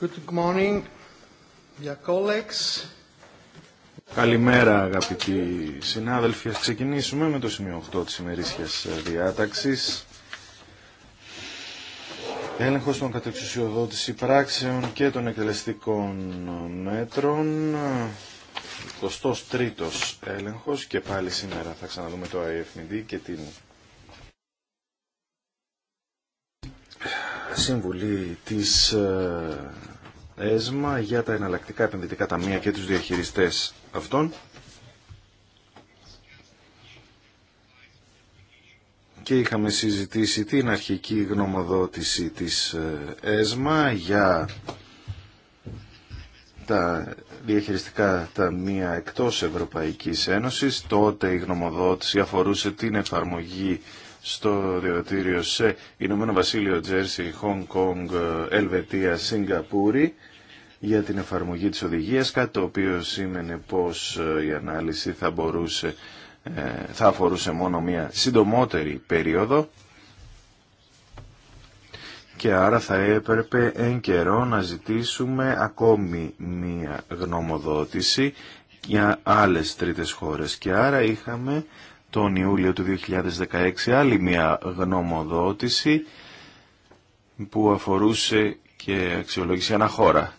Good morning, Καλημέρα αγαπητοί συνάδελφοι. Ας ξεκινήσουμε με το σημείο 8 της ημερήσιας διάταξης. Έλεγχος των κατεξουσιοδότηση πράξεων και των εκτελεστικών μέτρων. 23ος έλεγχος και πάλι σήμερα θα ξαναδούμε το IFMD και την Συμβουλή της ε, ΕΣΜΑ για τα εναλλακτικά επενδυτικά ταμεία και τους διαχειριστές αυτών. Και είχαμε συζητήσει την αρχική γνωμοδότηση της ε, ΕΣΜΑ για τα διαχειριστικά ταμεία εκτός Ευρωπαϊκής Ένωσης. Τότε η γνωμοδότηση αφορούσε την εφαρμογή στο διοτήριο σε Ηνωμένο Βασίλειο, Τζέρσι, Χονγκ Κόνγκ, Ελβετία, Σιγκαπούρη για την εφαρμογή της οδηγίας, κάτι το οποίο σήμαινε πως ε, η ανάλυση θα, μπορούσε, ε, θα αφορούσε μόνο μία συντομότερη περίοδο και άρα θα έπρεπε εν καιρό να ζητήσουμε ακόμη μία γνωμοδότηση για άλλες τρίτες χώρες και άρα είχαμε τον Ιούλιο του 2016 άλλη μία γνωμοδότηση που αφορούσε και αξιολόγηση χώρα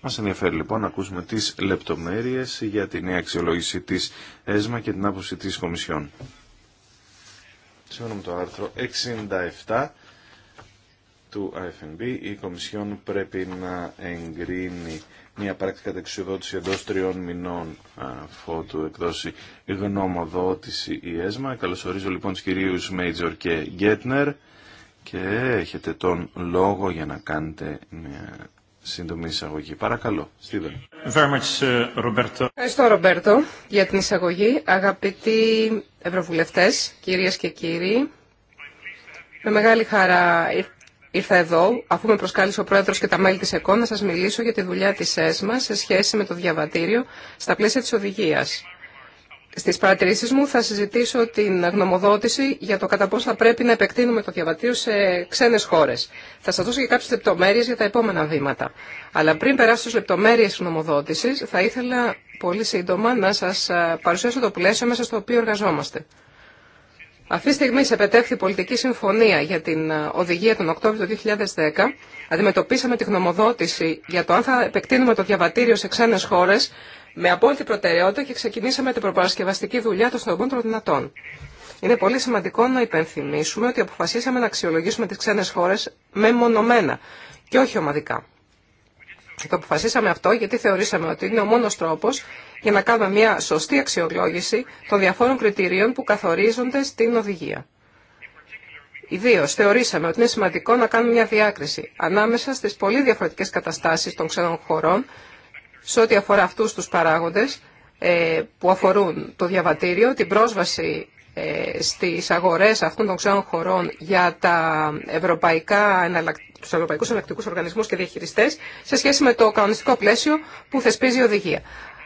μας ενδιαφέρει λοιπόν να ακούσουμε τις λεπτομέρειες για την νέα αξιολόγηση της ΕΣΜΑ και την άποψη της Κομισιόν. Σύμφωνα με το άρθρο 67 του IFNB, η Κομισιόν πρέπει να εγκρίνει μια πράξη κατεξουδότηση εντό τριών μηνών αφότου εκδώσει γνωμοδότηση η ΕΣΜΑ. Καλωσορίζω λοιπόν τους κυρίους Μέιτζορ και Γκέτνερ και έχετε τον λόγο για να κάνετε μια σύντομη εισαγωγή. Παρακαλώ, Στίβεν. Uh, Ευχαριστώ, Ρομπέρτο, για την εισαγωγή. Αγαπητοί Ευρωβουλευτές, κυρίε και κύριοι, με μεγάλη χαρά ήρθα εδώ, αφού με προσκάλεσε ο Πρόεδρος και τα μέλη της ΕΚΟ, να σας μιλήσω για τη δουλειά τη ΕΣΜΑ σε σχέση με το διαβατήριο στα πλαίσια τη οδηγία στις παρατηρήσεις μου θα συζητήσω την γνωμοδότηση για το κατά πώς θα πρέπει να επεκτείνουμε το διαβατήριο σε ξένες χώρες. Θα σας δώσω και κάποιες λεπτομέρειες για τα επόμενα βήματα. Αλλά πριν περάσω στις λεπτομέρειες της γνωμοδότησης, θα ήθελα πολύ σύντομα να σας παρουσιάσω το πλαίσιο μέσα στο οποίο εργαζόμαστε. Αυτή τη στιγμή σε επετέχθη πολιτική συμφωνία για την οδηγία τον Οκτώβριο του 2010. Αντιμετωπίσαμε τη γνωμοδότηση για το αν θα επεκτείνουμε το διαβατήριο σε ξένες χώρες με απόλυτη προτεραιότητα και ξεκινήσαμε την προπαρασκευαστική δουλειά των στομπών των δυνατών. Είναι πολύ σημαντικό να υπενθυμίσουμε ότι αποφασίσαμε να αξιολογήσουμε τι ξένε χώρε μεμονωμένα και όχι ομαδικά. Το αποφασίσαμε αυτό γιατί θεωρήσαμε ότι είναι ο μόνο τρόπο για να κάνουμε μια σωστή αξιολόγηση των διαφόρων κριτηρίων που καθορίζονται στην οδηγία. Ιδίω θεωρήσαμε ότι είναι σημαντικό να κάνουμε μια διάκριση ανάμεσα στι πολύ διαφορετικέ καταστάσει των ξένων χωρών σε ό,τι αφορά αυτούς τους παράγοντες ε, που αφορούν το διαβατήριο, την πρόσβαση ε, στις αγορές αυτών των ξένων χωρών για τα ευρωπαϊκά, τους ευρωπαϊκούς οργανισμούς και διαχειριστές σε σχέση με το κανονιστικό πλαίσιο που θεσπίζει η οδηγία.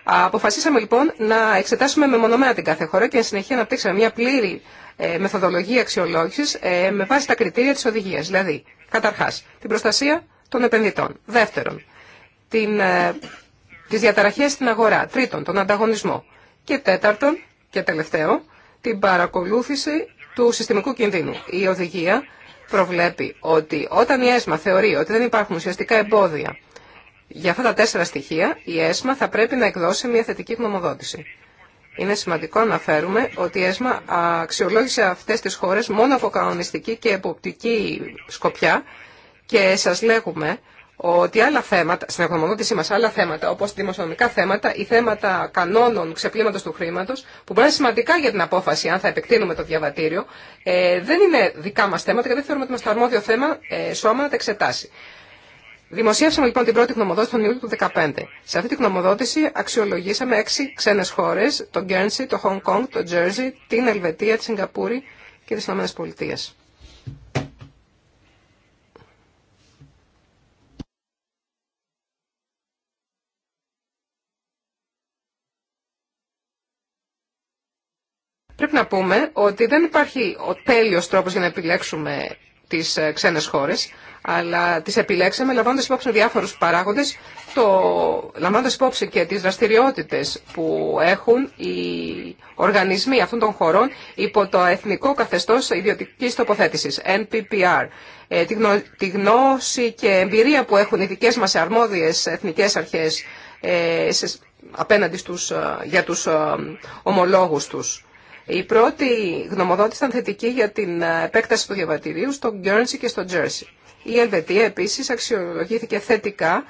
Αποφασίσαμε λοιπόν να εξετάσουμε μεμονωμένα την κάθε χώρα και εν συνεχεία να απτύξουμε μια πλήρη ε, μεθοδολογία αξιολόγηση με βάση τα κριτήρια τη οδηγία. Δηλαδή, καταρχά, την προστασία των επενδυτών. Δεύτερον, την τι διαταραχέ στην αγορά. Τρίτον, τον ανταγωνισμό. Και τέταρτον και τελευταίο, την παρακολούθηση του συστημικού κινδύνου. Η οδηγία προβλέπει ότι όταν η ΕΣΜΑ θεωρεί ότι δεν υπάρχουν ουσιαστικά εμπόδια για αυτά τα τέσσερα στοιχεία, η ΕΣΜΑ θα πρέπει να εκδώσει μια θετική γνωμοδότηση. Είναι σημαντικό να φέρουμε ότι η ΕΣΜΑ αξιολόγησε αυτές τις χώρες μόνο από κανονιστική και εποπτική σκοπιά και σας λέγουμε ότι άλλα θέματα, στην εκνομοδότησή μα, άλλα θέματα, όπω δημοσιονομικά θέματα ή θέματα κανόνων ξεπλήματο του χρήματο, που μπορεί να είναι σημαντικά για την απόφαση αν θα επεκτείνουμε το διαβατήριο, ε, δεν είναι δικά μα θέματα και δεν θεωρούμε ότι είμαστε αρμόδιο θέμα ε, σώμα να τα εξετάσει. Δημοσίευσαμε λοιπόν την πρώτη γνωμοδότηση τον Ιούλιο του 2015. Σε αυτή τη γνωμοδότηση αξιολογήσαμε έξι ξένε χώρε, το Γκέρνσι, το Χονγκ το Τζέρζι, την Ελβετία, τη Σιγκαπούρη και τι ΗΠΑ. Πρέπει να πούμε ότι δεν υπάρχει ο τέλειος τρόπος για να επιλέξουμε τις ε, ξένες χώρες, αλλά τις επιλέξαμε λαμβάνοντας υπόψη διάφορους παράγοντες, το, λαμβάνοντας υπόψη και τις δραστηριότητες που έχουν οι οργανισμοί αυτών των χωρών υπό το Εθνικό Καθεστώς Ιδιωτικής Τοποθέτησης, NPPR. Ε, τη, γνώση και εμπειρία που έχουν οι δικές μας αρμόδιες εθνικές αρχές ε, απέναντι για τους ομολόγους τους η πρώτη γνωμοδότηση ήταν θετική για την ε, επέκταση του διαβατηρίου στο Γκέρνσι και στο Τζέρσι. Η Ελβετία επίσης αξιολογήθηκε θετικά.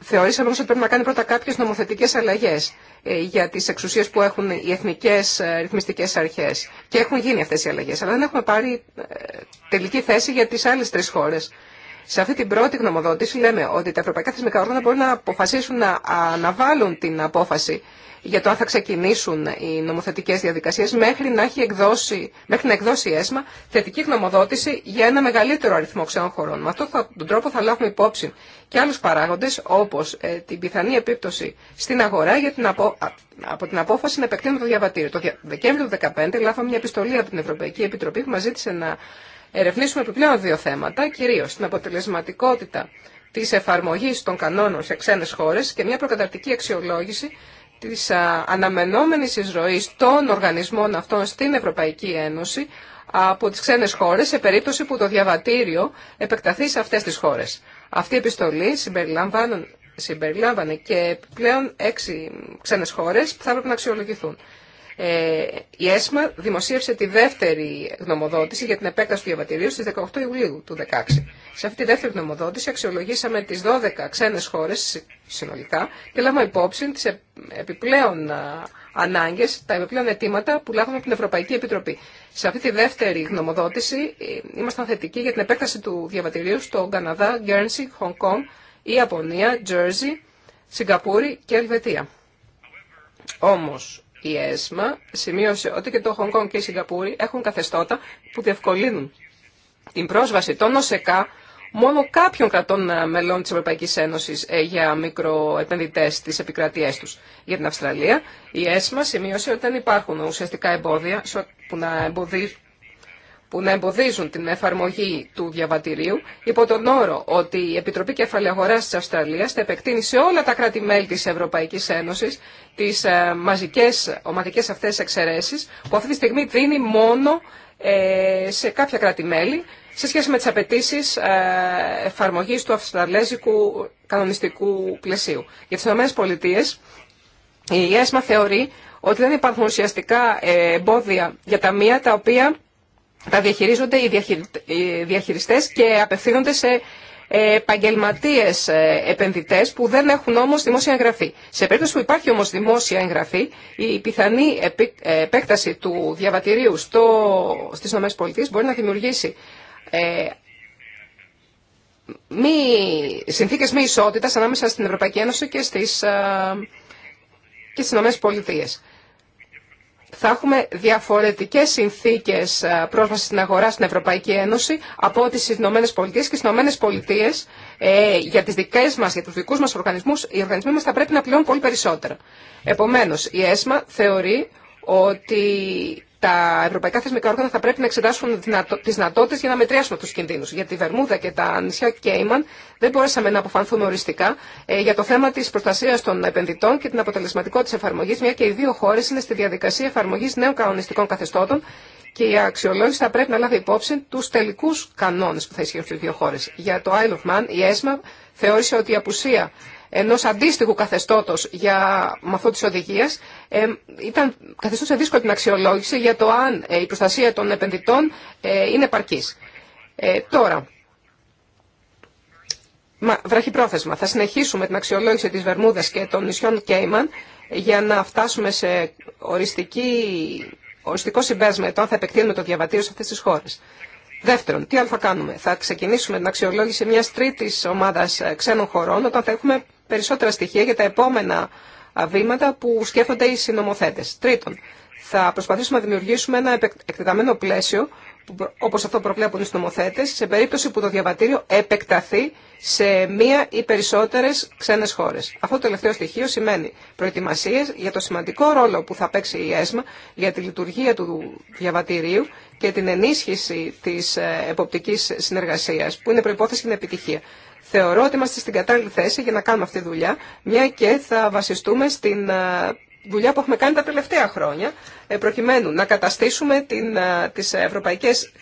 Θεωρήσαμε όμω ότι πρέπει να κάνει πρώτα κάποιε νομοθετικέ αλλαγές ε, για τις εξουσίες που έχουν οι εθνικές ε, ρυθμιστικέ αρχές. Και έχουν γίνει αυτές οι αλλαγές. Αλλά δεν έχουμε πάρει τελική θέση για τι άλλε τρει χώρε. Σε αυτή την πρώτη γνωμοδότηση λέμε ότι τα ευρωπαϊκά θεσμικά όργανα μπορούν να αποφασίσουν να αναβάλουν την απόφαση για το αν θα ξεκινήσουν οι νομοθετικέ διαδικασίε μέχρι να, εκδώσει, μέχρι να εκδώσει ΕΣΜΑ θετική γνωμοδότηση για ένα μεγαλύτερο αριθμό ξένων χωρών. Με αυτόν τον τρόπο θα λάβουμε υπόψη και άλλου παράγοντε όπω ε, την πιθανή επίπτωση στην αγορά για την απο, από την απόφαση να επεκτείνουμε το διαβατήριο. Το Δεκέμβριο του 2015 λάβαμε μια επιστολή από την Ευρωπαϊκή Επιτροπή που μα ζήτησε να ερευνήσουμε επιπλέον δύο θέματα, κυρίως την αποτελεσματικότητα της εφαρμογής των κανόνων σε ξένες χώρες και μια προκαταρτική αξιολόγηση της αναμενόμενης εισρωής των οργανισμών αυτών στην Ευρωπαϊκή Ένωση από τις ξένες χώρες σε περίπτωση που το διαβατήριο επεκταθεί σε αυτές τις χώρες. Αυτή η επιστολή συμπεριλάμβανε και πλέον έξι ξένες χώρες που θα έπρεπε να αξιολογηθούν. Ε, η ΕΣΜΑ δημοσίευσε τη δεύτερη γνωμοδότηση για την επέκταση του διαβατηρίου στις 18 Ιουλίου του 2016. Σε αυτή τη δεύτερη γνωμοδότηση αξιολογήσαμε τις 12 ξένες χώρες συνολικά και λάβαμε υπόψη τις επιπλέον ανάγκες, τα επιπλέον αιτήματα που λάβαμε από την Ευρωπαϊκή Επιτροπή. Σε αυτή τη δεύτερη γνωμοδότηση ε, ήμασταν θετικοί για την επέκταση του διαβατηρίου στο Καναδά, Γκέρνσι, Χονγκ Ιαπωνία, Τζέρζι, Σιγκαπούρη και Ελβετία. Όμως, η ΕΣΜΑ σημείωσε ότι και το Χονγκ Κονγκ και η Σιγκαπούρη έχουν καθεστώτα που διευκολύνουν την πρόσβαση των ΟΣΕΚΑ μόνο κάποιων κρατών ε, μελών της Ευρωπαϊκής Ένωσης ε, για μικροεπενδυτές στις επικρατείες τους. Για την Αυστραλία, η ΕΣΜΑ σημείωσε ότι δεν υπάρχουν ουσιαστικά εμπόδια που να εμποδίσουν που να εμποδίζουν την εφαρμογή του διαβατηρίου υπό τον όρο ότι η Επιτροπή Κεφαλαίου Αγοράς της Αυστραλίας θα επεκτείνει σε όλα τα κράτη-μέλη της Ευρωπαϊκής Ένωσης τις ε, μαζικές ομαδικές αυτές εξαιρέσεις που αυτή τη στιγμή δίνει μόνο ε, σε κάποια κράτη-μέλη σε σχέση με τις απαιτήσει ε, εφαρμογής του αυστραλέζικου κανονιστικού πλαισίου. Για τις ΗΠΑ η ΕΣΜΑ θεωρεί ότι δεν υπάρχουν ουσιαστικά εμπόδια για ταμεία τα οποία τα διαχειρίζονται οι διαχειριστές και απευθύνονται σε επαγγελματίε ε, επενδυτέ που δεν έχουν όμω δημόσια εγγραφή. Σε περίπτωση που υπάρχει όμω δημόσια εγγραφή, η πιθανή επέκταση του διαβατηρίου στι ΗΠΑ μπορεί να δημιουργήσει ε, μη, συνθήκες μη ισότητας ανάμεσα στην Ευρωπαϊκή Ένωση και στι ε, θα έχουμε διαφορετικές συνθήκες ε, πρόσβασης στην αγορά στην Ευρωπαϊκή Ένωση από ό,τι στις Ηνωμένες και στις Ηνωμένες Πολιτείες ε, για, τις δικές μας, για τους δικούς μας οργανισμούς οι οργανισμοί μας θα πρέπει να πληρώνουν πολύ περισσότερα. Επομένως, η ΕΣΜΑ θεωρεί ότι τα ευρωπαϊκά θεσμικά όργανα θα πρέπει να εξετάσουν τι δυνατότητε για να μετριάσουν αυτού του κινδύνου. Για τη Βερμούδα και τα νησιά Κέιμαν δεν μπορέσαμε να αποφανθούμε οριστικά ε, για το θέμα τη προστασία των επενδυτών και την αποτελεσματικότητα τη εφαρμογή, μια και οι δύο χώρε είναι στη διαδικασία εφαρμογή νέων κανονιστικών καθεστώτων και η αξιολόγηση θα πρέπει να λάβει υπόψη του τελικού κανόνε που θα ισχύουν στι δύο χώρε. Για το Isle of Man, η ΕΣΜΑ θεώρησε ότι η απουσία ενός αντίστοιχου καθεστώτος για μαθό της οδηγίας ε, ήταν καθεστώς δύσκολη την αξιολόγηση για το αν ε, η προστασία των επενδυτών ε, είναι παρκής. Ε, τώρα, μα, βραχυπρόθεσμα, θα συνεχίσουμε την αξιολόγηση της Βερμούδας και των νησιών Κέιμαν για να φτάσουμε σε οριστική, οριστικό συμπέρασμα το αν θα επεκτείνουμε το διαβατήριο σε αυτές τις χώρες. Δεύτερον, τι άλλο θα κάνουμε. Θα ξεκινήσουμε την αξιολόγηση μιας τρίτης ομάδας ε, ξένων χωρών όταν θα έχουμε περισσότερα στοιχεία για τα επόμενα βήματα που σκέφτονται οι συνομοθέτε. Τρίτον, θα προσπαθήσουμε να δημιουργήσουμε ένα εκτεταμένο πλαίσιο, όπω αυτό προβλέπουν οι συνομοθέτε, σε περίπτωση που το διαβατήριο επεκταθεί σε μία ή περισσότερε ξένε χώρε. Αυτό το τελευταίο στοιχείο σημαίνει προετοιμασίε για το σημαντικό ρόλο που θα παίξει η ΕΣΜΑ για τη λειτουργία του διαβατηρίου και την ενίσχυση τη ε, εποπτική συνεργασία, που είναι προπόθεση για την επιτυχία. Θεωρώ ότι είμαστε στην κατάλληλη θέση για να κάνουμε αυτή τη δουλειά, μια και θα βασιστούμε στην ε, δουλειά που έχουμε κάνει τα τελευταία χρόνια, ε, προκειμένου να καταστήσουμε την, ε, τις ευρωπαϊκές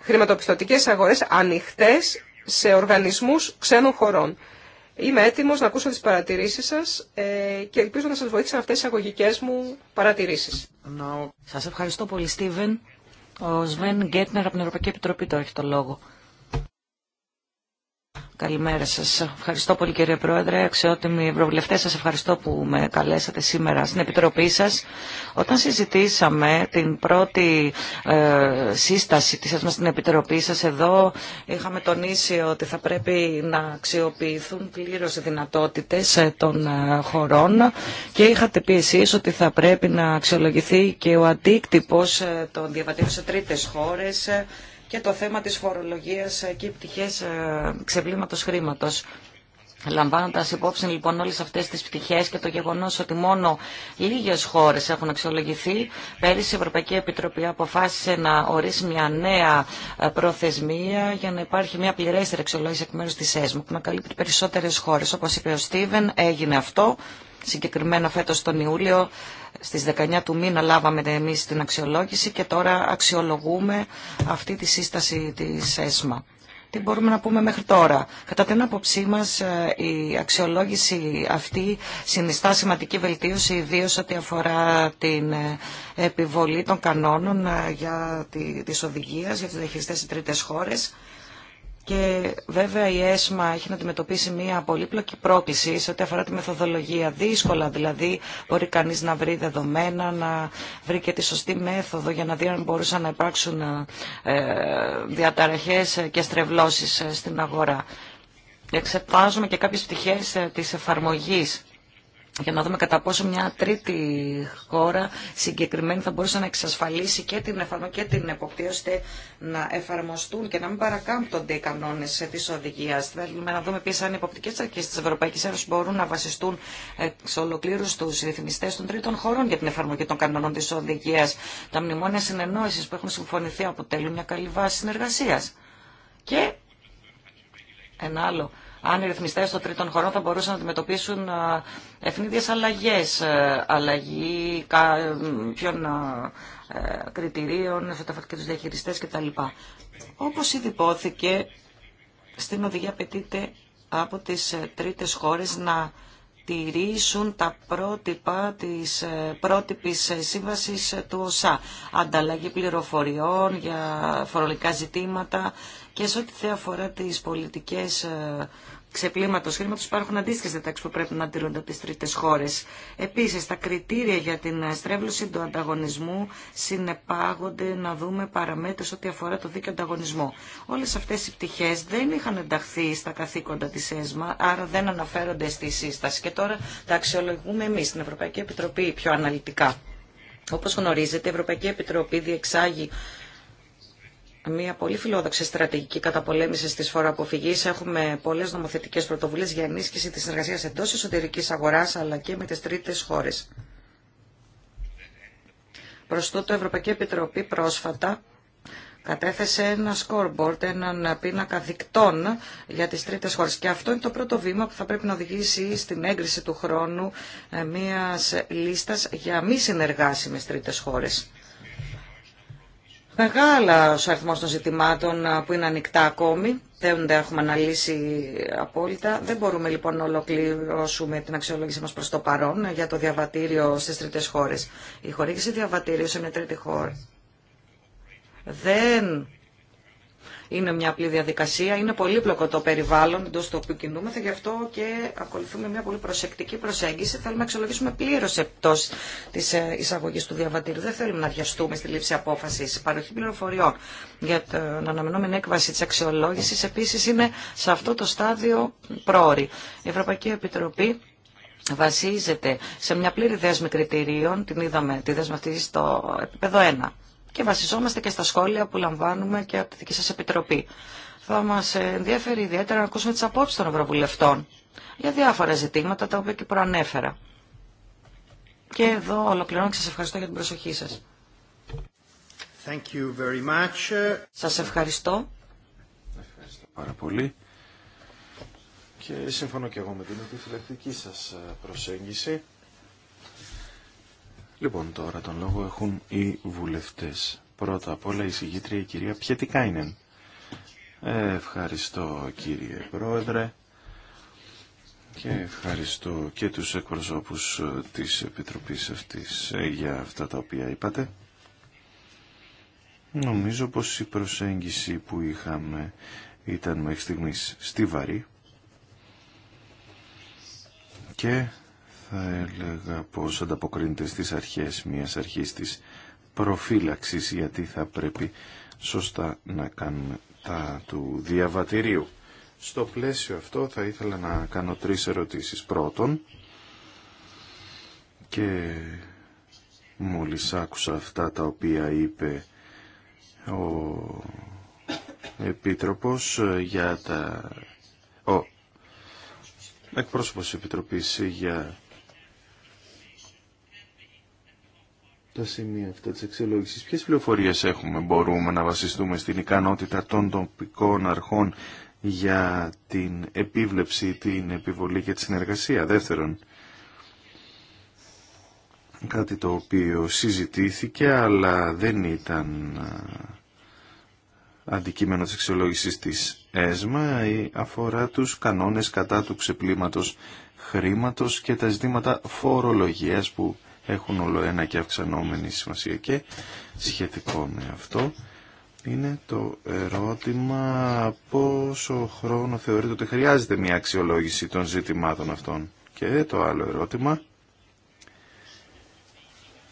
χρηματοπιστωτικές αγορές ανοιχτές σε οργανισμούς ξένων χωρών. Είμαι έτοιμος να ακούσω τις παρατηρήσεις σας και ελπίζω να σας βοήθησαν αυτές τις αγωγικές μου παρατηρήσεις. Σας ευχαριστώ πολύ, Στίβεν. Ο Σβέν Γκέτνερ από την Ευρωπαϊκή Επιτροπή το έχει το λόγο. Καλημέρα σας. Ευχαριστώ πολύ κύριε Πρόεδρε, αξιότιμοι ευρωβουλευτές. Σας ευχαριστώ που με καλέσατε σήμερα στην Επιτροπή σας. Όταν συζητήσαμε την πρώτη ε, σύσταση της μας στην Επιτροπή σας εδώ, είχαμε τονίσει ότι θα πρέπει να αξιοποιηθούν πλήρως οι δυνατότητες ε, των ε, χωρών και είχατε πει εσείς ότι θα πρέπει να αξιολογηθεί και ο αντίκτυπος ε, των διαβατήρων σε τρίτες χώρες και το θέμα της φορολογίας και οι πτυχές ε, ξεβλήματος χρήματος. Λαμβάνοντα υπόψη λοιπόν όλε αυτέ τι πτυχέ και το γεγονό ότι μόνο λίγε χώρε έχουν αξιολογηθεί, πέρυσι η Ευρωπαϊκή Επιτροπή αποφάσισε να ορίσει μια νέα ε, προθεσμία για να υπάρχει μια πληρέστερη αξιολόγηση εκ μέρου τη ΕΣΜΟ που να καλύπτει περισσότερε χώρε. Όπω είπε ο Στίβεν, έγινε αυτό Συγκεκριμένα φέτος τον Ιούλιο στις 19 του μήνα λάβαμε εμείς την αξιολόγηση και τώρα αξιολογούμε αυτή τη σύσταση της ΕΣΜΑ. Τι μπορούμε να πούμε μέχρι τώρα. Κατά την άποψή μας ε, η αξιολόγηση αυτή συνιστά σημαντική βελτίωση, ιδίω ό,τι αφορά την ε, επιβολή των κανόνων ε, για τη, οδηγίες για τους διαχειριστές σε τρίτες χώρες. Και βέβαια η ΕΣΜΑ έχει να αντιμετωπίσει μια πολύπλοκη πρόκληση σε ό,τι αφορά τη μεθοδολογία. Δύσκολα δηλαδή μπορεί κανείς να βρει δεδομένα, να βρει και τη σωστή μέθοδο για να δει αν μπορούσαν να υπάρξουν ε, διαταραχές και στρεβλώσεις ε, στην αγορά. Εξετάζουμε και κάποιες πτυχές ε, της εφαρμογής για να δούμε κατά πόσο μια τρίτη χώρα συγκεκριμένη θα μπορούσε να εξασφαλίσει και την εφαρμογή και την εποπτεία ώστε να εφαρμοστούν και να μην παρακάμπτονται οι κανόνε τη οδηγία. Θέλουμε να δούμε επίση αν οι εποπτικέ αρχέ τη Ευρωπαϊκή Ένωση μπορούν να βασιστούν εξ ολοκλήρου στου ρυθμιστέ των τρίτων χωρών για την εφαρμογή των κανόνων τη οδηγία. Τα μνημόνια συνεννόηση που έχουν συμφωνηθεί αποτελούν μια καλή βάση συνεργασία. Και ένα άλλο αν οι ρυθμιστέ των τρίτων χωρών θα μπορούσαν να αντιμετωπίσουν ε, ευνίδιε αλλαγέ, ε, αλλαγή ποιων ε, κριτηρίων, τα και του διαχειριστέ κτλ. Όπω ήδη υπόθηκε, στην οδηγία απαιτείται από τι τρίτε χώρε να τηρήσουν τα πρότυπα της πρότυπης σύμβασης του ΟΣΑ. Ανταλλαγή πληροφοριών για φορολογικά ζητήματα και σε ό,τι αφορά τις πολιτικές ξεπλήματο χρήματο υπάρχουν αντίστοιχε διατάξει που πρέπει να τηρούνται από τι τρίτε χώρε. Επίση, τα κριτήρια για την στρέβλωση του ανταγωνισμού συνεπάγονται να δούμε παραμέτρου ό,τι αφορά το δίκαιο ανταγωνισμό. Όλε αυτέ οι πτυχέ δεν είχαν ενταχθεί στα καθήκοντα τη ΕΣΜΑ, άρα δεν αναφέρονται στη σύσταση. Και τώρα τα αξιολογούμε εμεί στην Ευρωπαϊκή Επιτροπή πιο αναλυτικά. Όπως γνωρίζετε, η Ευρωπαϊκή Επιτροπή διεξάγει μια πολύ φιλόδοξη στρατηγική καταπολέμηση τη φοροαποφυγή. Έχουμε πολλέ νομοθετικέ πρωτοβουλίε για ενίσχυση τη συνεργασία εντό εσωτερική αγορά αλλά και με τι τρίτε χώρε. Προ τούτο, η Ευρωπαϊκή Επιτροπή πρόσφατα κατέθεσε ένα scoreboard, έναν πίνακα δικτών για τις τρίτες χώρες. Και αυτό είναι το πρώτο βήμα που θα πρέπει να οδηγήσει στην έγκριση του χρόνου ε, μιας λίστας για μη συνεργάσιμες τρίτες χώρες. Μεγάλα ο αριθμό των ζητημάτων που είναι ανοιχτά ακόμη. Δεν τα έχουμε αναλύσει απόλυτα. Δεν μπορούμε λοιπόν να ολοκληρώσουμε την αξιολόγησή μα προ το παρόν ε, για το διαβατήριο στι τρίτε χώρε. Η χορήγηση διαβατήριου σε μια τρίτη χώρα δεν είναι μια απλή διαδικασία. Είναι πολύπλοκο το περιβάλλον εντό του οποίου κινούμεθα, γι' αυτό και ακολουθούμε μια πολύ προσεκτική προσέγγιση. Θέλουμε να αξιολογήσουμε πλήρω εκτό τη ε, εισαγωγή του διαβατήριου. Δεν θέλουμε να διαστούμε στη λήψη απόφαση. Παροχή πληροφοριών για την αναμενόμενη έκβαση τη αξιολόγηση επίση είναι σε αυτό το στάδιο πρόορη. Η Ευρωπαϊκή Επιτροπή βασίζεται σε μια πλήρη δέσμη κριτηρίων, την είδαμε τη δέσμη αυτή στο επίπεδο 1 και βασιζόμαστε και στα σχόλια που λαμβάνουμε και από τη δική σας Επιτροπή. Θα μας ενδιαφέρει ιδιαίτερα να ακούσουμε τις απόψεις των Ευρωβουλευτών για διάφορα ζητήματα τα οποία και προανέφερα. Και εδώ ολοκληρώνω και σας ευχαριστώ για την προσοχή σας. Thank you very much. Σας ευχαριστώ. Ευχαριστώ πάρα πολύ. Και συμφωνώ και εγώ με την επιφυλακτική σας προσέγγιση. Λοιπόν, τώρα τον λόγο έχουν οι βουλευτές. Πρώτα απ' όλα η συγγήτρια η κυρία Πιετικάινεν. Ε, ευχαριστώ κύριε Πρόεδρε και ευχαριστώ και τους εκπροσώπους ε, της Επιτροπής αυτής ε, για αυτά τα οποία είπατε. Νομίζω πως η προσέγγιση που είχαμε ήταν μέχρι στιγμής στιβαρή και θα έλεγα πως ανταποκρίνεται στις αρχές μιας αρχής της προφύλαξης γιατί θα πρέπει σωστά να κάνουμε τα του διαβατηρίου. Στο πλαίσιο αυτό θα ήθελα να κάνω τρεις ερωτήσεις. Πρώτον, και μόλις άκουσα αυτά τα οποία είπε ο Επίτροπος για τα... Ο εκπρόσωπος Επιτροπής για τα σημεία αυτά της εξελόγησης. Ποιες πληροφορίες έχουμε, μπορούμε να βασιστούμε στην ικανότητα των τοπικών αρχών για την επίβλεψη, την επιβολή και τη συνεργασία. Δεύτερον, κάτι το οποίο συζητήθηκε αλλά δεν ήταν αντικείμενο της αξιολόγησης της ΕΣΜΑ αφορά τους κανόνες κατά του ξεπλήματος χρήματος και τα ζητήματα φορολογίας που έχουν όλο ένα και αυξανόμενη σημασία και σχετικό με αυτό είναι το ερώτημα πόσο χρόνο θεωρείτε ότι χρειάζεται μια αξιολόγηση των ζητημάτων αυτών. Και το άλλο ερώτημα,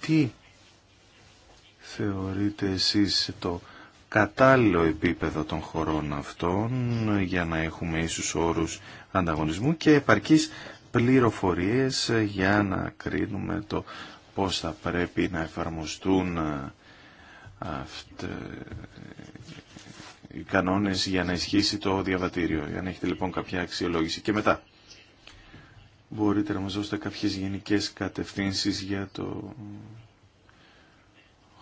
τι θεωρείτε εσείς το κατάλληλο επίπεδο των χωρών αυτών για να έχουμε ίσους όρους ανταγωνισμού και επαρκείς πληροφορίες ε, για να κρίνουμε το πώς θα πρέπει να εφαρμοστούν ε, ε, οι κανόνες για να ισχύσει το διαβατήριο. Αν έχετε λοιπόν κάποια αξιολόγηση και μετά. Μπορείτε να μας δώσετε κάποιες γενικές κατευθύνσεις για το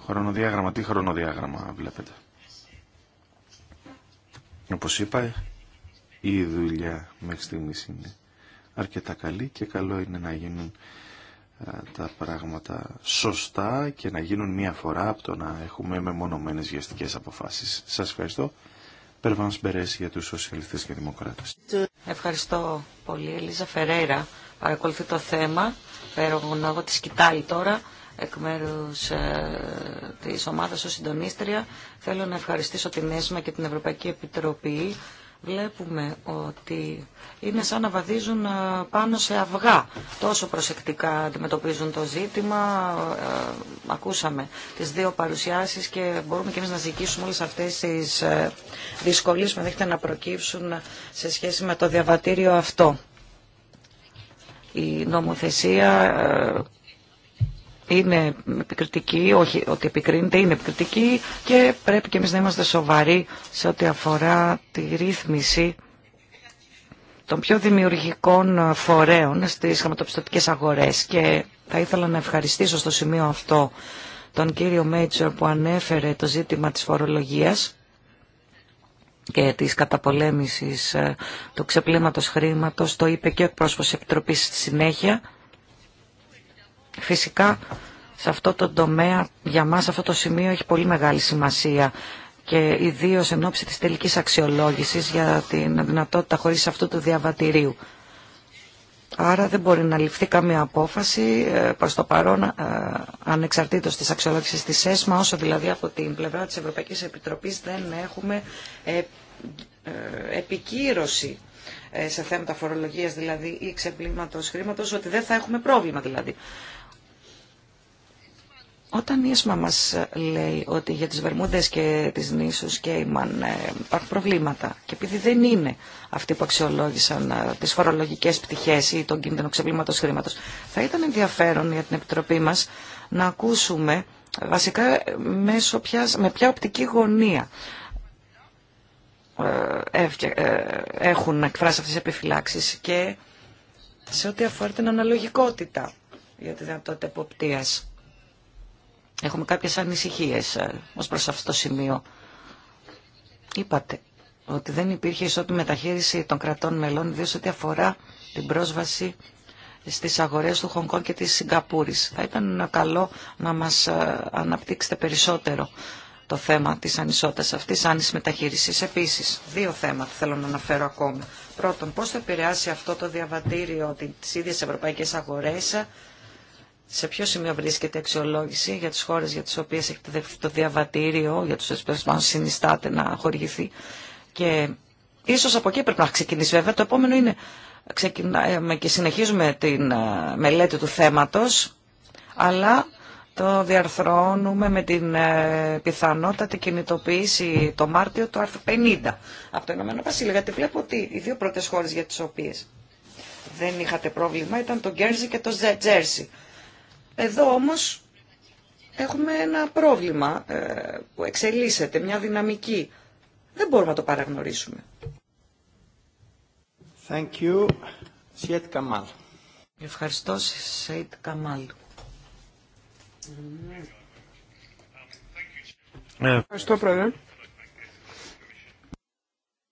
χρονοδιάγραμμα. Τι χρονοδιάγραμμα βλέπετε. Όπως είπα, η δουλειά μέχρι στιγμής είναι αρκετά καλή και καλό είναι να γίνουν ε, τα πράγματα σωστά και να γίνουν μία φορά από το να έχουμε μεμονωμένες βιαστικές αποφάσεις. Σας ευχαριστώ. Περβάνος Μπερέση για τους σοσιαλιστές και δημοκράτες. Ευχαριστώ πολύ. Ελίζα Φερέιρα παρακολουθεί το θέμα. εγώ τη σκητάλη τώρα εκ μέρου ε, τη ομάδα ω συντονίστρια. Θέλω να ευχαριστήσω την ΕΣΜΑ και την Ευρωπαϊκή Επιτροπή βλέπουμε ότι είναι σαν να βαδίζουν ε, πάνω σε αυγά. Τόσο προσεκτικά αντιμετωπίζουν το ζήτημα. Ε, ακούσαμε τις δύο παρουσιάσεις και μπορούμε και εμείς να ζητήσουμε όλες αυτές τις ε, δυσκολίες που δείχνουν να προκύψουν σε σχέση με το διαβατήριο αυτό. Η νομοθεσία είναι επικριτική, όχι ότι επικρίνεται, είναι επικριτική και πρέπει και εμείς να είμαστε σοβαροί σε ό,τι αφορά τη ρύθμιση των πιο δημιουργικών φορέων στις χρηματοπιστωτικές αγορές και θα ήθελα να ευχαριστήσω στο σημείο αυτό τον κύριο Μέιτσορ που ανέφερε το ζήτημα της φορολογίας και της καταπολέμησης ε, του ξεπλήματος χρήματος, το είπε και ο εκπρόσωπος της Επιτροπής στη συνέχεια Φυσικά σε αυτό το τομέα για μας αυτό το σημείο έχει πολύ μεγάλη σημασία και ιδίω εν ώψη της τελικής αξιολόγησης για την δυνατότητα χωρίς αυτού του διαβατηρίου. Άρα δεν μπορεί να ληφθεί καμία απόφαση ε, προς το παρόν ε, ανεξαρτήτως της αξιολόγησης της ΕΣΜΑ όσο δηλαδή από την πλευρά της Ευρωπαϊκής Επιτροπής δεν έχουμε ε, επικύρωση σε θέματα φορολογίας δηλαδή ή ξεπλήματος χρήματος ότι δεν θα έχουμε πρόβλημα δηλαδή. Όταν η ΕΣΜΑ μας λέει ότι για τις Βερμούδες και τις νήσους Κέιμαν ε, υπάρχουν προβλήματα και επειδή δεν είναι αυτοί που αξιολόγησαν ε, τις φορολογικές πτυχές ή τον κίνδυνο ξεπλήματος χρήματος, θα ήταν ενδιαφέρον για την Επιτροπή μας να ακούσουμε ε, βασικά μέσω με ποια οπτική γωνία έχουν εκφράσει αυτές τις επιφυλάξεις και σε ό,τι αφορά την αναλογικότητα για τη δυνατότητα εποπτείας. Έχουμε κάποιες ανησυχίες ε, ως προς αυτό το σημείο. Είπατε ότι δεν υπήρχε ισότιμη μεταχείριση των κρατών μελών, διότι ό,τι αφορά την πρόσβαση στις αγορές του Χονγκ και της Σιγκαπούρης. Θα ήταν καλό να μας ε, αναπτύξετε περισσότερο το θέμα της ανισότητας αυτής, ανης μεταχείρισης. Επίσης, δύο θέματα θέλω να αναφέρω ακόμα. Πρώτον, πώς θα επηρεάσει αυτό το διαβατήριο τις ίδιες ευρωπαϊκές αγορές σε ποιο σημείο βρίσκεται η αξιολόγηση για τις χώρες για τις οποίες έχετε δεχθεί το διαβατήριο, για τους εσπέρους πάνω συνιστάτε να χορηγηθεί. Και ίσως από εκεί πρέπει να ξεκινήσει βέβαια. Το επόμενο είναι ξεκινάμε και συνεχίζουμε την ε, μελέτη του θέματος, αλλά το διαρθρώνουμε με την ε, πιθανότατη κινητοποίηση το Μάρτιο του άρθρου 50 από το Ηνωμένο Βασίλειο. Γιατί βλέπω ότι οι δύο πρώτες χώρες για τις οποίες δεν είχατε πρόβλημα ήταν το Γκέρζι και το Τζέρσι. Εδώ όμως έχουμε ένα πρόβλημα ε, που εξελίσσεται, μια δυναμική. Δεν μπορούμε να το παραγνωρίσουμε. Thank you. Καμάλ. Ευχαριστώ, Σιέτ Καμάλ. Ε. Ευχαριστώ, Πρόεδρε.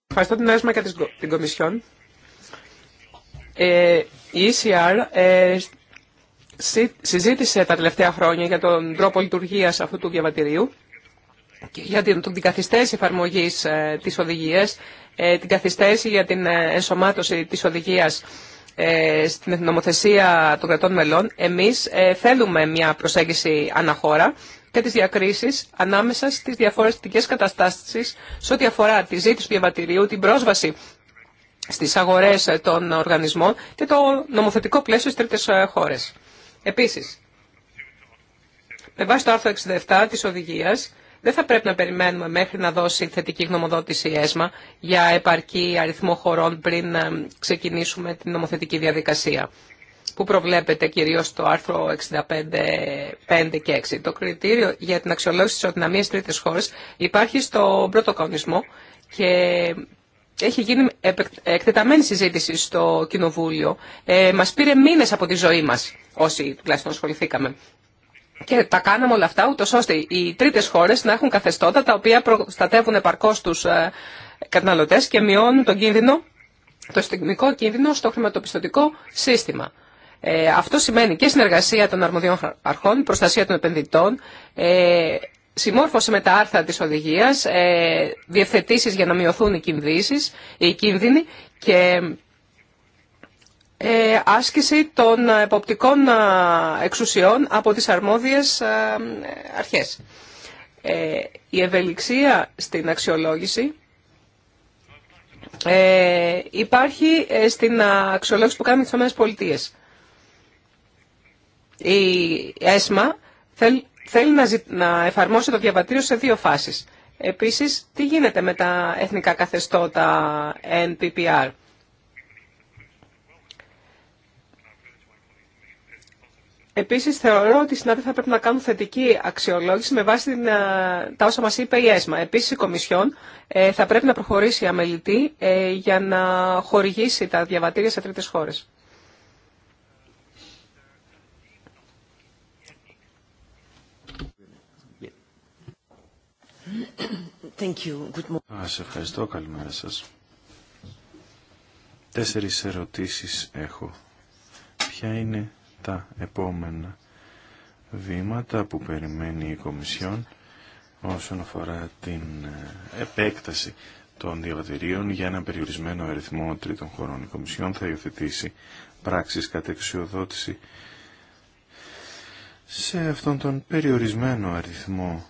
Ευχαριστώ την ΕΣΜΑ και την Κομισιόν. Ε, η ECR συζήτησε τα τελευταία χρόνια για τον τρόπο λειτουργίας αυτού του διαβατηρίου και για την, την καθυστέρηση εφαρμογής ε, της οδηγίας, ε, την καθυστέρηση για την ε, ενσωμάτωση της οδηγίας ε, στην νομοθεσία των κρατών μελών, εμείς θέλουμε μια προσέγγιση αναχώρα και τις διακρίσεις ανάμεσα στις διαφορετικές καταστάσεις σε ό,τι αφορά τη ζήτηση του διαβατηρίου, την πρόσβαση στις αγορές των οργανισμών και το νομοθετικό πλαίσιο στις τρίτες χώρες. Επίσης, με βάση το άρθρο 67 της οδηγίας, δεν θα πρέπει να περιμένουμε μέχρι να δώσει θετική γνωμοδότηση ΕΣΜΑ για επαρκή αριθμό χωρών πριν ε, ξεκινήσουμε την νομοθετική διαδικασία που προβλέπεται κυρίως στο άρθρο 65, 5 και 6. Το κριτήριο για την αξιολόγηση της οδυναμίας τρίτες χώρες υπάρχει στον πρώτο και έχει γίνει εκτεταμένη συζήτηση στο Κοινοβούλιο. Ε, μας πήρε μήνες από τη ζωή μας, όσοι τουλάχιστον ασχοληθήκαμε. Και τα κάναμε όλα αυτά, ούτως ώστε οι τρίτες χώρες να έχουν καθεστώτα τα οποία προστατεύουν επαρκώς τους ε, καταναλωτές και μειώνουν τον κίνδυνο, το στιγμικό κίνδυνο στο χρηματοπιστωτικό σύστημα. Ε, αυτό σημαίνει και συνεργασία των αρμοδιών αρχών, προστασία των επενδυτών, ε, συμμόρφωση με τα άρθρα της οδηγίας, ε, διευθετήσεις για να μειωθούν οι, κινδύσεις, οι κίνδυνοι και ε, άσκηση των εποπτικών ε, εξουσιών από τις αρμόδιες ε, αρχές. η ευελιξία στην αξιολόγηση ε, υπάρχει στην αξιολόγηση που κάνουμε τις ΗΠΑ. Η ΕΣΜΑ θέλει θέλει να, εφαρμόσει το διαβατήριο σε δύο φάσεις. Επίσης, τι γίνεται με τα εθνικά καθεστώτα NPPR. Επίσης, θεωρώ ότι οι συνάδελφοι θα πρέπει να κάνουν θετική αξιολόγηση με βάση την, ε, τα όσα μας είπε η ΕΣΜΑ. Επίσης, η Κομισιόν ε, θα πρέπει να προχωρήσει αμελητή ε, για να χορηγήσει τα διαβατήρια σε τρίτες χώρες. Thank Σας ευχαριστώ. Καλημέρα σας. Τέσσερις ερωτήσεις έχω. Ποια είναι τα επόμενα βήματα που περιμένει η Κομισιόν όσον αφορά την ε, επέκταση των διαβατηρίων για ένα περιορισμένο αριθμό τρίτων χωρών. Η Κομισιόν θα υιοθετήσει πράξεις κατεξιοδότηση σε αυτόν τον περιορισμένο αριθμό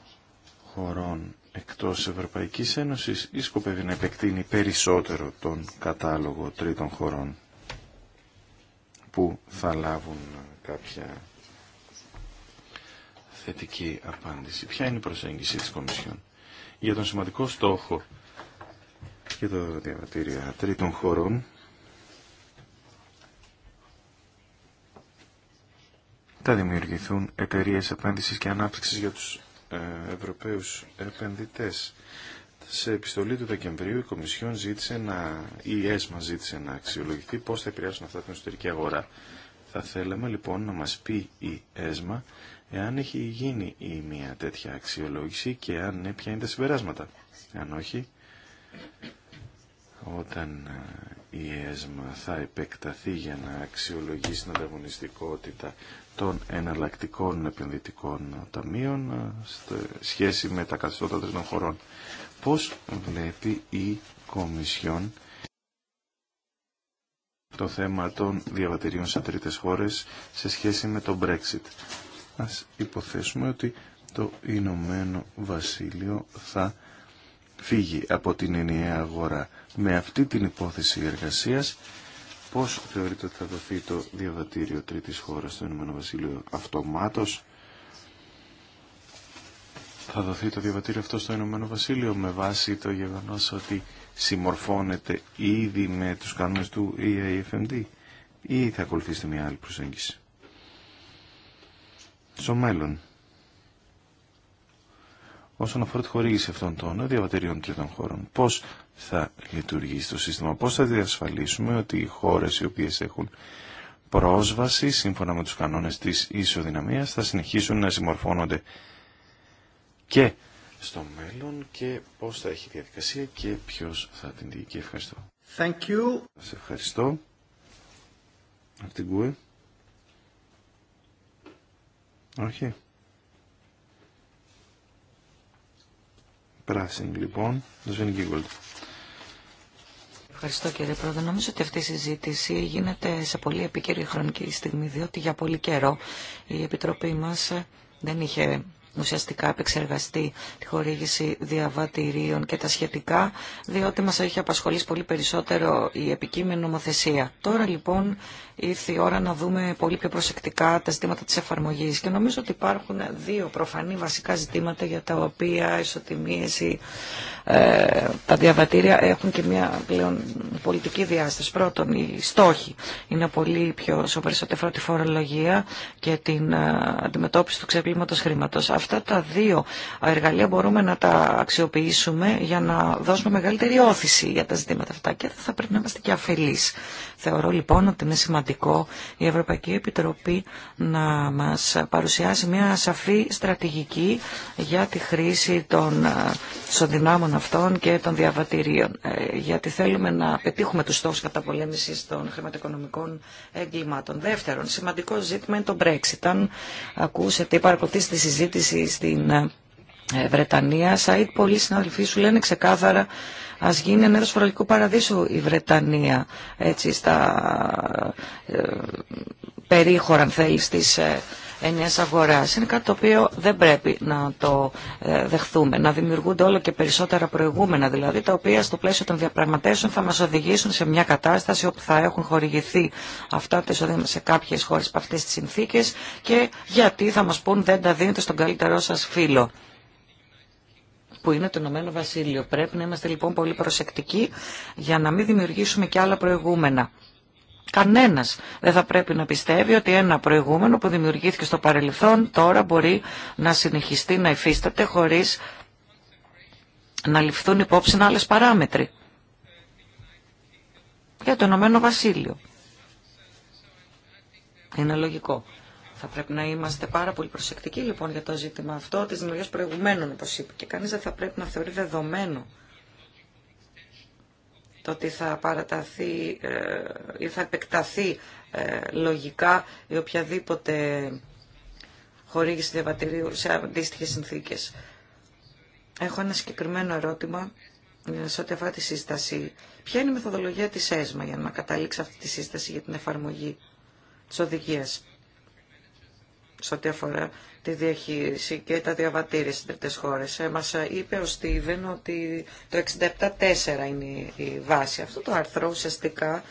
χωρών εκτός Ευρωπαϊκής Ένωσης ή σκοπεύει να επεκτείνει περισσότερο τον κατάλογο τρίτων χωρών που θα λάβουν κάποια θετική απάντηση. Ποια είναι η προσέγγιση της Κομισιόν για τον σημαντικό στόχο και το διαβατήριο τρίτων χωρών θα δημιουργηθούν εταιρείες επένδυσης και ανάπτυξης για τους ε, Ευρωπαίους επενδυτές. Σε επιστολή του Δεκεμβρίου η Κομισιόν ζήτησε να, η ΕΣΜΑ ζήτησε να αξιολογηθεί πώς θα επηρεάσουν αυτά την εσωτερική αγορά. Θα θέλαμε λοιπόν να μας πει η ΕΣΜΑ εάν έχει γίνει η μία τέτοια αξιολόγηση και αν ναι ποια είναι τα συμπεράσματα. Αν όχι, όταν ε, η ΕΣΜΑ θα επεκταθεί για να αξιολογήσει την ανταγωνιστικότητα των εναλλακτικών επενδυτικών ταμείων σε σχέση με τα καθεστώτα τρίτων χωρών. Πώς βλέπει η Κομισιόν το θέμα των διαβατηρίων σε τρίτες χώρες σε σχέση με το Brexit. Ας υποθέσουμε ότι το Ηνωμένο Βασίλειο θα φύγει από την ενιαία αγορά με αυτή την υπόθεση εργασίας πώς θεωρείτε ότι θα δοθεί το διαβατήριο τρίτης χώρας στο Ηνωμένο Βασίλειο αυτομάτως θα δοθεί το διαβατήριο αυτό στο Ηνωμένο Βασίλειο με βάση το γεγονός ότι συμμορφώνεται ήδη με τους κανόνες του EAFMD ή θα ακολουθήσετε μια άλλη προσέγγιση. Στο μέλλον, όσον αφορά τη χορήγηση αυτών των διαβατηρίων τρίτων χώρων, πώς θα λειτουργήσει το σύστημα. Πώς θα διασφαλίσουμε ότι οι χώρες οι οποίες έχουν πρόσβαση σύμφωνα με τους κανόνες της ισοδυναμίας θα συνεχίσουν να συμμορφώνονται και στο μέλλον και πώς θα έχει διαδικασία και ποιος θα την διοικεί. Ευχαριστώ. Thank you. Σας ευχαριστώ. Από την Όχι. Πράσινη λοιπόν. Δεν Ευχαριστώ κύριε Πρόεδρε. Νομίζω ότι αυτή η συζήτηση γίνεται σε πολύ επίκαιρη χρονική στιγμή, διότι για πολύ καιρό η Επιτροπή μας δεν είχε ουσιαστικά επεξεργαστεί τη χορήγηση διαβατηρίων και τα σχετικά, διότι μας έχει απασχολήσει πολύ περισσότερο η επικείμενη νομοθεσία. Τώρα λοιπόν ήρθε η ώρα να δούμε πολύ πιο προσεκτικά τα ζητήματα της εφαρμογής και νομίζω ότι υπάρχουν δύο προφανή βασικά ζητήματα για τα οποία ισοτιμίες ή ε, τα διαβατήρια έχουν και μια πλέον πολιτική διάσταση. Πρώτον, οι στόχοι είναι πολύ πιο σοβαρή τη φορολογία και την ε, αντιμετώπιση του ξεπλήματος χρήματος αυτά τα δύο εργαλεία μπορούμε να τα αξιοποιήσουμε για να δώσουμε μεγαλύτερη όθηση για τα ζητήματα αυτά και θα πρέπει να είμαστε και αφελείς. Θεωρώ λοιπόν ότι είναι σημαντικό η Ευρωπαϊκή Επιτροπή να μας παρουσιάσει μια σαφή στρατηγική για τη χρήση των ε, σοδυνάμων αυτών και των διαβατηρίων. Ε, γιατί θέλουμε να πετύχουμε τους στόχους καταπολέμησης των χρηματοοικονομικών εγκλημάτων. Δεύτερον, σημαντικό ζήτημα είναι το Brexit. Αν ακούσετε ή παρακολουθήσετε τη συζήτηση στην ε, Βρετανία. Σαΐτ, πολλοί συναδελφοί σου λένε ξεκάθαρα ας γίνει ένα έδος φορολογικού παραδείσου η Βρετανία, έτσι, στα ε, ε, περίχωρα, αν θέλεις, της ενιαίας αγορά Είναι κάτι το οποίο δεν πρέπει να το ε, δεχθούμε, να δημιουργούνται όλο και περισσότερα προηγούμενα, δηλαδή τα οποία στο πλαίσιο των διαπραγματεύσεων θα μα οδηγήσουν σε μια κατάσταση όπου θα έχουν χορηγηθεί αυτά τα εισοδήματα σε κάποιε χώρε από αυτέ τι συνθήκε και γιατί θα μα πούν δεν τα δίνετε στον καλύτερό σα φίλο που είναι το Ηνωμένο Βασίλειο. Πρέπει να είμαστε λοιπόν πολύ προσεκτικοί για να μην δημιουργήσουμε και άλλα προηγούμενα. Κανένας δεν θα πρέπει να πιστεύει ότι ένα προηγούμενο που δημιουργήθηκε στο παρελθόν τώρα μπορεί να συνεχιστεί να υφίσταται χωρίς να ληφθούν υπόψη άλλες παράμετροι για το Ενωμένο Βασίλειο. Είναι λογικό. Θα πρέπει να είμαστε πάρα πολύ προσεκτικοί λοιπόν για το ζήτημα αυτό τη δημιουργία προηγουμένων, όπω είπε. Και κανεί δεν θα πρέπει να θεωρεί δεδομένο το ότι θα παραταθεί ε, ή θα επεκταθεί ε, λογικά η οποιαδήποτε χορήγηση διαβατηρίου σε αντίστοιχε συνθήκες. Έχω ένα συγκεκριμένο ερώτημα ε, σε ό,τι αφορά τη σύσταση. Ποια είναι η μεθοδολογία της ΕΣΜΑ για να καταλήξει αυτή τη σύσταση για την εφαρμογή της οδηγίας σε ό,τι αφορά τη διαχείριση και τα διαβατήρια στις τρίτες χώρες. Ε, μας ε, είπε ο Στίβεν ότι το 67-4 είναι η βάση. Αυτό το άρθρο ουσιαστικά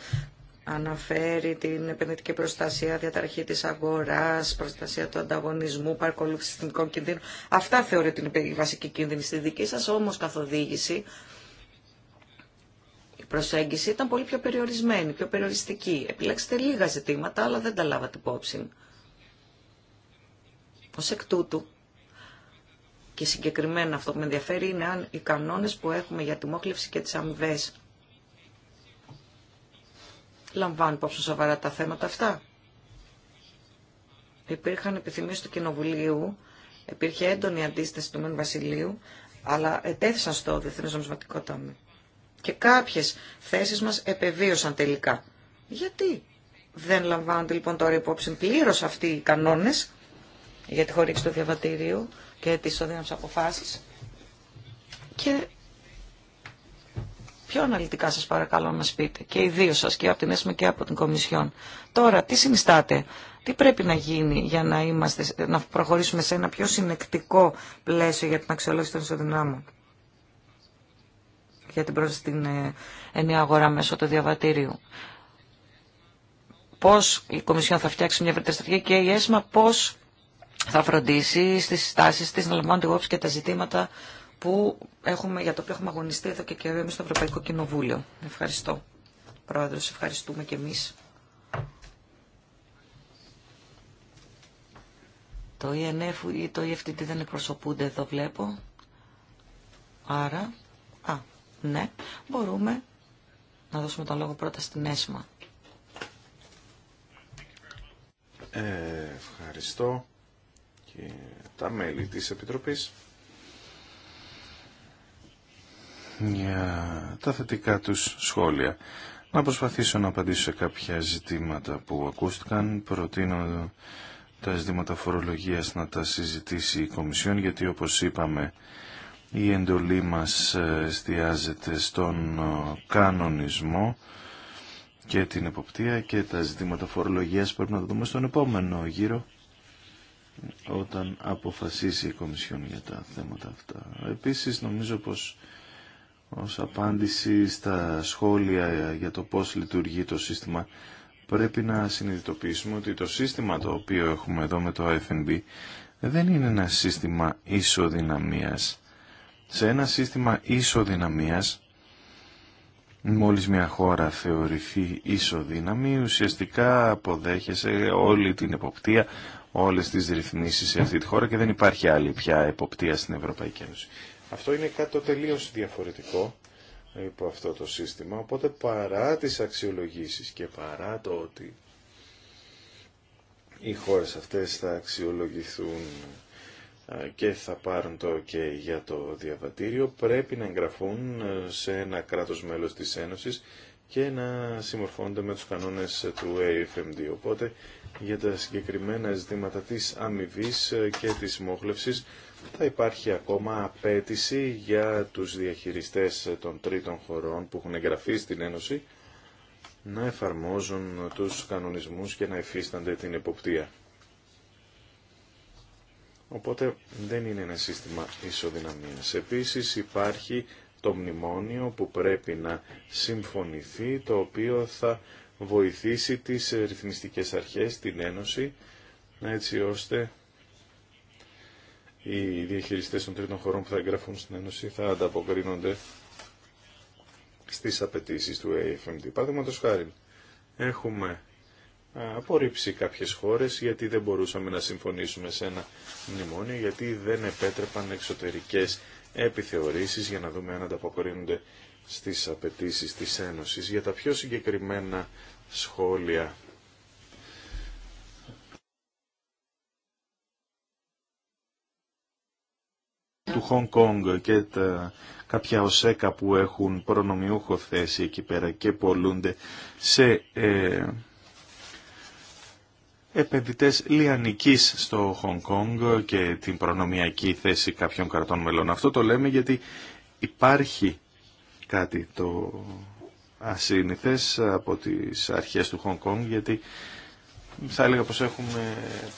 αναφέρει την επενδυτική προστασία, διαταραχή της αγοράς, προστασία του ανταγωνισμού, παρακολούθηση συστημικών κινδύνων. Αυτά θεωρείται την βασική κίνδυνη στη δική σας, όμως καθοδήγηση η προσέγγιση ήταν πολύ πιο περιορισμένη, πιο περιοριστική. Επιλέξετε λίγα ζητήματα, αλλά δεν τα λάβατε υπόψη σε εκ τούτου, και συγκεκριμένα αυτό που με ενδιαφέρει είναι αν οι κανόνες που έχουμε για τη μόχλευση και τις αμοιβέ λαμβάνουν υπόψη σοβαρά τα θέματα αυτά. Υπήρχαν επιθυμίες του Κοινοβουλίου, υπήρχε έντονη αντίσταση του Μεν Βασιλείου, αλλά ετέθησαν στο Διεθνές Νομισματικό Ταμείο. Και κάποιες θέσεις μας επεβίωσαν τελικά. Γιατί δεν λαμβάνονται λοιπόν τώρα υπόψη πλήρως αυτοί οι κανόνες για τη χορήξη του διαβατηρίου και τις οδύναμες αποφάσεις Και πιο αναλυτικά σας παρακαλώ να μας πείτε και οι δύο σας και από την ΕΣΜΑ και από την Κομισιόν. Τώρα, τι συνιστάτε, τι πρέπει να γίνει για να, είμαστε, να προχωρήσουμε σε ένα πιο συνεκτικό πλαίσιο για την αξιολόγηση των ισοδυνάμων για την πρόσβαση στην ε, ενιαία αγορά μέσω του διαβατήριου. Πώς η Κομισιόν θα φτιάξει μια ευρύτερη και η ΕΣΜΑ πώς θα φροντίσει στις στάσεις της να λαμβάνονται υπόψη και τα ζητήματα που έχουμε, για το οποίο έχουμε αγωνιστεί εδώ και καιρό εμείς στο Ευρωπαϊκό Κοινοβούλιο. Ευχαριστώ. Πρόεδρος, ευχαριστούμε και εμείς. Το ENF ή το EFTT δεν εκπροσωπούνται εδώ βλέπω. Άρα, α, ναι, μπορούμε να δώσουμε τον λόγο πρώτα στην ΕΣΜΑ. Ε, ευχαριστώ και τα μέλη της Επιτροπής για τα θετικά τους σχόλια. Να προσπαθήσω να απαντήσω σε κάποια ζητήματα που ακούστηκαν. Προτείνω τα ζητήματα φορολογίας να τα συζητήσει η Κομισιόν, γιατί όπως είπαμε η εντολή μας εστιάζεται στον κανονισμό και την εποπτεία και τα ζητήματα φορολογίας πρέπει να τα δούμε στον επόμενο γύρο όταν αποφασίσει η Κομισιόν για τα θέματα αυτά. Επίσης νομίζω πως ως απάντηση στα σχόλια για το πώς λειτουργεί το σύστημα πρέπει να συνειδητοποιήσουμε ότι το σύστημα το οποίο έχουμε εδώ με το FNB δεν είναι ένα σύστημα ισοδυναμίας. Σε ένα σύστημα ισοδυναμίας Μόλις μια χώρα θεωρηθεί ισοδύναμη, ουσιαστικά αποδέχεσαι όλη την εποπτεία, όλες τις ρυθμίσεις σε αυτή τη χώρα και δεν υπάρχει άλλη πια εποπτεία στην Ευρωπαϊκή Ένωση. Αυτό είναι κάτι το τελείως διαφορετικό υπό αυτό το σύστημα, οπότε παρά τις αξιολογήσεις και παρά το ότι οι χώρες αυτές θα αξιολογηθούν και θα πάρουν το OK για το διαβατήριο, πρέπει να εγγραφούν ε, σε ένα κράτος μέλος της Ένωσης και να συμμορφώνονται με τους κανόνες του AFMD. Οπότε για τα συγκεκριμένα ζητήματα της αμοιβή και της μόχλευσης θα υπάρχει ακόμα απέτηση για τους διαχειριστές των τρίτων χωρών που έχουν εγγραφεί στην Ένωση να εφαρμόζουν τους κανονισμούς και να εφίστανται την εποπτεία. Οπότε δεν είναι ένα σύστημα ισοδυναμίας. Επίσης υπάρχει το μνημόνιο που πρέπει να συμφωνηθεί, το οποίο θα βοηθήσει τις ε, ρυθμιστικές αρχές, την Ένωση, έτσι ώστε οι διαχειριστές των τρίτων χωρών που θα εγγραφούν στην Ένωση θα ανταποκρίνονται στις απαιτήσεις του AFMD. Παραδείγματος χάρη, έχουμε απορρίψει κάποιες χώρες γιατί δεν μπορούσαμε να συμφωνήσουμε σε ένα μνημόνιο, γιατί δεν επέτρεπαν εξωτερικές επιθεωρήσεις για να δούμε αν ανταποκρίνονται στις απαιτήσεις της Ένωσης. Για τα πιο συγκεκριμένα σχόλια. του Χονγκ Κόνγκ και τα, κάποια οσέκα που έχουν προνομιούχο θέση εκεί πέρα και πολλούνται σε ε, επενδυτές λιανικής στο Χονγκ Κόνγκ και την προνομιακή θέση κάποιων κρατών μελών. Αυτό το λέμε γιατί υπάρχει κάτι το ασύνηθες από τις αρχές του Χονγκ Κόνγκ γιατί θα έλεγα πως έχουμε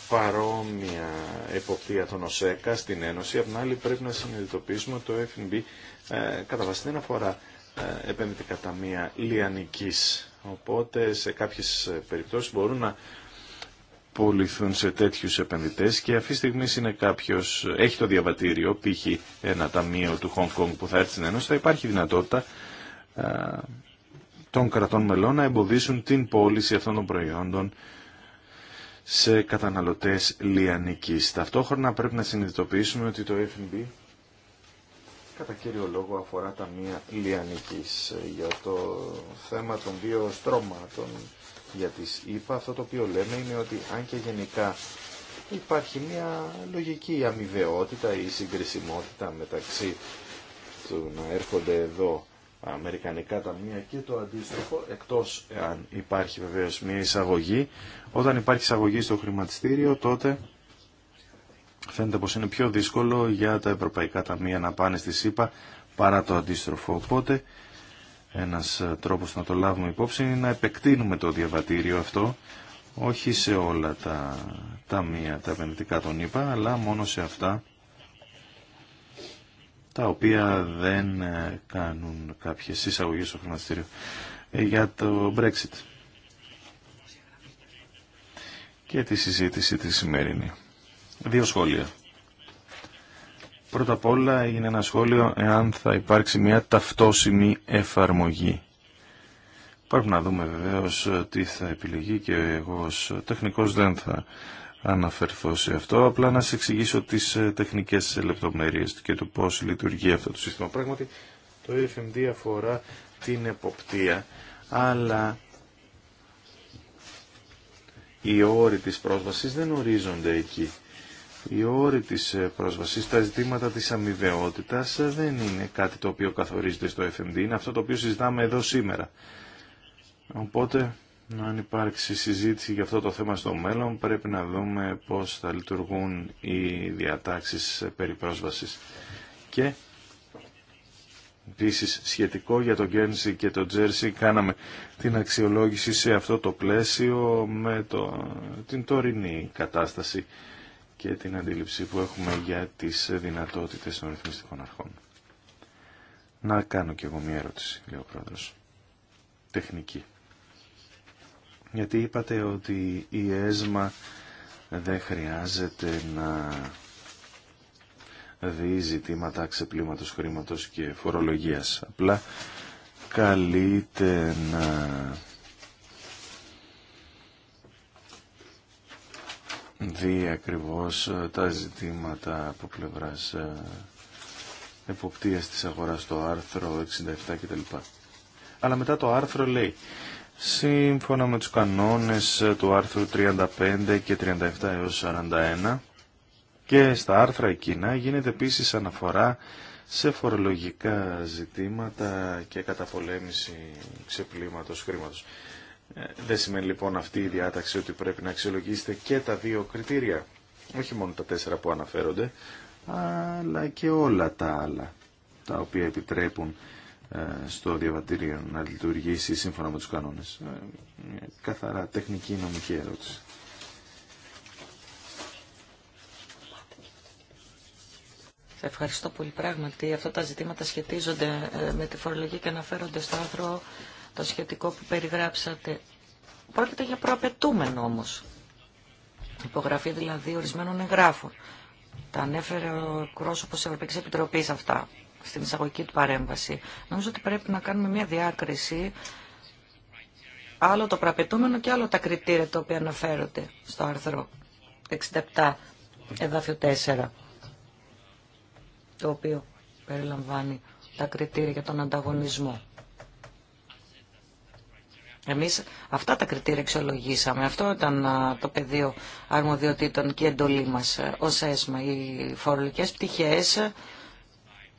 παρόμοια εποπτεία των ΟΣΕΚΑ στην Ένωση. Απ' την άλλη πρέπει να συνειδητοποιήσουμε ότι το FNB ε, κατά βάση αφορά ε, επενδυτικά ταμεία λιανικής. Οπότε σε κάποιες περιπτώσεις μπορούν να πουληθούν σε τέτοιους επενδυτέ. και αυτή τη στιγμή είναι κάποιος, έχει το διαβατήριο, π.χ. ένα ταμείο του Χονγκ Κόνγκ που θα έρθει στην Ένωση, θα υπάρχει δυνατότητα ε, των κρατών μελών να εμποδίσουν την πώληση αυτών των προϊόντων σε καταναλωτές λιανικής. Ταυτόχρονα πρέπει να συνειδητοποιήσουμε ότι το FNB κατά κύριο λόγο αφορά τα μία λιανικής. Για το θέμα των δύο στρώματων για τις ΙΠΑ, αυτό το οποίο λέμε είναι ότι αν και γενικά υπάρχει μια λογική αμοιβαιότητα ή συγκρισιμότητα μεταξύ του να έρχονται εδώ αμερικανικά ταμεία και το αντίστροφο, εκτός αν υπάρχει βεβαίως μια εισαγωγή. Όταν υπάρχει εισαγωγή στο χρηματιστήριο, τότε φαίνεται πως είναι πιο δύσκολο για τα ευρωπαϊκά ταμεία να πάνε στη ΣΥΠΑ παρά το αντίστροφο. Οπότε, ένας τρόπος να το λάβουμε υπόψη είναι να επεκτείνουμε το διαβατήριο αυτό, όχι σε όλα τα ταμεία, τα επενδυτικά των ΗΠΑ, αλλά μόνο σε αυτά τα οποία δεν ε, κάνουν κάποιες εισαγωγές στο χρηματιστήριο ε, για το Brexit και τη συζήτηση τη σημερινή. Δύο σχόλια. Πρώτα απ' όλα έγινε ένα σχόλιο εάν θα υπάρξει μια ταυτόσιμη εφαρμογή. Πρέπει να δούμε βεβαίως τι θα επιλεγεί και εγώ ως τεχνικός δεν θα αναφερθώ σε αυτό, απλά να σε εξηγήσω τις ε, τεχνικές λεπτομέρειες και το πώς λειτουργεί αυτό το σύστημα. Πράγματι, το FMD αφορά την εποπτεία, αλλά οι όροι της πρόσβασης δεν ορίζονται εκεί. Οι όροι της ε, πρόσβασης, τα ζητήματα της αμοιβαιότητα ε, δεν είναι κάτι το οποίο καθορίζεται στο FMD, είναι αυτό το οποίο συζητάμε εδώ σήμερα. Οπότε αν υπάρξει συζήτηση για αυτό το θέμα στο μέλλον, πρέπει να δούμε πώς θα λειτουργούν οι διατάξεις περί πρόσβασης. Και επίση σχετικό για το Γκέρνσι και το Τζέρσι, κάναμε την αξιολόγηση σε αυτό το πλαίσιο με το, την τωρινή κατάσταση και την αντίληψη που έχουμε για τις δυνατότητες των ρυθμιστικών αρχών. Να κάνω κι εγώ μια ερώτηση, λέει ο Πρόεδρος. Τεχνική γιατί είπατε ότι η ΕΣΜΑ δεν χρειάζεται να δει ζητήματα ξεπλήματος χρήματος και φορολογίας. Απλά καλείται να δει ακριβώς ε, τα ζητήματα από πλευράς ε, εποπτείας της αγοράς το άρθρο 67 κτλ. Αλλά μετά το άρθρο λέει σύμφωνα με τους κανόνες του άρθρου 35 και 37 έως 41 και στα άρθρα εκείνα γίνεται επίσης αναφορά σε φορολογικά ζητήματα και καταπολέμηση ξεπλήματος χρήματος. Ε, δεν σημαίνει λοιπόν αυτή η διάταξη ότι πρέπει να αξιολογήσετε και τα δύο κριτήρια, όχι μόνο τα τέσσερα που αναφέρονται, αλλά και όλα τα άλλα τα οποία επιτρέπουν ε, στο διαβατήριο να λειτουργήσει σύμφωνα με τους κανόνες. Ε, καθαρά τεχνική νομική ερώτηση. Ευχαριστώ πολύ. Πράγματι, αυτά τα ζητήματα σχετίζονται ε, με τη φορολογία και αναφέρονται στο άρθρο το σχετικό που περιγράψατε. Πρόκειται για προαπαιτούμενο όμως. Υπογραφή δηλαδή ορισμένων εγγράφων. Τα ανέφερε ο εκπρόσωπο της Επιτροπής αυτά στην εισαγωγική του παρέμβαση. Νομίζω ότι πρέπει να κάνουμε μια διάκριση άλλο το πραπετούμενο και άλλο τα κριτήρια τα οποία αναφέρονται στο άρθρο 67 εδάφιο 4 το οποίο περιλαμβάνει τα κριτήρια για τον ανταγωνισμό. Εμείς αυτά τα κριτήρια εξολογήσαμε. Αυτό ήταν το πεδίο αρμοδιοτήτων και εντολή μας ε, ως ΕΣΜΑ. Οι φορολογικές πτυχές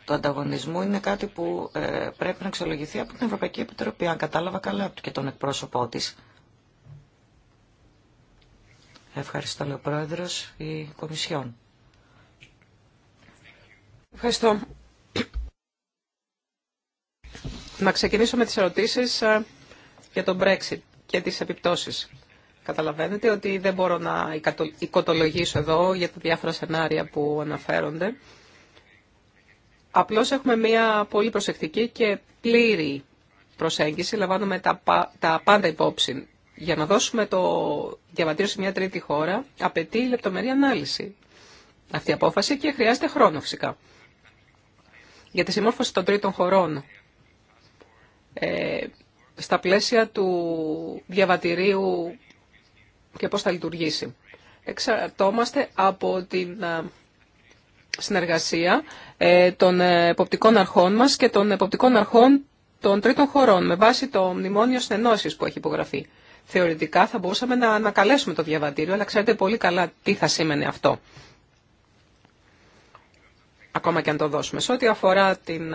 το ανταγωνισμό είναι κάτι που ε, πρέπει να αξιολογηθεί από την Ευρωπαϊκή Επιτροπή, αν κατάλαβα καλά και τον εκπρόσωπό τη. Ευχαριστώ, λέει ο πρόεδρο η Κομισιόν. Ευχαριστώ. Να ξεκινήσω με τις ερωτήσεις ε, για τον Brexit και τις επιπτώσεις. Καταλαβαίνετε ότι δεν μπορώ να οικοτολογήσω εδώ για τα διάφορα σενάρια που αναφέρονται. Απλώς έχουμε μία πολύ προσεκτική και πλήρη προσέγγιση, λαμβάνουμε τα, τα πάντα υπόψη. Για να δώσουμε το διαβατήριο σε μια τρίτη χώρα απαιτεί λεπτομερή ανάλυση αυτή η απόφαση και χρειάζεται χρόνο φυσικά. Για τη συμμόρφωση των τρίτων χωρών ε, στα πλαίσια του διαβατηρίου και πώς θα λειτουργήσει. Εξαρτώμαστε από την ε, συνεργασία ε, των ε, εποπτικών αρχών μας και των εποπτικών αρχών των τρίτων χωρών με βάση το μνημόνιο συνεννόησης που έχει υπογραφεί. Θεωρητικά θα μπορούσαμε να ανακαλέσουμε το διαβατήριο, αλλά ξέρετε πολύ καλά τι θα σήμαινε αυτό. Ακόμα και αν το δώσουμε. Σε ό,τι αφορά την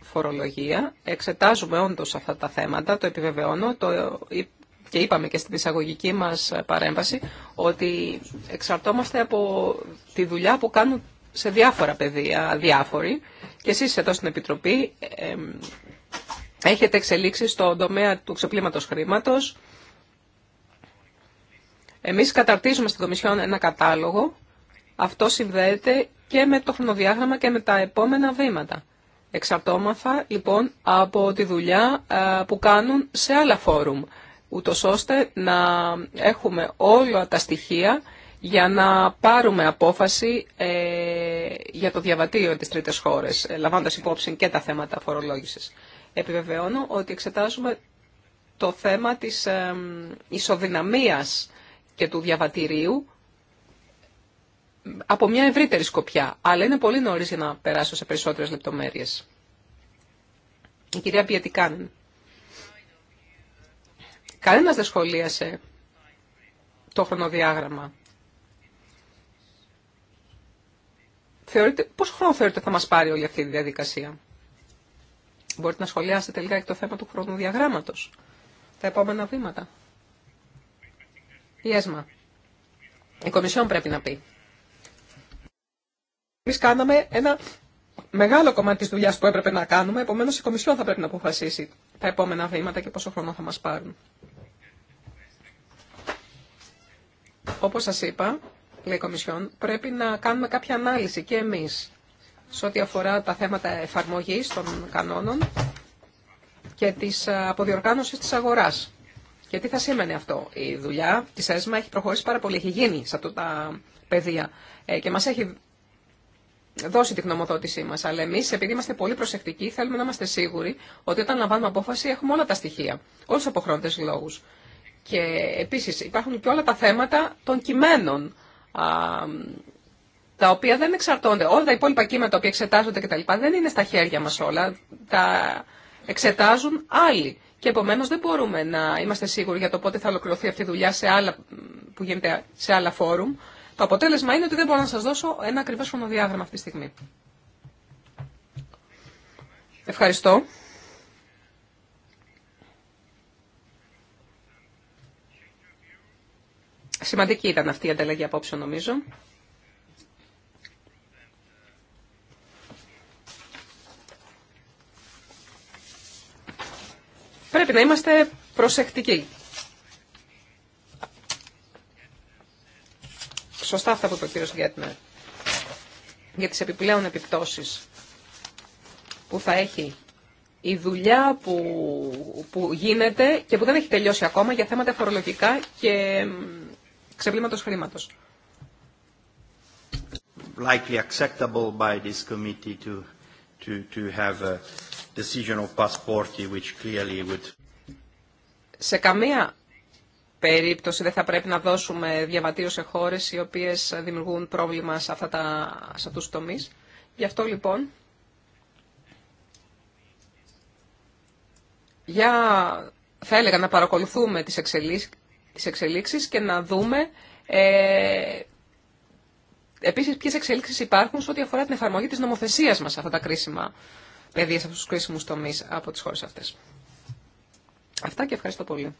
φορολογία, εξετάζουμε όντως αυτά τα θέματα, το επιβεβαιώνω, το, ε, και είπαμε και στην εισαγωγική μας παρέμβαση, ότι εξαρτώμαστε από τη δουλειά που κάνουν σε διάφορα πεδία διάφοροι και εσείς εδώ στην Επιτροπή έχετε εξελίξει στον τομέα του ξεπλήματος χρήματος. Εμείς καταρτίζουμε στην Κομισιόν ένα κατάλογο. Αυτό συνδέεται και με το χρονοδιάγραμμα και με τα επόμενα βήματα. Εξαρτώμαθα λοιπόν από τη δουλειά που κάνουν σε άλλα φόρουμ, ούτως ώστε να έχουμε όλα τα στοιχεία για να πάρουμε απόφαση ε, για το διαβατήριο της τρίτες χώρες, ε, λαμβάνοντας υπόψη και τα θέματα φορολόγησης. Επιβεβαιώνω ότι εξετάζουμε το θέμα της ε, ισοδυναμίας και του διαβατηρίου από μια ευρύτερη σκοπιά, αλλά είναι πολύ νωρίς για να περάσω σε περισσότερες λεπτομέρειες. Η κυρία Πιετικάνεν. Κανένας δεν σχολίασε το χρονοδιάγραμμα Θεωρείτε, πόσο χρόνο θεωρείτε θα μας πάρει όλη αυτή η διαδικασία. Μπορείτε να σχολιάσετε τελικά και το θέμα του χρονοδιαγράμματος. Τα επόμενα βήματα. Η ΕΣΜΑ. Η Κομισιόν πρέπει να πει. Εμεί κάναμε ένα μεγάλο κομμάτι της δουλειάς που έπρεπε να κάνουμε, επομένως η Κομισιόν θα πρέπει να αποφασίσει τα επόμενα βήματα και πόσο χρόνο θα μας πάρουν. Όπως σας είπα, λέει η Κομισιόν, πρέπει να κάνουμε κάποια ανάλυση και εμείς σε ό,τι αφορά τα θέματα εφαρμογής των κανόνων και της ε, αποδιοργάνωσης της αγοράς. Και τι θα σήμαινε αυτό. Η δουλειά της ΕΣΜΑ έχει προχωρήσει πάρα πολύ, έχει γίνει σε αυτά τα πεδία ε, και μας έχει δώσει τη γνωμοδότησή μας. Αλλά εμείς, επειδή είμαστε πολύ προσεκτικοί, θέλουμε να είμαστε σίγουροι ότι όταν λαμβάνουμε απόφαση έχουμε όλα τα στοιχεία, όλους τους αποχρόντες λόγους. Και επίσης υπάρχουν και όλα τα θέματα των κειμένων τα οποία δεν εξαρτώνται. Όλα τα υπόλοιπα κείμενα τα οποία εξετάζονται κτλ. δεν είναι στα χέρια μας όλα. Τα εξετάζουν άλλοι. Και επομένως δεν μπορούμε να είμαστε σίγουροι για το πότε θα ολοκληρωθεί αυτή η δουλειά σε άλλα, που γίνεται σε άλλα φόρουμ. Το αποτέλεσμα είναι ότι δεν μπορώ να σας δώσω ένα ακριβές χρονοδιάγραμμα αυτή τη στιγμή. Ευχαριστώ. Σημαντική ήταν αυτή η ανταλλαγή απόψεων νομίζω. Πρέπει να είμαστε προσεκτικοί. Σωστά αυτά που είπε ο κύριος Γκέτνερ για τις επιπλέον επιπτώσεις που θα έχει η δουλειά που, που γίνεται και που δεν έχει τελειώσει ακόμα για θέματα φορολογικά και ξεπλήματος χρήματος. Likely acceptable by this committee to, to, to have a decision of passport which clearly would... Σε καμία περίπτωση δεν θα πρέπει να δώσουμε διαβατήριο σε χώρες οι οποίες δημιουργούν πρόβλημα σε, αυτά τα, σε αυτούς τους τομείς. Γι' αυτό λοιπόν, για, θα έλεγα να παρακολουθούμε τις εξελίξεις, τις εξελίξεις και να δούμε ε, επίσης ποιες εξελίξεις υπάρχουν σε ό,τι αφορά την εφαρμογή της νομοθεσίας μας σε αυτά τα κρίσιμα παιδεία, σε αυτούς τους κρίσιμους τομείς από τις χώρες αυτές. Αυτά και ευχαριστώ πολύ.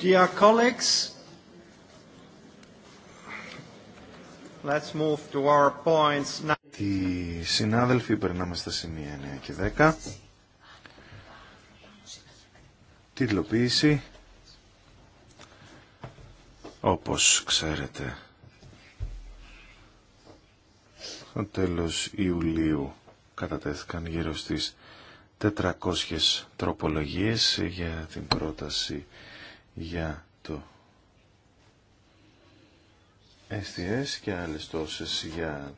Dear colleagues, let's move to our points Οι συνάδελφοι περνάμε στα σημεία 9 και 10. Τίτλοποίηση. Όπως ξέρετε, στο τέλος Ιουλίου κατατέθηκαν γύρω στι 400 τροπολογίες για την πρόταση για το STS και άλλες τόσες για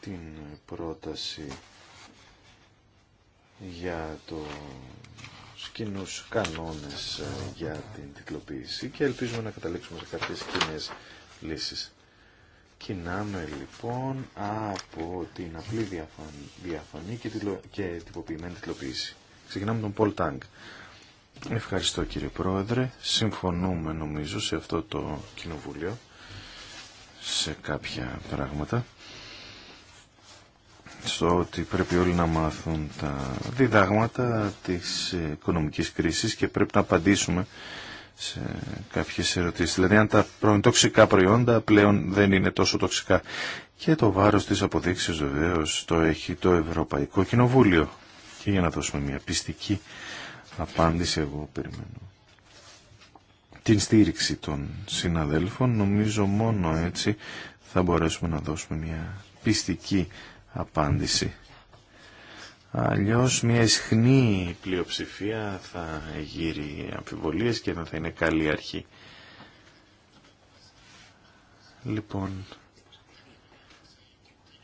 την πρόταση για το κοινού κανόνες ε, για την τυκλοποίηση και ελπίζουμε να καταλήξουμε σε κάποιες κοινέ λύσεις. Κοινάμε λοιπόν από την απλή διαφανή, και, τυλο... και τυποποιημένη τυκλοποίηση. Ξεκινάμε τον Πολ Τάγκ. Ευχαριστώ κύριε Πρόεδρε. Συμφωνούμε νομίζω σε αυτό το κοινοβούλιο σε κάποια πράγματα στο ότι πρέπει όλοι να μάθουν τα διδάγματα της οικονομικής κρίσης και πρέπει να απαντήσουμε σε κάποιες ερωτήσεις. Δηλαδή αν τα τοξικά προϊόντα πλέον δεν είναι τόσο τοξικά. Και το βάρος της αποδείξης βεβαίω το έχει το Ευρωπαϊκό Κοινοβούλιο. Και για να δώσουμε μια πιστική απάντηση εγώ περιμένω. Την στήριξη των συναδέλφων νομίζω μόνο έτσι θα μπορέσουμε να δώσουμε μια πιστική απάντηση. Αλλιώς μια ισχνή πλειοψηφία θα γύρει αμφιβολίες και δεν θα είναι καλή αρχή. Λοιπόν,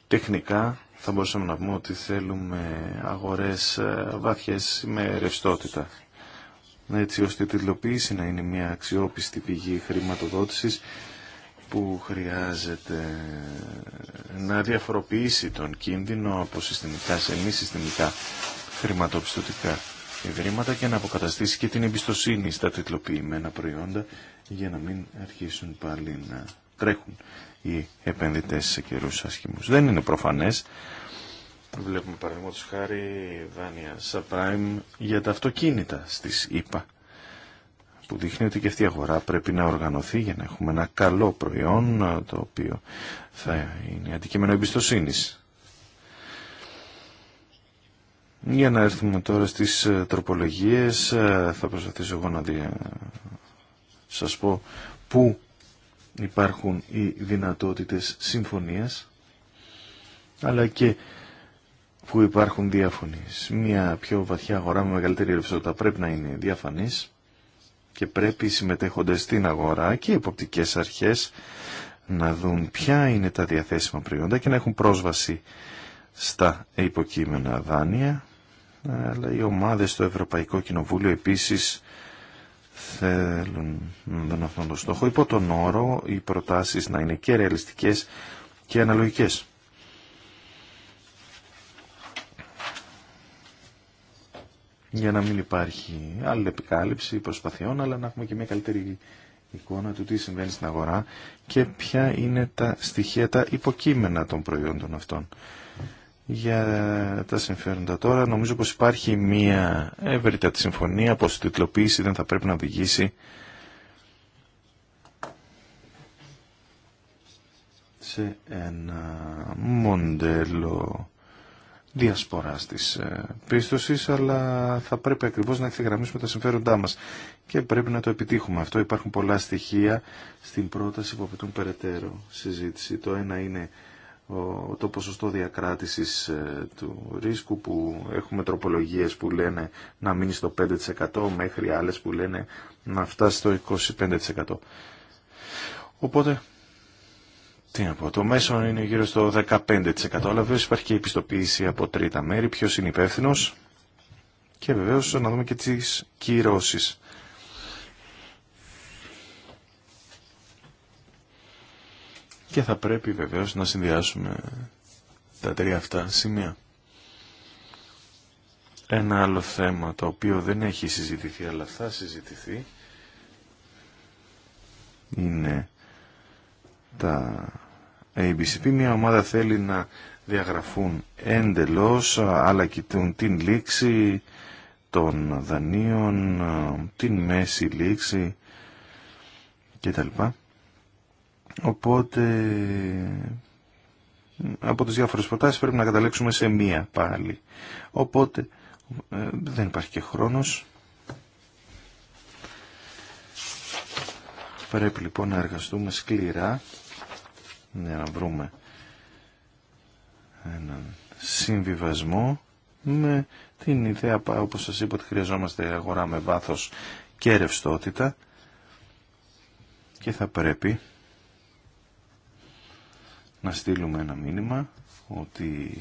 τεχνικά θα μπορούσαμε να πούμε ότι θέλουμε αγορές ε, βαθιές με ρευστότητα. Έτσι ώστε η να είναι μια αξιόπιστη πηγή χρηματοδότησης που χρειάζεται ε, να διαφοροποιήσει τον κίνδυνο από συστημικά σε μη συστημικά χρηματοπιστωτικά ιδρύματα και να αποκαταστήσει και την εμπιστοσύνη στα τιτλοποιημένα προϊόντα για να μην αρχίσουν πάλι να τρέχουν οι επενδυτές σε καιρούς ασχημούς. Δεν είναι προφανές Βλέπουμε παραδείγματος χάρη δάνεια subprime για τα αυτοκίνητα στις ΗΠΑ που δείχνει ότι και αυτή η αγορά πρέπει να οργανωθεί για να έχουμε ένα καλό προϊόν το οποίο θα είναι αντικείμενο εμπιστοσύνη. Για να έρθουμε τώρα στις ε, τροπολογίες ε, θα προσπαθήσω εγώ να ε, σας πω πού υπάρχουν οι δυνατότητες συμφωνίας αλλά και που υπάρχουν διαφωνίες. Μια πιο βαθιά αγορά με μεγαλύτερη ρευστότητα πρέπει να είναι διαφανής και πρέπει οι συμμετέχοντες στην αγορά και οι υποπτικές αρχές να δουν ποια είναι τα διαθέσιμα προϊόντα και να έχουν πρόσβαση στα υποκείμενα δάνεια. Αλλά οι ομάδες στο Ευρωπαϊκό Κοινοβούλιο επίσης θέλουν να δουν αυτόν τον στόχο υπό τον όρο οι προτάσεις να είναι και ρεαλιστικές και αναλογικές. για να μην υπάρχει άλλη επικάλυψη προσπαθειών, αλλά να έχουμε και μια καλύτερη εικόνα του τι συμβαίνει στην αγορά και ποια είναι τα στοιχεία, τα υποκείμενα των προϊόντων αυτών. Για τα συμφέροντα τώρα, νομίζω πως υπάρχει μια ευρύτατη συμφωνία πως η τιτλοποίηση δεν θα πρέπει να οδηγήσει σε ένα μοντέλο διασποράς της ε, πίστοσης, αλλά θα πρέπει ακριβώς να ευθυγραμμίσουμε τα συμφέροντά μας και πρέπει να το επιτύχουμε. Αυτό υπάρχουν πολλά στοιχεία στην πρόταση που απαιτούν περαιτέρω συζήτηση. Το ένα είναι το ποσοστό διακράτησης ε, του ρίσκου που έχουμε τροπολογίες που λένε να μείνει στο 5% μέχρι άλλες που λένε να φτάσει στο 25%. Οπότε τι το μέσο είναι γύρω στο 15%, αλλά βέβαια υπάρχει και η πιστοποίηση από τρίτα μέρη, Ποιο είναι υπεύθυνο και βεβαίω να δούμε και τι κυρώσει. Και θα πρέπει βεβαίως να συνδυάσουμε τα τρία αυτά σημεία. Ένα άλλο θέμα το οποίο δεν έχει συζητηθεί αλλά θα συζητηθεί είναι τα ABCP. Μια ομάδα θέλει να διαγραφούν εντελώς, αλλά κοιτούν την λήξη των δανείων, την μέση λήξη κτλ. Οπότε από τις διάφορες προτάσεις πρέπει να καταλέξουμε σε μία πάλι. Οπότε ε, δεν υπάρχει και χρόνος. Πρέπει λοιπόν να εργαστούμε σκληρά για ναι, να βρούμε έναν συμβιβασμό με την ιδέα, όπως σας είπα, ότι χρειαζόμαστε αγορά με βάθος και ρευστότητα και θα πρέπει να στείλουμε ένα μήνυμα ότι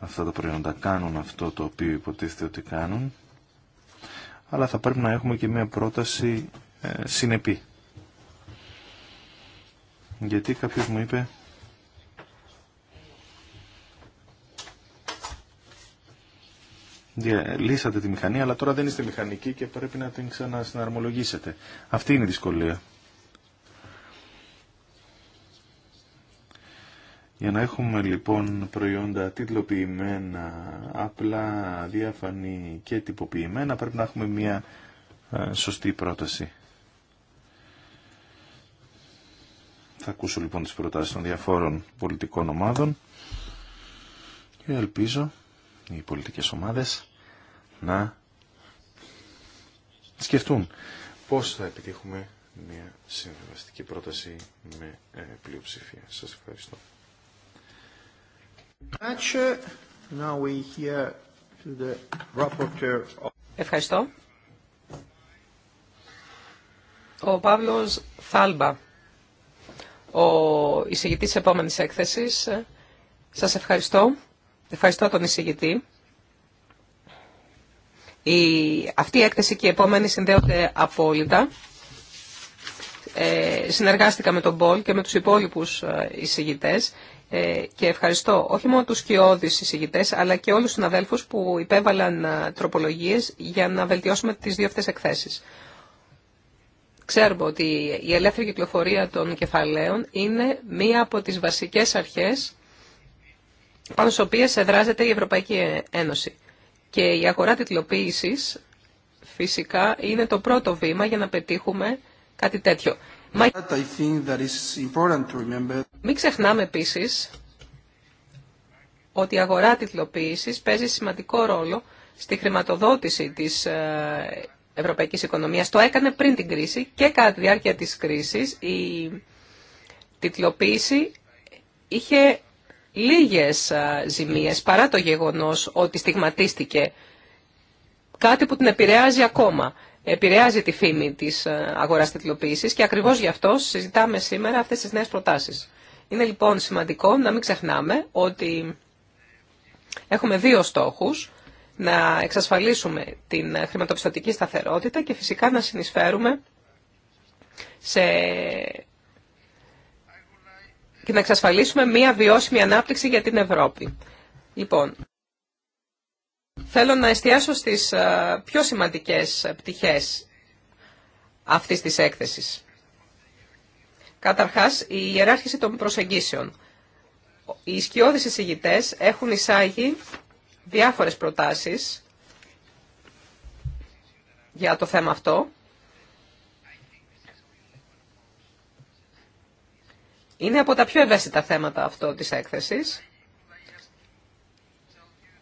αυτά τα προϊόντα κάνουν αυτό το οποίο υποτίθεται ότι κάνουν αλλά θα πρέπει να έχουμε και μια πρόταση ε, συνεπή γιατί κάποιος μου είπε λύσατε τη μηχανή αλλά τώρα δεν είστε μηχανική και πρέπει να την ξανασυναρμολογήσετε. Αυτή είναι η δυσκολία. Για να έχουμε λοιπόν προϊόντα τίτλοποιημένα, απλά, διάφανη και τυποποιημένα πρέπει να έχουμε μια ε, σωστή πρόταση. Θα ακούσω λοιπόν τις προτάσεις των διαφόρων πολιτικών ομάδων και ελπίζω οι πολιτικές ομάδες να σκεφτούν πώς θα επιτύχουμε μια συνεργαστική πρόταση με ε, πλειοψηφία. Σας ευχαριστώ. Ευχαριστώ. Ο Παύλος Θάλμπα ο εισηγητής της επόμενης έκθεσης. Σας ευχαριστώ. Ευχαριστώ τον εισηγητή. Η, αυτή η έκθεση και η επόμενη συνδέονται απόλυτα. Ε, συνεργάστηκα με τον Πολ και με τους υπόλοιπους ε, εισηγητές ε, και ευχαριστώ όχι μόνο τους κοιόδης εισηγητές αλλά και όλους τους αδέλφους που υπέβαλαν ε, τροπολογίες για να βελτιώσουμε τις δύο αυτές εκθέσεις. Ξέρουμε ότι η ελεύθερη κυκλοφορία των κεφαλαίων είναι μία από τις βασικές αρχές πάνω στις οποίες εδράζεται η Ευρωπαϊκή Ένωση. Και η αγορά τιτλοποίησης φυσικά είναι το πρώτο βήμα για να πετύχουμε κάτι τέτοιο. Μην ξεχνάμε επίσης ότι η αγορά τιτλοποίησης παίζει σημαντικό ρόλο στη χρηματοδότηση της ε, ευρωπαϊκής οικονομίας το έκανε πριν την κρίση και κατά τη διάρκεια της κρίσης η τιτλοποίηση είχε λίγες ζημίες παρά το γεγονός ότι στιγματίστηκε κάτι που την επηρεάζει ακόμα. Επηρεάζει τη φήμη της αγοράς τιτλοποίησης και ακριβώς γι' αυτό συζητάμε σήμερα αυτές τις νέες προτάσεις. Είναι λοιπόν σημαντικό να μην ξεχνάμε ότι έχουμε δύο στόχους να εξασφαλίσουμε την χρηματοπιστωτική σταθερότητα και φυσικά να συνεισφέρουμε σε... και να εξασφαλίσουμε μία βιώσιμη ανάπτυξη για την Ευρώπη. Λοιπόν, θέλω να εστιάσω στις ε, πιο σημαντικές πτυχές αυτής της έκθεσης. Καταρχάς, η ιεράρχηση των προσεγγίσεων. Οι σκιώδεις εισηγητές έχουν εισάγει διάφορες προτάσεις για το θέμα αυτό. Είναι από τα πιο ευαίσθητα θέματα αυτό της έκθεσης.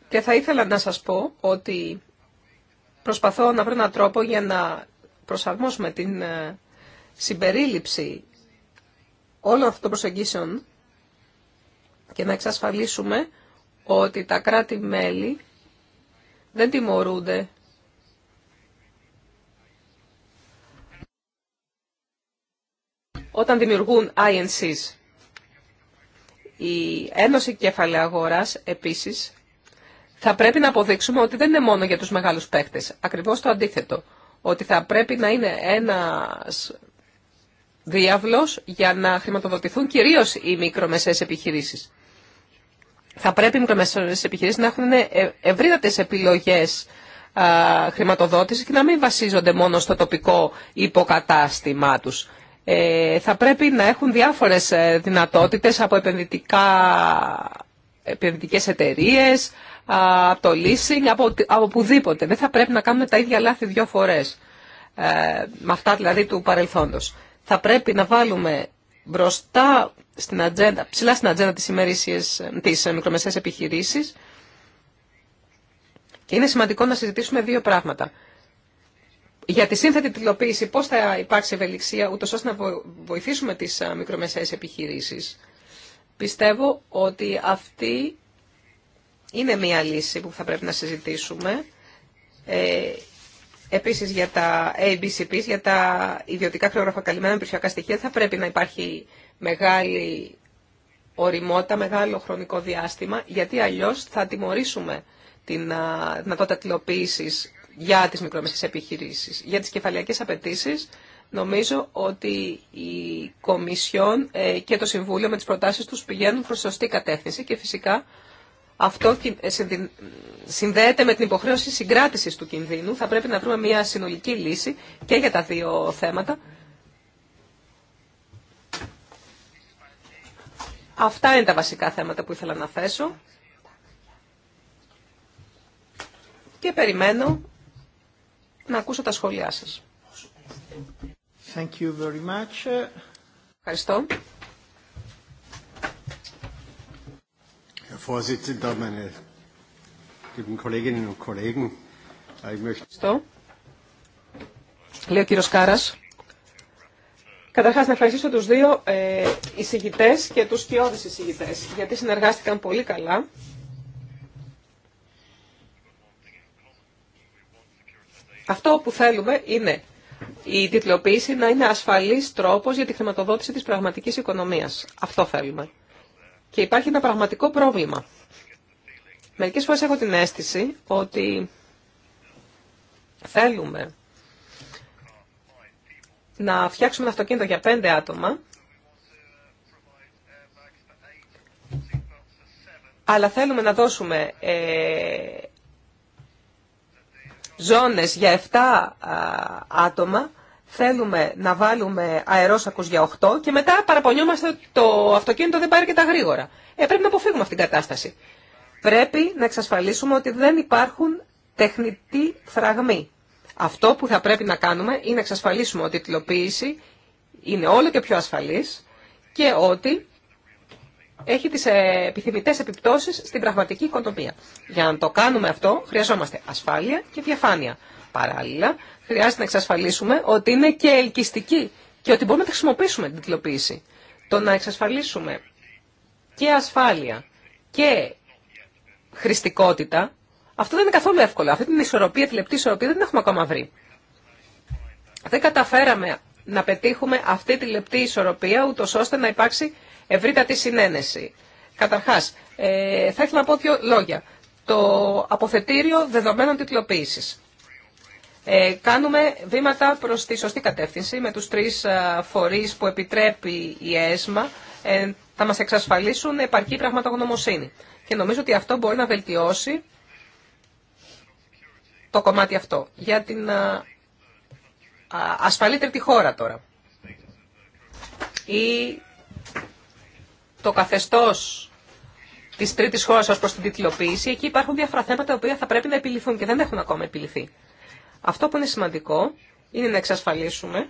Και θα ήθελα να σας πω ότι προσπαθώ να βρω έναν τρόπο για να προσαρμόσουμε την ε, συμπερίληψη όλων αυτών των προσεγγίσεων και να εξασφαλίσουμε ότι τα κράτη-μέλη δεν τιμωρούνται όταν δημιουργούν INCs. Η Ένωση Κεφαλαίου Αγοράς, επίσης, θα πρέπει να αποδείξουμε ότι δεν είναι μόνο για τους μεγάλους παίκτες. Ακριβώς το αντίθετο. Ότι θα πρέπει να είναι ένας διάβλος για να χρηματοδοτηθούν κυρίως οι μικρομεσαίες επιχειρήσεις θα πρέπει οι μικρομεσαίες επιχειρήσεις να έχουν ευρύτατες επιλογές χρηματοδότησης και να μην βασίζονται μόνο στο τοπικό υποκατάστημά τους. Ε, θα πρέπει να έχουν διάφορες ε, δυνατότητες από επενδυτικά, επενδυτικές εταιρείες, από το leasing, από, από οπουδήποτε. Δεν θα πρέπει να κάνουμε τα ίδια λάθη δύο φορές, ε, με αυτά δηλαδή του παρελθόντος. Θα πρέπει να βάλουμε μπροστά στην ατζέντα, ψηλά στην ατζέντα της ημερήσιας της ε, μικρομεσαίας επιχειρήσης και είναι σημαντικό να συζητήσουμε δύο πράγματα. Για τη σύνθετη τυλοποίηση πώς θα υπάρξει ευελιξία ούτως ώστε να βοηθήσουμε τις ε, μικρομεσαίες επιχειρήσεις. Πιστεύω ότι αυτή είναι μία λύση που θα πρέπει να συζητήσουμε. Ε, Επίσης για τα ABCPs, για τα ιδιωτικά χρεογραφα καλυμμένα περιουσιακά στοιχεία, θα πρέπει να υπάρχει μεγάλη οριμότητα, μεγάλο χρονικό διάστημα, γιατί αλλιώς θα τιμωρήσουμε την δυνατότητα τυλοποίησης για τις μικρομεσαίες επιχειρήσεις. Για τις κεφαλιακές απαιτήσει, νομίζω ότι η Κομισιόν ε, και το Συμβούλιο με τις προτάσεις τους πηγαίνουν προς σωστή κατεύθυνση και φυσικά αυτό ε, συνδέεται με την υποχρέωση συγκράτησης του κινδύνου. Θα πρέπει να βρούμε μια συνολική λύση και για τα δύο θέματα. Αυτά είναι τα βασικά θέματα που ήθελα να θέσω. Και περιμένω να ακούσω τα σχόλιά σας. Thank you very much. Ευχαριστώ. Äh, äh, Λέω meine Καταρχάς να ευχαριστήσω του δύο ε, και τους σκιώδει εισηγητέ, γιατί συνεργάστηκαν πολύ καλά. Αυτό που θέλουμε είναι η τιτλοποίηση να είναι ασφαλής τρόπος για τη χρηματοδότηση της πραγματικής οικονομίας. Αυτό θέλουμε. Και υπάρχει ένα πραγματικό πρόβλημα. Μερικές φορές έχω την αίσθηση ότι θέλουμε να φτιάξουμε ένα αυτοκίνητο για πέντε άτομα, αλλά θέλουμε να δώσουμε ε, ζώνες για 7 άτομα θέλουμε να βάλουμε αερόσακους για 8 και μετά παραπονιόμαστε ότι το αυτοκίνητο δεν πάρει και τα γρήγορα. Ε, πρέπει να αποφύγουμε αυτήν την κατάσταση. Πρέπει να εξασφαλίσουμε ότι δεν υπάρχουν τεχνητοί φραγμοί. Αυτό που θα πρέπει να κάνουμε είναι να εξασφαλίσουμε ότι η τυλοποίηση είναι όλο και πιο ασφαλής και ότι έχει τις ε, επιθυμητές επιπτώσεις στην πραγματική οικονομία. Για να το κάνουμε αυτό χρειαζόμαστε ασφάλεια και διαφάνεια. Παράλληλα, χρειάζεται να εξασφαλίσουμε ότι είναι και ελκυστική και ότι μπορούμε να τη χρησιμοποιήσουμε την τυπλοποίηση. Το να εξασφαλίσουμε και ασφάλεια και χρηστικότητα, αυτό δεν είναι καθόλου εύκολο. Αυτή την ισορροπία, τη λεπτή ισορροπία δεν την έχουμε ακόμα βρει. Δεν καταφέραμε να πετύχουμε αυτή τη λεπτή ισορροπία, ούτω ώστε να υπάρξει ευρύτατη συνένεση. Καταρχά, ε, θα ήθελα να πω δύο λόγια. Το αποθετήριο δεδομένων τυπλοποίηση. Ε, κάνουμε βήματα προς τη σωστή κατεύθυνση με τους τρεις ε, φορείς που επιτρέπει η ΕΣΜΑ ε, θα μας εξασφαλίσουν επαρκή πραγματογνωμοσύνη. Και νομίζω ότι αυτό μπορεί να βελτιώσει το κομμάτι αυτό. Για την ασφαλή τρίτη χώρα τώρα. Ή το καθεστώς της τρίτης χώρας ως προς την τίτλοποίηση, εκεί υπάρχουν διάφορα θέματα τα οποία θα πρέπει να επιληθούν και δεν έχουν ακόμα επιληθεί. Αυτό που είναι σημαντικό είναι να εξασφαλίσουμε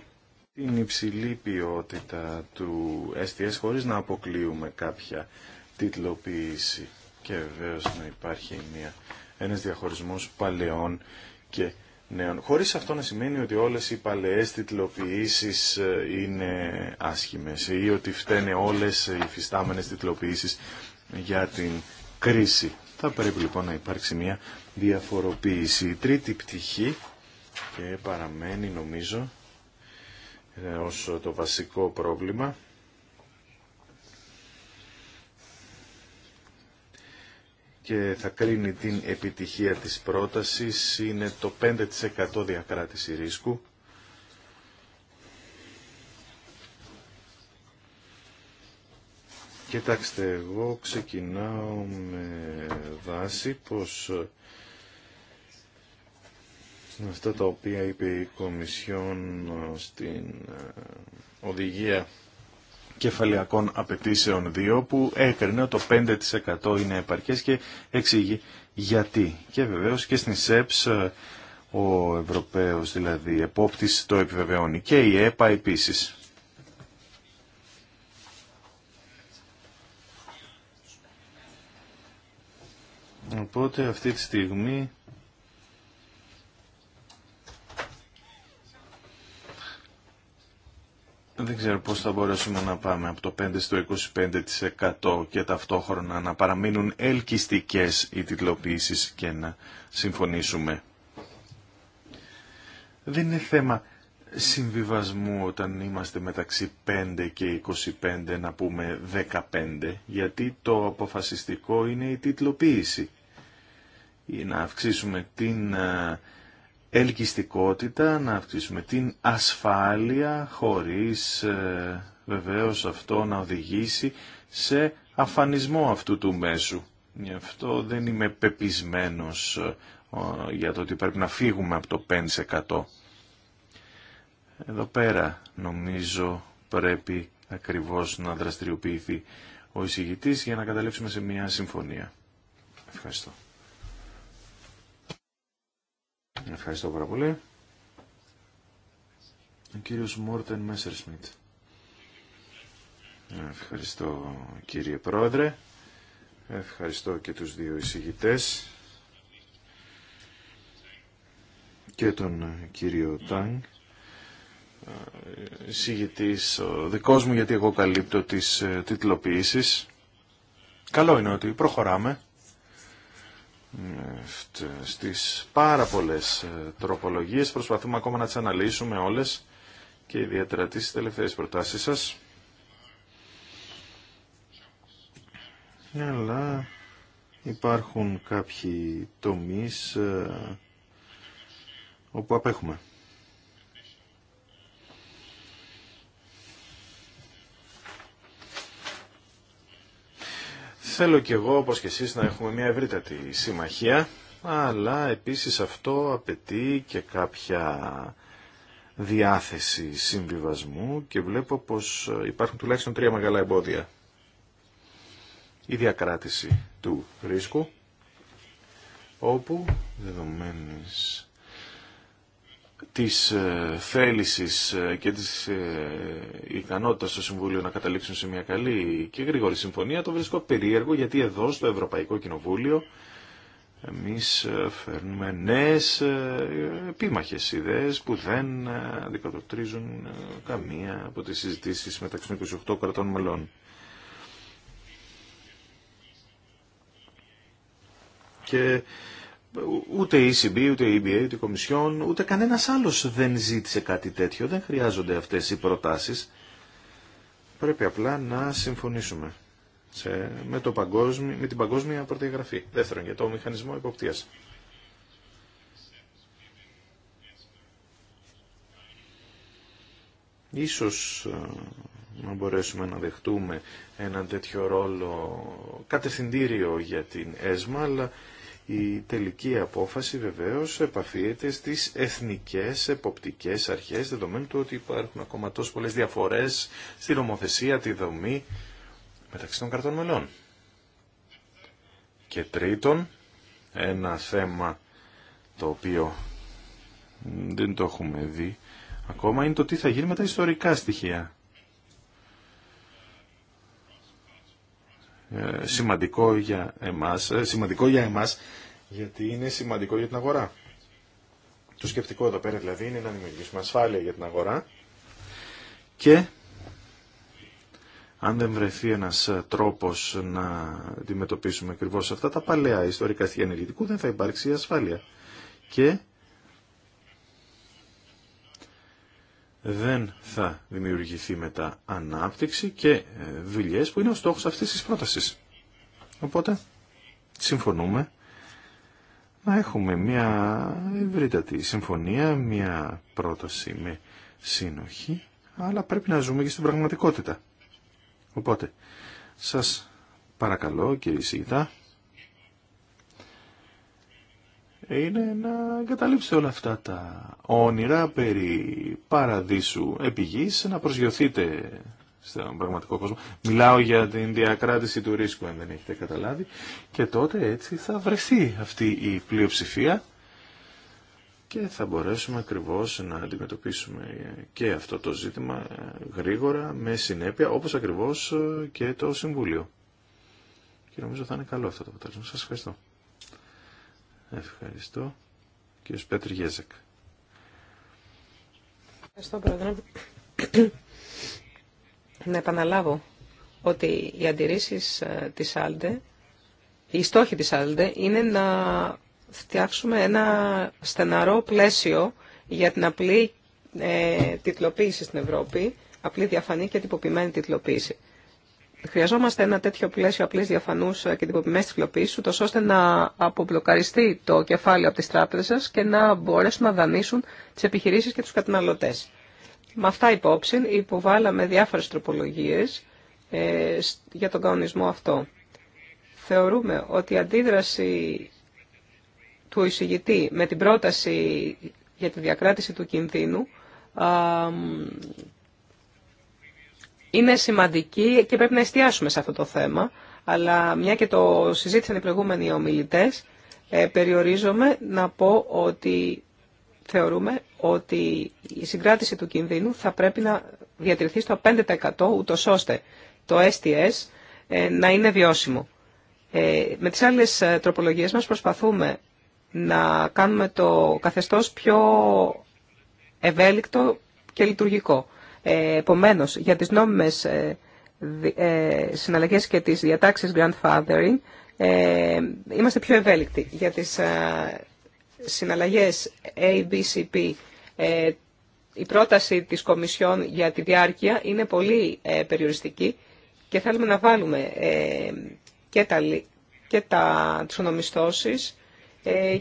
την υψηλή ποιότητα του STS χωρίς να αποκλείουμε κάποια τίτλοποίηση και βεβαίω να υπάρχει μια, ένας διαχωρισμός παλαιών και νέων. Χωρίς αυτό να σημαίνει ότι όλες οι παλαιές τιτλοποιήσεις ε, είναι άσχημες ή ότι φταίνε όλες οι φυστάμενες τιτλοποιήσεις για την κρίση. Θα πρέπει λοιπόν να υπάρξει μια διαφοροποίηση. Η τρίτη πτυχή και παραμένει νομίζω ε, ως το βασικό πρόβλημα και θα κρίνει την επιτυχία της πρότασης είναι το 5% διακράτηση ρίσκου Κοιτάξτε, εγώ ξεκινάω με βάση πως αυτά τα οποία είπε η Κομισιόν ε, στην ε, οδηγία κεφαλαιακών απαιτήσεων 2 που έκρινε ότι το 5% είναι επαρκές και εξηγεί γιατί. Και βεβαίως και στην ΣΕΠΣ ε, ο Ευρωπαίος δηλαδή επόπτης το επιβεβαιώνει και η ΕΠΑ επίσης. Οπότε αυτή τη στιγμή Δεν ξέρω πώς θα μπορέσουμε να πάμε από το 5% στο 25% και ταυτόχρονα να παραμείνουν ελκυστικές οι τιτλοποιήσεις και να συμφωνήσουμε. Δεν είναι θέμα συμβιβασμού όταν είμαστε μεταξύ 5 και 25 να πούμε 15 γιατί το αποφασιστικό είναι η τιτλοποίηση. Ή να αυξήσουμε την ε, ελκυστικότητα, να αυξήσουμε την ασφάλεια χωρίς ε, βεβαίως αυτό να οδηγήσει σε αφανισμό αυτού του μέσου. Γι' αυτό δεν είμαι πεπισμένος ε, για το ότι πρέπει να φύγουμε από το 5%. Εδώ πέρα νομίζω πρέπει ακριβώς να δραστηριοποιηθεί ο εισηγητής για να καταλήξουμε σε μια συμφωνία. Ευχαριστώ. Ευχαριστώ πάρα πολύ. Ο κύριος Μόρτεν Μέσερσμιτ. Ευχαριστώ κύριε Πρόεδρε. Ευχαριστώ και τους δύο εισηγητές και τον κύριο Τάγκ εισηγητής ο δικός μου γιατί εγώ καλύπτω τις ε, τίτλοποιήσεις. Καλό είναι ότι προχωράμε στις πάρα πολλές ε, τροπολογίες. Προσπαθούμε ακόμα να τις αναλύσουμε όλες και ιδιαίτερα τις τελευταίες προτάσεις σας. Αλλά υπάρχουν κάποιοι τομείς ε, όπου απέχουμε. Θέλω κι εγώ, όπως και εσείς, να έχουμε μια ευρύτατη συμμαχία, αλλά επίσης αυτό απαιτεί και κάποια διάθεση συμβιβασμού και βλέπω πως υπάρχουν τουλάχιστον τρία μεγάλα εμπόδια. Η διακράτηση του ρίσκου, όπου δεδομένης της ε, θέλησης ε, και της ε, ικανότητας στο Συμβούλιο να καταλήξουν σε μια καλή και γρήγορη συμφωνία το βρίσκω περίεργο γιατί εδώ στο Ευρωπαϊκό Κοινοβούλιο εμείς φέρνουμε νέες επίμαχες ιδέες που δεν αντικατοπτρίζουν καμία από τις συζητήσεις μεταξύ των 28 κρατών μελών. Και ούτε η ECB, ούτε η EBA, ούτε η Κομισιόν, ούτε κανένας άλλος δεν ζήτησε κάτι τέτοιο. Δεν χρειάζονται αυτές οι προτάσεις. Πρέπει απλά να συμφωνήσουμε σε, με, το παγκόσμι, με την παγκόσμια πρωτογραφή. Δεύτερον, για το μηχανισμό υποπτίας. Ίσως ε, να μπορέσουμε να δεχτούμε έναν τέτοιο ρόλο κατευθυντήριο για την ΕΣΜΑ, αλλά η τελική απόφαση βεβαίως επαφίεται στις εθνικές εποπτικές αρχές, δεδομένου του ότι υπάρχουν ακόμα τόσο πολλές διαφορές στη νομοθεσία, τη δομή μεταξύ των κρατών μελών. Και τρίτον, ένα θέμα το οποίο δεν το έχουμε δει ακόμα είναι το τι θα γίνει με τα ιστορικά στοιχεία. Ε, σημαντικό για εμάς, ε, σημαντικό για εμάς γιατί είναι σημαντικό για την αγορά. Το σκεπτικό εδώ πέρα δηλαδή είναι να δημιουργήσουμε ασφάλεια για την αγορά και αν δεν βρεθεί ένας ε, τρόπος να αντιμετωπίσουμε ακριβώ αυτά τα παλαιά ιστορικά στοιχεία ενεργητικού δεν θα υπάρξει ασφάλεια. Και δεν θα δημιουργηθεί μετά ανάπτυξη και ε, δουλειέ που είναι ο στόχος αυτής της πρότασης. Οπότε, συμφωνούμε να έχουμε μια ευρύτατη συμφωνία, μια πρόταση με σύνοχη, αλλά πρέπει να ζούμε και στην πραγματικότητα. Οπότε, σας παρακαλώ κύριε Σιγητά, είναι να εγκαταλείψετε όλα αυτά τα όνειρα περί παραδείσου επιγής, να προσγειωθείτε στον πραγματικό κόσμο. Μιλάω για την διακράτηση του ρίσκου, αν δεν έχετε καταλάβει. Και τότε έτσι θα βρεθεί αυτή η πλειοψηφία και θα μπορέσουμε ακριβώς να αντιμετωπίσουμε και αυτό το ζήτημα γρήγορα, με συνέπεια, όπως ακριβώς και το Συμβούλιο. Και νομίζω θα είναι καλό αυτό το αποτέλεσμα. Σας ευχαριστώ. Ευχαριστώ. Κύριο Πέτρη Γέζεκ. Ευχαριστώ, Πρόεδρε. Να επαναλάβω ότι οι αντιρρήσει ε, της Άλντε, οι στόχοι της Άλντε είναι να φτιάξουμε ένα στεναρό πλαίσιο για την απλή ε, τιτλοποίηση στην Ευρώπη, απλή διαφανή και τυποποιημένη τιτλοποίηση. Χρειαζόμαστε ένα τέτοιο πλαίσιο απλής διαφανούς ε, και τυποποιημένης τυφλοποίησης, ούτως ώστε να απομπλοκαριστεί το κεφάλαιο από τις τράπεζες σας και να μπορέσουν να δανείσουν τις επιχειρήσεις και τους καταναλωτές. Με αυτά υπόψη υποβάλαμε διάφορες τροπολογίες ε, για τον κανονισμό αυτό. Θεωρούμε ότι η αντίδραση του εισηγητή με την πρόταση για τη διακράτηση του κινδύνου είναι σημαντική και πρέπει να εστιάσουμε σε αυτό το θέμα, αλλά μια και το συζήτησαν οι προηγούμενοι ομιλητέ, ε, περιορίζομαι να πω ότι θεωρούμε ότι η συγκράτηση του κινδύνου θα πρέπει να διατηρηθεί στο 5% ούτω ώστε το STS ε, να είναι βιώσιμο. Ε, με τις άλλες τροπολογίες μας προσπαθούμε να κάνουμε το καθεστώς πιο ευέλικτο και λειτουργικό. Ε, Επομένω, για τις νόμιμες ε, ε, συναλλαγές και τις διατάξεις grandfathering είμαστε πιο ευέλικτοι. Για τις συναλλαγές ABCP η πρόταση της Κομισιόν για τη διάρκεια είναι πολύ περιοριστική και θέλουμε να βάλουμε και τα, και τα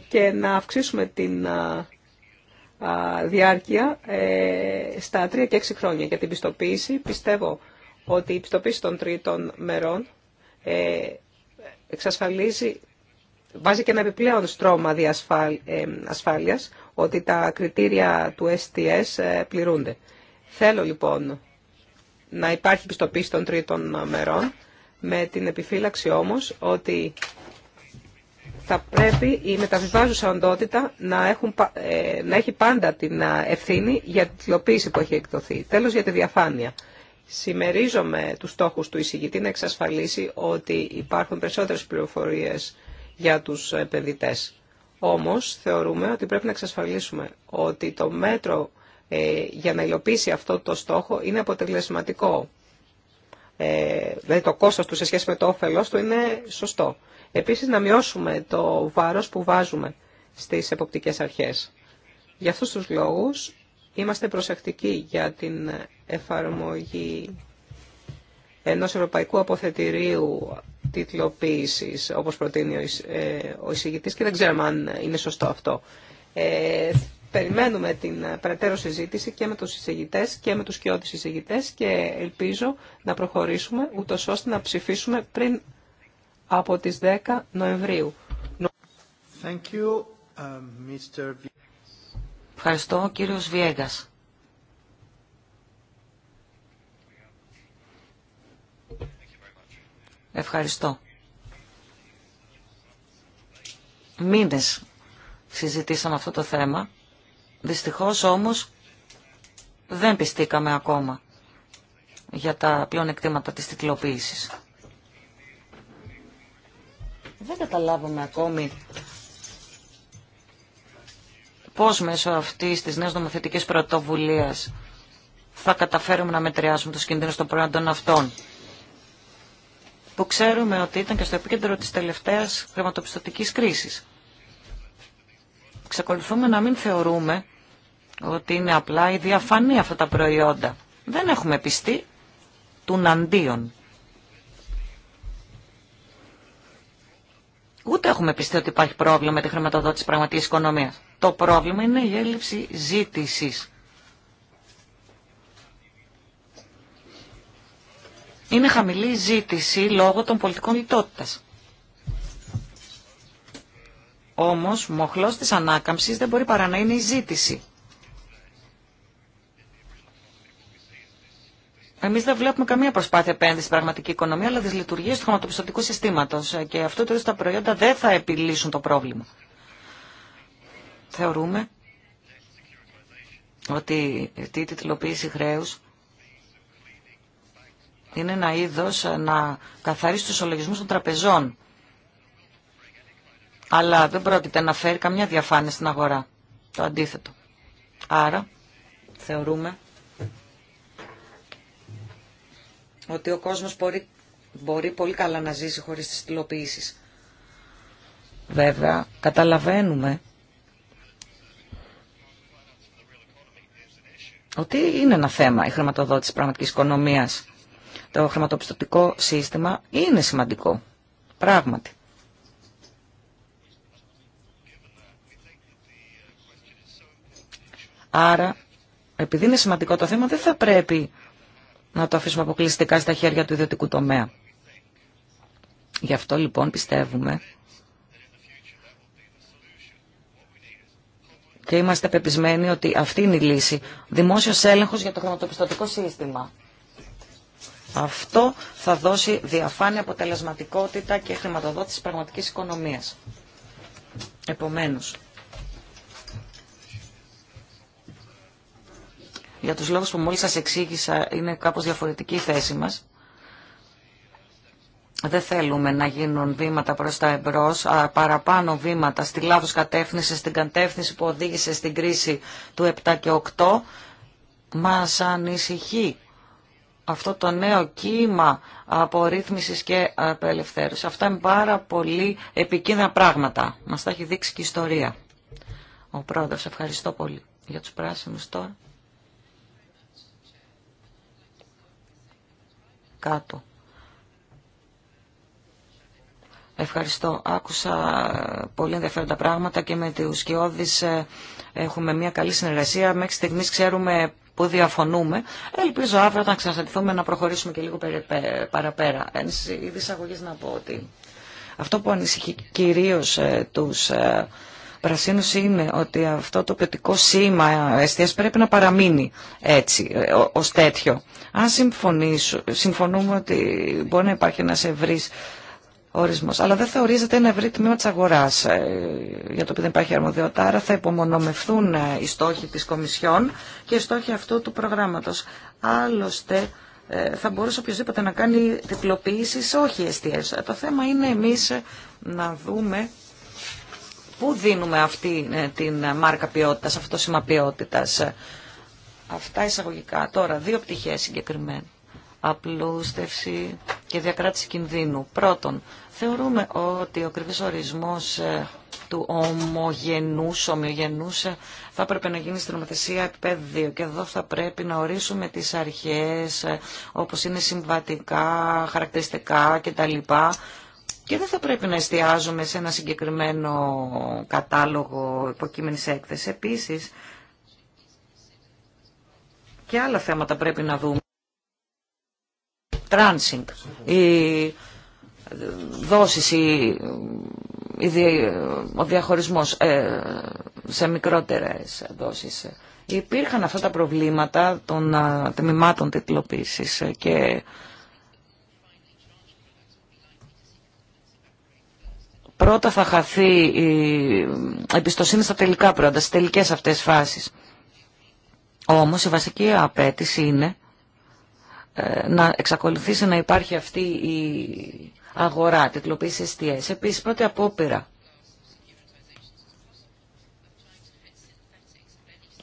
και να αυξήσουμε την διάρκεια ε, στα τρία και 6 χρόνια. Για την πιστοποίηση πιστεύω ότι η πιστοποίηση των τρίτων μερών ε, εξασφαλίζει, βάζει και ένα επιπλέον στρώμα ε, ασφάλειας ότι τα κριτήρια του STS πληρούνται. Θέλω λοιπόν να υπάρχει πιστοποίηση των τρίτων μερών με την επιφύλαξη όμως ότι θα πρέπει η μεταβιβάζουσα οντότητα να, έχουν, ε, να έχει πάντα την ε, ευθύνη για την υλοποίηση που έχει εκδοθεί. Τέλος για τη διαφάνεια. Σημερίζομαι τους στόχου του εισηγητή να εξασφαλίσει ότι υπάρχουν περισσότερε πληροφορίε για του επενδυτέ. Όμως θεωρούμε ότι πρέπει να εξασφαλίσουμε ότι το μέτρο ε, για να υλοποιήσει αυτό το στόχο είναι αποτελεσματικό. δηλαδή το κόστο του σε σχέση με το όφελό του είναι σωστό. Επίσης να μειώσουμε το βάρος που βάζουμε στις εποπτικές αρχές. Για αυτούς τους λόγους είμαστε προσεκτικοί για την εφαρμογή ενός ευρωπαϊκού αποθετηρίου τίτλοποίησης, όπως προτείνει ε, ο εισηγητής και δεν ξέρουμε αν είναι σωστό αυτό. Ε, περιμένουμε την περαιτέρω συζήτηση και με τους εισηγητές και με τους κοιότητες εισηγητές και ελπίζω να προχωρήσουμε ούτω ώστε να ψηφίσουμε πριν από τις 10 Νοεμβρίου. Thank you, uh, Mr. Ευχαριστώ, κύριος Βιέγκας. Ευχαριστώ. Μήνες συζητήσαμε αυτό το θέμα. Δυστυχώς όμως δεν πιστήκαμε ακόμα για τα πλεονεκτήματα της τυκλοποίησης. Δεν καταλάβουμε ακόμη πώς μέσω αυτής της νέας νομοθετικής πρωτοβουλίας θα καταφέρουμε να μετριάσουμε τους κινδύνους των προϊόντων αυτών που ξέρουμε ότι ήταν και στο επίκεντρο της τελευταίας χρηματοπιστωτικής κρίσης. Ξεκολουθούμε να μην θεωρούμε ότι είναι απλά η διαφανή αυτά τα προϊόντα. Δεν έχουμε πιστεί του ναντίον. Ούτε έχουμε πιστεί ότι υπάρχει πρόβλημα με τη χρηματοδότηση πραγματικής οικονομίας. Το πρόβλημα είναι η έλλειψη ζήτησης. Είναι χαμηλή ζήτηση λόγω των πολιτικών λιτότητας. Όμως, μοχλός της ανάκαμψης δεν μπορεί παρά να είναι η ζήτηση. Εμεί δεν βλέπουμε καμία προσπάθεια επένδυση στην πραγματική οικονομία, αλλά τι λειτουργίε του χρηματοπιστωτικού συστήματο. Ε, και αυτό το είδο τα προϊόντα δεν θα επιλύσουν το πρόβλημα. Θεωρούμε ότι η τιτλοποίηση χρέου είναι ένα είδο ε, να καθαρίσει του ολογισμούς των τραπεζών. Αλλά δεν πρόκειται να φέρει καμιά διαφάνεια στην αγορά. Το αντίθετο. Άρα θεωρούμε ότι ο κόσμος μπορεί, μπορεί πολύ καλά να ζήσει χωρίς τις τηλεοποιήσεις. Βέβαια, καταλαβαίνουμε ότι είναι ένα θέμα η χρηματοδότηση πραγματικής οικονομίας. Το χρηματοπιστωτικό σύστημα είναι σημαντικό, πράγματι. Άρα, επειδή είναι σημαντικό το θέμα, δεν θα πρέπει να το αφήσουμε αποκλειστικά στα χέρια του ιδιωτικού τομέα. Γι' αυτό λοιπόν πιστεύουμε και είμαστε πεπισμένοι ότι αυτή είναι η λύση. Δημόσιος έλεγχος για το χρηματοπιστωτικό σύστημα. Αυτό θα δώσει διαφάνεια αποτελεσματικότητα και χρηματοδότηση πραγματικής οικονομίας. Επομένως, Για τους λόγους που μόλις σας εξήγησα είναι κάπως διαφορετική η θέση μας. Δεν θέλουμε να γίνουν βήματα προς τα εμπρός, παραπάνω βήματα στη λάθος κατεύθυνση, στην κατεύθυνση που οδήγησε στην κρίση του 7 και 8. Μας ανησυχεί αυτό το νέο κύμα απορρίθμισης και απελευθέρωση. Αυτά είναι πάρα πολύ επικίνδυνα πράγματα. Μας τα έχει δείξει και η ιστορία. Ο πρόεδρος, ευχαριστώ πολύ για τους πράσινους τώρα. Ευχαριστώ. Άκουσα πολύ ενδιαφέροντα πράγματα και με τους Σκιώδης ε, έχουμε μια καλή συνεργασία. Μέχρι στιγμής ξέρουμε που διαφωνούμε. Ελπίζω αύριο όταν ξανασταθούμε να προχωρήσουμε και λίγο παραπέρα. Εν είδης να πω ότι αυτό που ανησυχεί κυρίως ε, τους ε, πρασίνωση είναι ότι αυτό το ποιοτικό σήμα αισθιά πρέπει να παραμείνει έτσι, ε, ω τέτοιο. Αν συμφωνούμε ότι μπορεί να υπάρχει ένα ευρύ ορισμός, αλλά δεν θεωρίζεται ένα ευρύ τμήμα της αγοράς ε, για το οποίο δεν υπάρχει αρμοδιότητα, άρα θα υπομονωμευθούν ε, οι στόχοι της Κομισιόν και οι στόχοι αυτού του προγράμματος. Άλλωστε, θα μπορούσε οποιοδήποτε να κάνει διπλοποιήσεις, όχι εστίες. Το θέμα είναι εμείς να δούμε Πού δίνουμε αυτή ε, την ε, μάρκα ποιότητα, αυτό το σήμα ποιότητας. Ε, αυτά εισαγωγικά. Τώρα, δύο πτυχέ συγκεκριμένα. Απλούστευση και διακράτηση κινδύνου. Πρώτον, θεωρούμε ότι ο ακριβή ορισμός του ομογενούς, ομοιογενού, θα έπρεπε να γίνει στην νομοθεσία επίπεδο 2 και εδώ θα πρέπει να ορίσουμε τις αρχές όπως είναι συμβατικά, χαρακτηριστικά κτλ. Και δεν θα πρέπει να εστιάζουμε σε ένα συγκεκριμένο κατάλογο υποκείμενης έκθεση. Επίσης, και άλλα θέματα πρέπει να δούμε. Τράνσινγκ, οι δόσεις, η, ο διαχωρισμός ε, σε μικρότερες δόσεις. Υπήρχαν αυτά τα προβλήματα των τμήματων τιτλοποίησης και πρώτα θα χαθεί η εμπιστοσύνη στα τελικά προϊόντα, στις τελικές αυτές φάσεις. Όμως η βασική απέτηση είναι ε, να εξακολουθήσει να υπάρχει αυτή η αγορά, τετλοποίηση STS. Επίσης, πρώτη απόπειρα.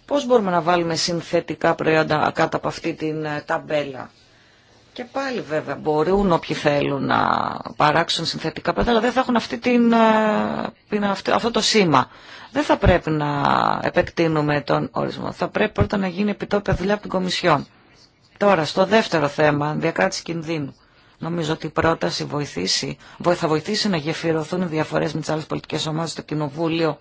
Πώς μπορούμε να βάλουμε συνθετικά προϊόντα κάτω από αυτή την ε, ταμπέλα. Και πάλι βέβαια μπορούν όποιοι θέλουν να παράξουν συνθετικά παιδιά, αλλά δεν θα έχουν αυτή την, ε, αυτό το σήμα. Δεν θα πρέπει να επεκτείνουμε τον ορισμό. Θα πρέπει πρώτα να γίνει επιτόπια δουλειά από την Κομισιόν. Τώρα, στο δεύτερο θέμα, διακράτηση κινδύνου. Νομίζω ότι η πρόταση βοηθήσει, θα βοηθήσει να γεφυρωθούν οι διαφορές με τις άλλες πολιτικές ομάδες στο Κοινοβούλιο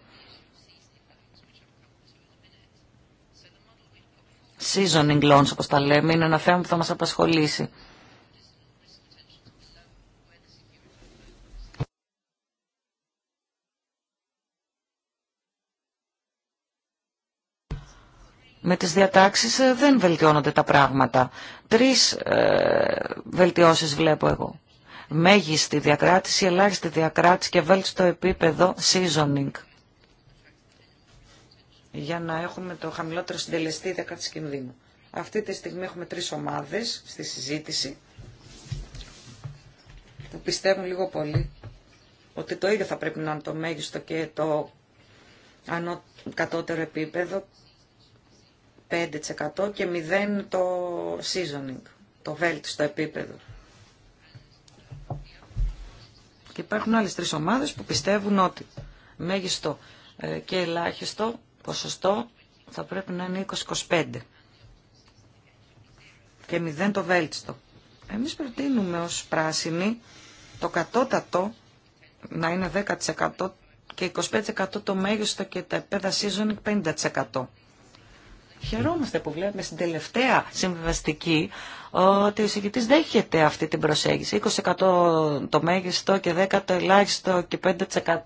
Seasoning loans, όπως τα λέμε, είναι ένα θέμα που θα μας απασχολήσει. με τις διατάξεις ε, δεν βελτιώνονται τα πράγματα. Τρεις ε, βελτιώσεις βλέπω εγώ. Μέγιστη διακράτηση, ελάχιστη διακράτηση και βέλτιστο επίπεδο seasoning για να έχουμε το χαμηλότερο συντελεστή δεκάτη κινδύνου. Αυτή τη στιγμή έχουμε τρεις ομάδες στη συζήτηση που πιστεύουν λίγο πολύ ότι το ίδιο θα πρέπει να είναι το μέγιστο και το ανώ, κατώτερο επίπεδο 5% και 0% το seasoning, το βέλτιστο επίπεδο. Και υπάρχουν άλλες τρεις ομάδες που πιστεύουν ότι μέγιστο ε, και ελάχιστο ποσοστό θα πρέπει να είναι 20-25 και 0 το βέλτιστο. Εμείς προτείνουμε ως πράσινοι το κατώτατο να είναι 10% και 25% το μέγιστο και τα επέδα season 50%. Χαιρόμαστε που βλέπουμε στην τελευταία συμβιβαστική ότι ο συγκεκριτής δέχεται αυτή την προσέγγιση. 20% το μέγιστο και 10% το ελάχιστο και 5%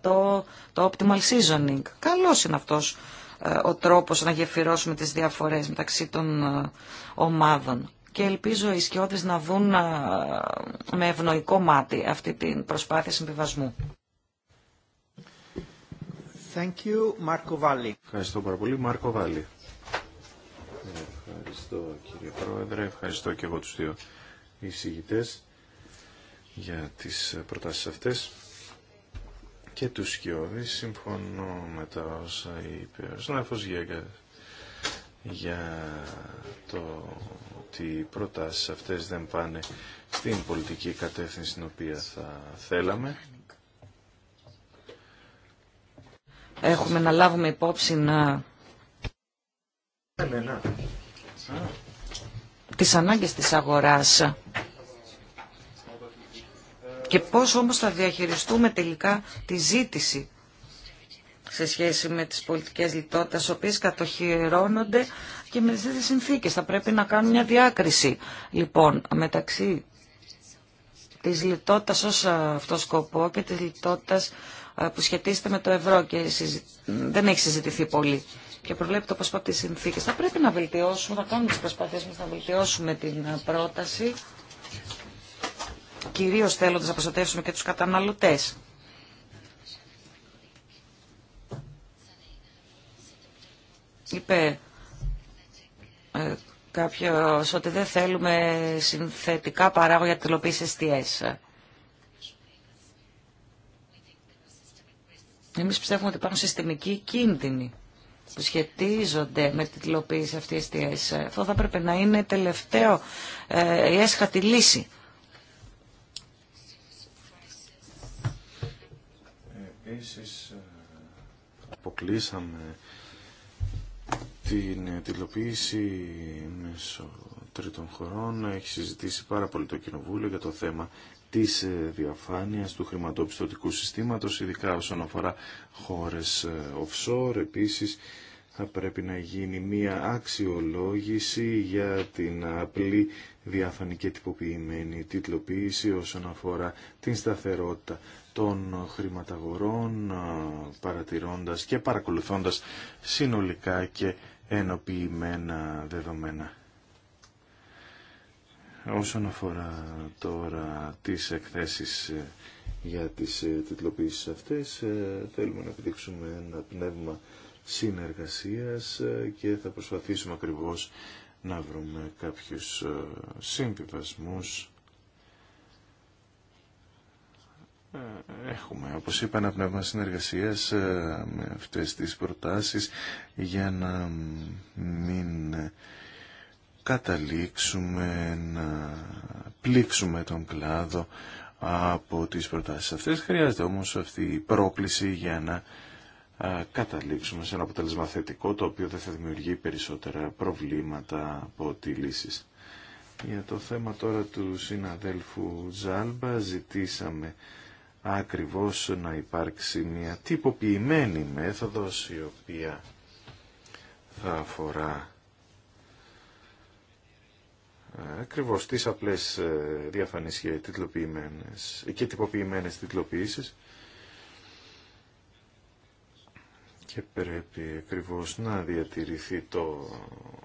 το optimal seasoning. Καλός είναι αυτός ε, ο τρόπος να γεφυρώσουμε τις διαφορές μεταξύ των ε, ομάδων. Και ελπίζω οι σκιώδεις να δουν ε, με ευνοϊκό μάτι αυτή την προσπάθεια συμβιβασμού. Thank you, Marco Valli. Ευχαριστώ πάρα πολύ, Μάρκο Βάλλη. Ευχαριστώ κύριε Πρόεδρε, ευχαριστώ και εγώ τους δύο εισηγητές για τις προτάσεις αυτές και του Σκιώδη. Συμφωνώ με τα όσα είπε ο Σνάφο Γέγκα για το ότι οι προτάσει αυτές δεν πάνε στην πολιτική κατεύθυνση την οποία θα θέλαμε. Έχουμε να λάβουμε υπόψη να... Τι Τις της αγοράς και πώς όμως θα διαχειριστούμε τελικά τη ζήτηση σε σχέση με τις πολιτικές λιτότητες, οι οποίες κατοχυρώνονται και με τις συνθήκες. Θα πρέπει να κάνουμε μια διάκριση, λοιπόν, μεταξύ της λιτότητας ως αυτό σκοπό και της λιτότητας ε, που σχετίζεται με το ευρώ και δεν έχει συζητηθεί πολύ και προβλέπεται όπως είπα τις συνθήκες. Θα πρέπει να βελτιώσουμε, να κάνουμε τις προσπάθειες μας να βελτιώσουμε την ε, πρόταση κυρίως θέλοντας να προστατεύσουμε και τους καταναλωτές. Είπε ε, κάποιος ότι δεν θέλουμε συνθετικά για τελοποίησης STS. Εμείς πιστεύουμε ότι υπάρχουν συστημικοί κίνδυνοι που σχετίζονται με τη τυλοποίηση αυτή της Αυτό θα πρέπει να είναι τελευταίο, ε, η έσχατη λύση Επίσης ε, αποκλείσαμε την ε, τηλεοποίηση μέσω τρίτων χωρών. Έχει συζητήσει πάρα πολύ το Κοινοβούλιο για το θέμα της ε, διαφάνειας του χρηματοπιστωτικού συστήματος, ειδικά όσον αφορά χώρες offshore. Επίσης, θα πρέπει να γίνει μία αξιολόγηση για την απλή διαφανή και τυποποιημένη τίτλοποίηση όσον αφορά την σταθερότητα των χρηματαγορών παρατηρώντας και παρακολουθώντας συνολικά και ενοποιημένα δεδομένα. Όσον αφορά τώρα τις εκθέσεις ε, για τις ε, τιτλοποίησεις αυτές, ε, θέλουμε να επιδείξουμε ένα πνεύμα συνεργασίας και θα προσπαθήσουμε ακριβώς να βρούμε κάποιους συμβιβασμούς έχουμε, όπως είπα, ένα πνεύμα συνεργασίας ε, με αυτές τις προτάσεις για να μην καταλήξουμε να πλήξουμε τον κλάδο από τις προτάσεις αυτές. Χρειάζεται όμως αυτή η πρόκληση για να ε, καταλήξουμε σε ένα αποτέλεσμα θετικό το οποίο δεν θα δημιουργεί περισσότερα προβλήματα από τη λύση. Για το θέμα τώρα του συναδέλφου Τζάλμπα ζητήσαμε ακριβώς να υπάρξει μια τυποποιημένη μέθοδος η οποία θα αφορά ε, ακριβώς τις απλές ε, διαφανείς και, τυποποιημένες, ε, και τυποποιημένες τυτλοποιήσεις και πρέπει ακριβώς να διατηρηθεί το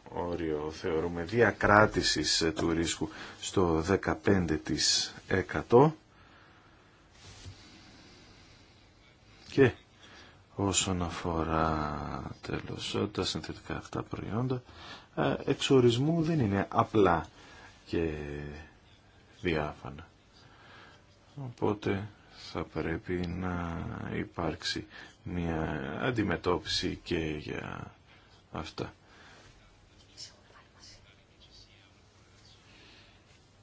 όριο θεωρούμε διακράτησης του ρίσκου στο 15% και όσον αφορά τέλος τα συνθετικά αυτά προϊόντα ε, εξορισμού δεν είναι απλά και διάφανα. Οπότε θα πρέπει να υπάρξει μια αντιμετώπιση και για αυτά.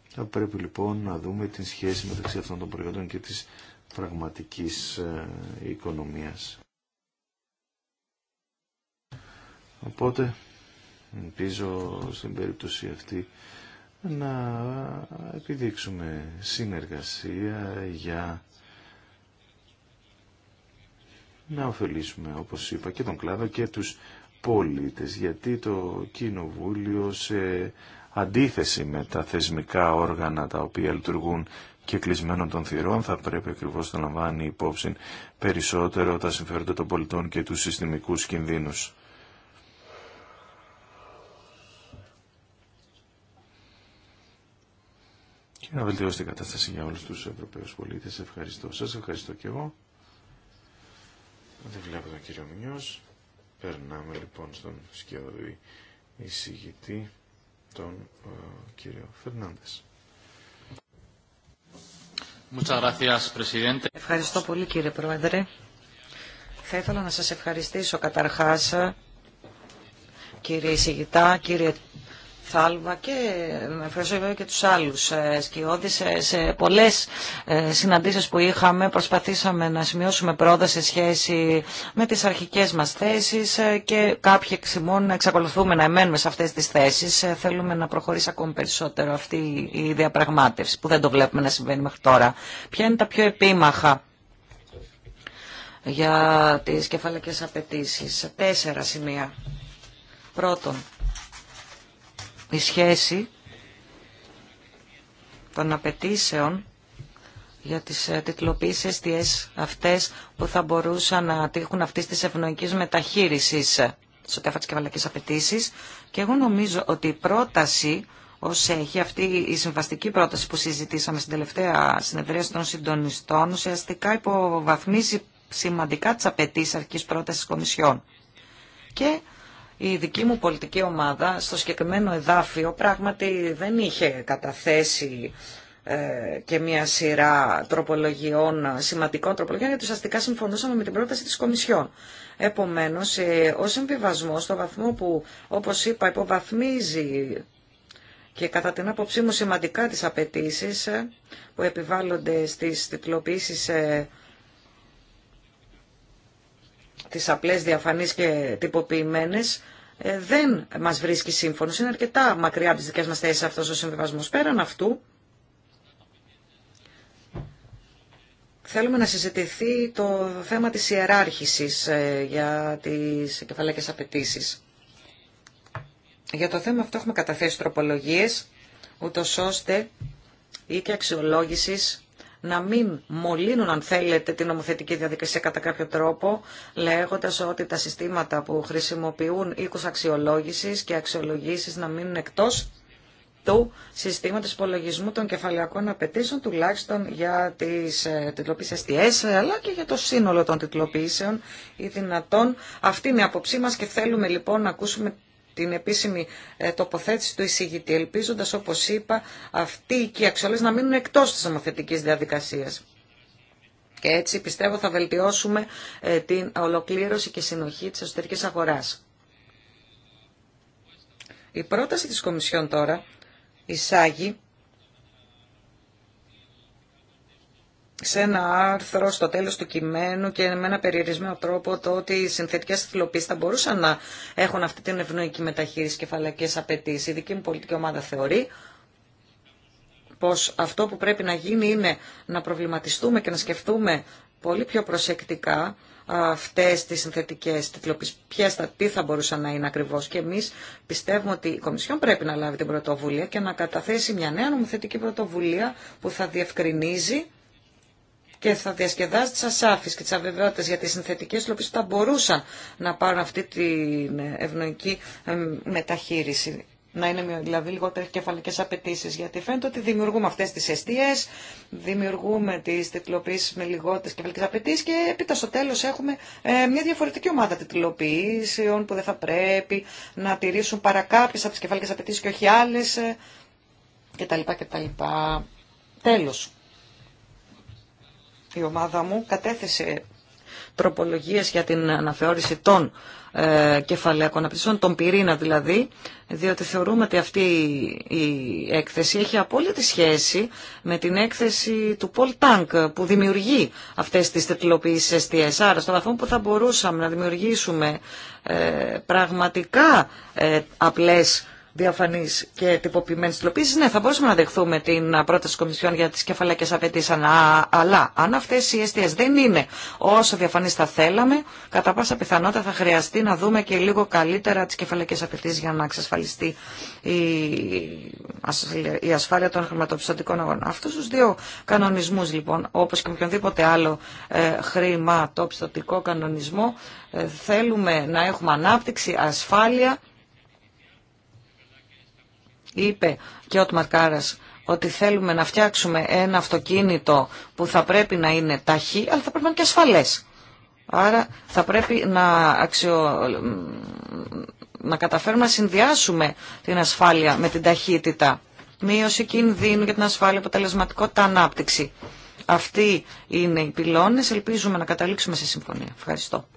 Θα πρέπει λοιπόν να δούμε την σχέση μεταξύ αυτών των προϊόντων και της πραγματικής ε, οικονομίας. Οπότε, ελπίζω στην περίπτωση αυτή να επιδείξουμε συνεργασία για να ωφελήσουμε, όπως είπα, και τον κλάδο και τους πολίτες, γιατί το Κοινοβούλιο σε αντίθεση με τα θεσμικά όργανα τα οποία λειτουργούν και κλεισμένων των θυρών θα πρέπει ακριβώ να λαμβάνει υπόψη περισσότερο τα συμφέροντα των πολιτών και του συστημικού κινδύνους. Και να βελτιώσει την κατάσταση για όλους τους Ευρωπαίους πολίτες. Ευχαριστώ. Σας ευχαριστώ και εγώ. Δεν βλέπω τον κύριο Μινιός. Περνάμε λοιπόν στον σκιώδη εισηγητή, τον ε, κύριο Φερνάντες. Ευχαριστώ πολύ κύριε Πρόεδρε. Θα ήθελα να σας ευχαριστήσω καταρχάς κύριε Σιγητά, κύριε Θάλβα και με βέβαια και τους άλλους ε, σκιώδη ε, Σε πολλές ε, συναντήσεις που είχαμε προσπαθήσαμε να σημειώσουμε πρόοδο σε σχέση με τις αρχικές μας θέσεις και κάποιοι εξημών να εξακολουθούμε να εμένουμε σε αυτές τις θέσεις. Θέλουμε να προχωρήσει ακόμη περισσότερο αυτή η διαπραγμάτευση που δεν το βλέπουμε να συμβαίνει μέχρι τώρα. Ποια είναι τα πιο επίμαχα για τις κεφαλακές απαιτήσει. Τέσσερα σημεία. Πρώτον, η σχέση των απαιτήσεων για τις ε, τιτλοποίησεις αιστείες αυτές που θα μπορούσαν να τύχουν αυτής της ευνοϊκής μεταχείρισης στο τέφα της τις απαιτήσεις. Και εγώ νομίζω ότι η πρόταση ως έχει αυτή η συμβαστική πρόταση που συζητήσαμε στην τελευταία συνεδρία των συντονιστών ουσιαστικά υποβαθμίζει σημαντικά τις απαιτήσει αρχικής πρότασης κομισιών Και η δική μου πολιτική ομάδα στο συγκεκριμένο εδάφιο πράγματι δεν είχε καταθέσει ε, και μια σειρά τροπολογιών, σημαντικών τροπολογιών, γιατί ουσιαστικά συμφωνούσαμε με την πρόταση της Κομισιόν. Επομένως, ε, ο συμβιβασμό στο βαθμό που, όπως είπα, υποβαθμίζει και κατά την άποψή μου σημαντικά τις απαιτήσει ε, που επιβάλλονται στις τυπλοποιήσεις τις απλές διαφανείς και τυποποιημένες, ε, δεν μας βρίσκει σύμφωνος. Είναι αρκετά μακριά από τις δικές μας θέσεις αυτός ο συμβιβασμός. Πέραν αυτού, θέλουμε να συζητηθεί το θέμα της ιεράρχησης ε, για τις κεφαλαίκες απαιτήσει. Για το θέμα αυτό έχουμε καταθέσει τροπολογίες, ούτω ώστε η και αξιολόγησης να μην μολύνουν, αν θέλετε, την νομοθετική διαδικασία κατά κάποιο τρόπο, λέγοντας ότι τα συστήματα που χρησιμοποιούν οίκους αξιολόγησης και αξιολογήσεις να μείνουν εκτός του συστήματος υπολογισμού των κεφαλαιακών απαιτήσεων, τουλάχιστον για τις ε, STS, ε, αλλά και για το σύνολο των τυπλοποιήσεων ή δυνατών. Αυτή είναι η άποψή μας και θέλουμε λοιπόν να ακούσουμε την επίσημη ε, τοποθέτηση του εισηγητή, ελπίζοντας, όπως είπα, αυτοί και οι αξιολές να μείνουν εκτός της νομοθετικής διαδικασίας. Και έτσι πιστεύω θα βελτιώσουμε ε, την ολοκλήρωση και συνοχή της εσωτερικής αγοράς. Η πρόταση της Κομισιόν τώρα εισάγει σε ένα άρθρο στο τέλος του κειμένου και με ένα περιορισμένο τρόπο το ότι οι συνθετικές θυλοποίησεις θα μπορούσαν να έχουν αυτή την ευνοϊκή μεταχείριση και απαιτήσει. Η δική μου πολιτική ομάδα θεωρεί πως αυτό που πρέπει να γίνει είναι να προβληματιστούμε και να σκεφτούμε πολύ πιο προσεκτικά αυτέ τι συνθετικέ τυπλοποιήσει, ποιες θα, τι θα μπορούσαν να είναι ακριβώ. Και εμεί πιστεύουμε ότι η Κομισιόν πρέπει να λάβει την πρωτοβουλία και να καταθέσει μια νέα νομοθετική πρωτοβουλία που θα διευκρινίζει και θα διασκεδάσει τι ασάφει και τι αβεβαιότητε για τι συνθετικέ οι που θα μπορούσαν να πάρουν αυτή την ευνοϊκή μεταχείριση. Να είναι δηλαδή λιγότερε κεφαλικέ απαιτήσει. Γιατί φαίνεται ότι δημιουργούμε αυτέ τι αιστείε, δημιουργούμε τι τιτλοποιήσει με λιγότερε κεφαλικέ απαιτήσει και έπειτα στο τέλο έχουμε ε, μια διαφορετική ομάδα τιτλοποιήσεων που δεν θα πρέπει να τηρήσουν παρά κάποιε από τι κεφαλικέ απαιτήσει και όχι άλλε ε, κτλ. κτλ. Τέλος η ομάδα μου κατέθεσε τροπολογίες για την αναθεώρηση των ε, κεφαλαίων απαιτήσεων, τον πυρήνα δηλαδή, διότι θεωρούμε ότι αυτή η έκθεση έχει απόλυτη σχέση με την έκθεση του Πολ Τάνκ που δημιουργεί αυτές τις τετλοποιήσεις STS. Άρα στο βαθμό που θα μπορούσαμε να δημιουργήσουμε ε, πραγματικά ε, απλές διαφανή και τυποποιημένη τυλοποίηση, ναι, θα μπορούσαμε να δεχθούμε την πρόταση Κομισιόν για τι κεφαλαϊκέ απαιτήσει. Αλλά αν αυτέ οι αιστείε δεν είναι όσο διαφανεί θα θέλαμε, κατά πάσα πιθανότητα θα χρειαστεί να δούμε και λίγο καλύτερα τι κεφαλαϊκέ απαιτήσει για να εξασφαλιστεί η ασφάλεια των χρηματοπιστωτικών αγώνων. Αυτού του δύο κανονισμού, λοιπόν, όπω και με οποιονδήποτε άλλο ε, χρηματοπιστωτικό κανονισμό, ε, θέλουμε να έχουμε ανάπτυξη, ασφάλεια Είπε και ο Τμαρκάρας ότι θέλουμε να φτιάξουμε ένα αυτοκίνητο που θα πρέπει να είναι ταχύ, αλλά θα πρέπει να είναι και ασφαλές. Άρα θα πρέπει να, να καταφέρουμε να συνδυάσουμε την ασφάλεια με την ταχύτητα. Μείωση κινδύνου για την ασφάλεια, αποτελεσματικότητα, ανάπτυξη. Αυτοί είναι οι πυλώνες. Ελπίζουμε να καταλήξουμε σε συμφωνία. Ευχαριστώ.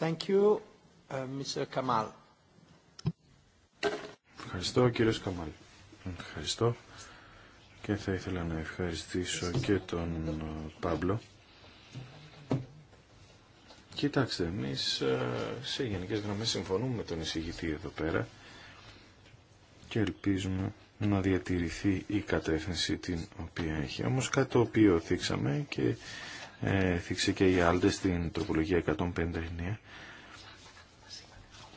Thank you, uh, Ευχαριστώ κύριε Καμάλ. Ευχαριστώ και θα ήθελα να ευχαριστήσω και τον ε, Πάμπλο. Κοιτάξτε, εμεί ε, σε γενικέ γραμμέ συμφωνούμε με τον εισηγητή εδώ πέρα και ελπίζουμε να διατηρηθεί η κατεύθυνση την οποία έχει. Όμως κάτι το οποίο θίξαμε και ε, θίξε και οι Άλτε στην τροπολογία 159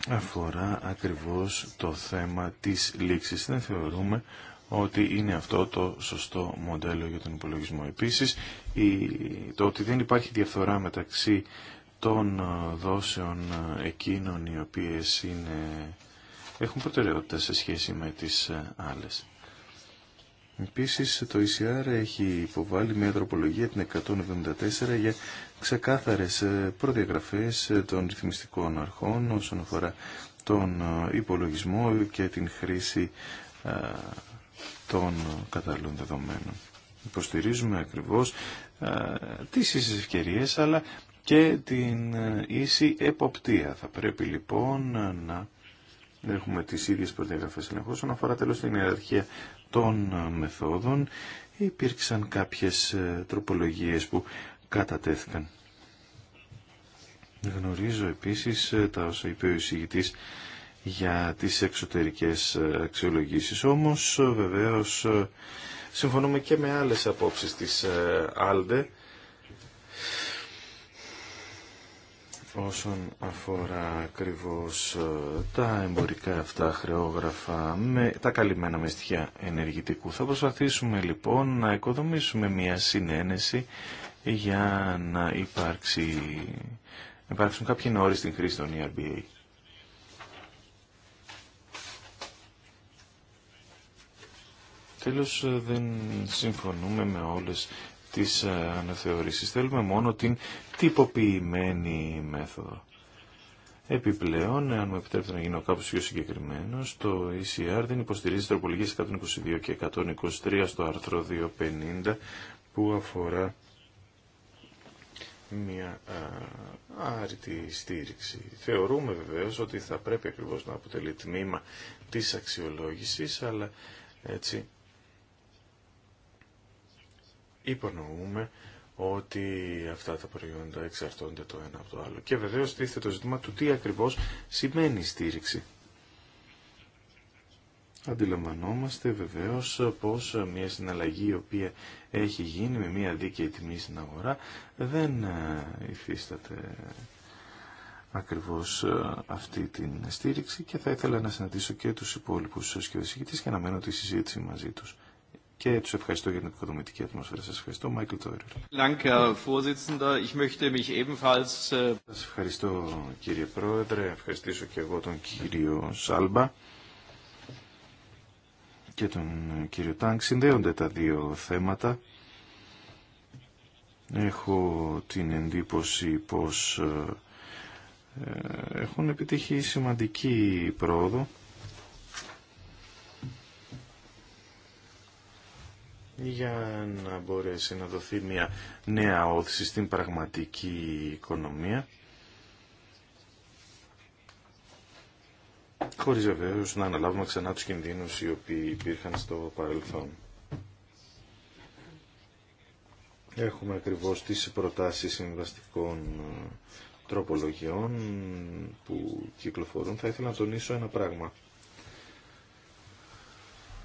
αφορά ακριβώς το θέμα της λήξης. Δεν θεωρούμε ότι είναι αυτό το σωστό μοντέλο για τον υπολογισμό. Επίσης, το ότι δεν υπάρχει διαφθορά μεταξύ των ε, δόσεων ε, εκείνων οι οποίες είναι, έχουν προτεραιότητα σε σχέση με τις ε, άλλες. Επίσης, το ECR έχει υποβάλει μια τροπολογία την 174 για ξεκάθαρες ε, προδιαγραφές ε, των ρυθμιστικών αρχών όσον αφορά τον ε, υπολογισμό και την χρήση των κατάλληλων δεδομένων. Υποστηρίζουμε ακριβώς τις ίσες ευκαιρίες αλλά και την ίση εποπτεία. Θα πρέπει λοιπόν να έχουμε τις ίδιες προδιαγραφές συνεχώς. Όσον αφορά τέλος την ιεραρχία των μεθόδων, υπήρξαν κάποιες τροπολογίες που κατατέθηκαν. Γνωρίζω επίσης ε, τα όσα είπε ο εισηγητής για τις εξωτερικές ε, αξιολογήσεις. Όμως ε, βεβαίως συμφωνούμε και με άλλες απόψεις της Άλντε όσον αφορά ακριβώς τα εμπορικά αυτά χρεόγραφα με τα καλυμμένα με στοιχεία ενεργητικού. Θα προσπαθήσουμε λοιπόν να οικοδομήσουμε μια συνένεση για να υπάρξει, να υπάρξουν κάποιοι νόροι στην χρήση των ERBA. Τέλος, ε, δεν συμφωνούμε με όλες τις ε, αναθεωρήσεις. Θέλουμε μόνο την τυποποιημένη μέθοδο. Επιπλέον, αν μου επιτρέπετε να γίνω κάπως πιο συγκεκριμένο, το ECR δεν υποστηρίζει τροπολογίες 122 και 123 στο άρθρο 250 που αφορά μια άρρητη στήριξη. Θεωρούμε βεβαίως ότι θα πρέπει ακριβώς να αποτελεί τμήμα της αξιολόγησης, αλλά έτσι υπονοούμε ότι αυτά τα προϊόντα εξαρτώνται το ένα από το άλλο. Και βεβαίως τίθεται το ζήτημα του τι ακριβώς σημαίνει στήριξη. Αντιλαμβανόμαστε βεβαίως πως μια συναλλαγή η οποία έχει γίνει με μια δίκαιη τιμή στην αγορά δεν ε, υφίσταται ακριβώς ε, αυτή την στήριξη και θα ήθελα να συναντήσω και τους υπόλοιπους σκιοδησηγητές και να μένω τη συζήτηση μαζί τους. Και τους ευχαριστώ για την επικοδομητική ατμόσφαιρα. Σας ευχαριστώ, Μάικλ Τόιρερ. Äh, Σας ευχαριστώ κύριε Πρόεδρε, ευχαριστήσω και εγώ τον κύριο Σάλμπα και τον κύριο συνδέονται τα δύο θέματα. Έχω την εντύπωση πως ε, έχουν επιτύχει σημαντική πρόοδο. για να μπορέσει να δοθεί μια νέα όθηση στην πραγματική οικονομία χωρίς βεβαίω να αναλάβουμε ξανά τους κινδύνους οι οποίοι υπήρχαν στο παρελθόν. Έχουμε ακριβώς τις προτάσεις συμβαστικών ε, τροπολογιών που κυκλοφορούν. Θα ήθελα να τονίσω ένα πράγμα.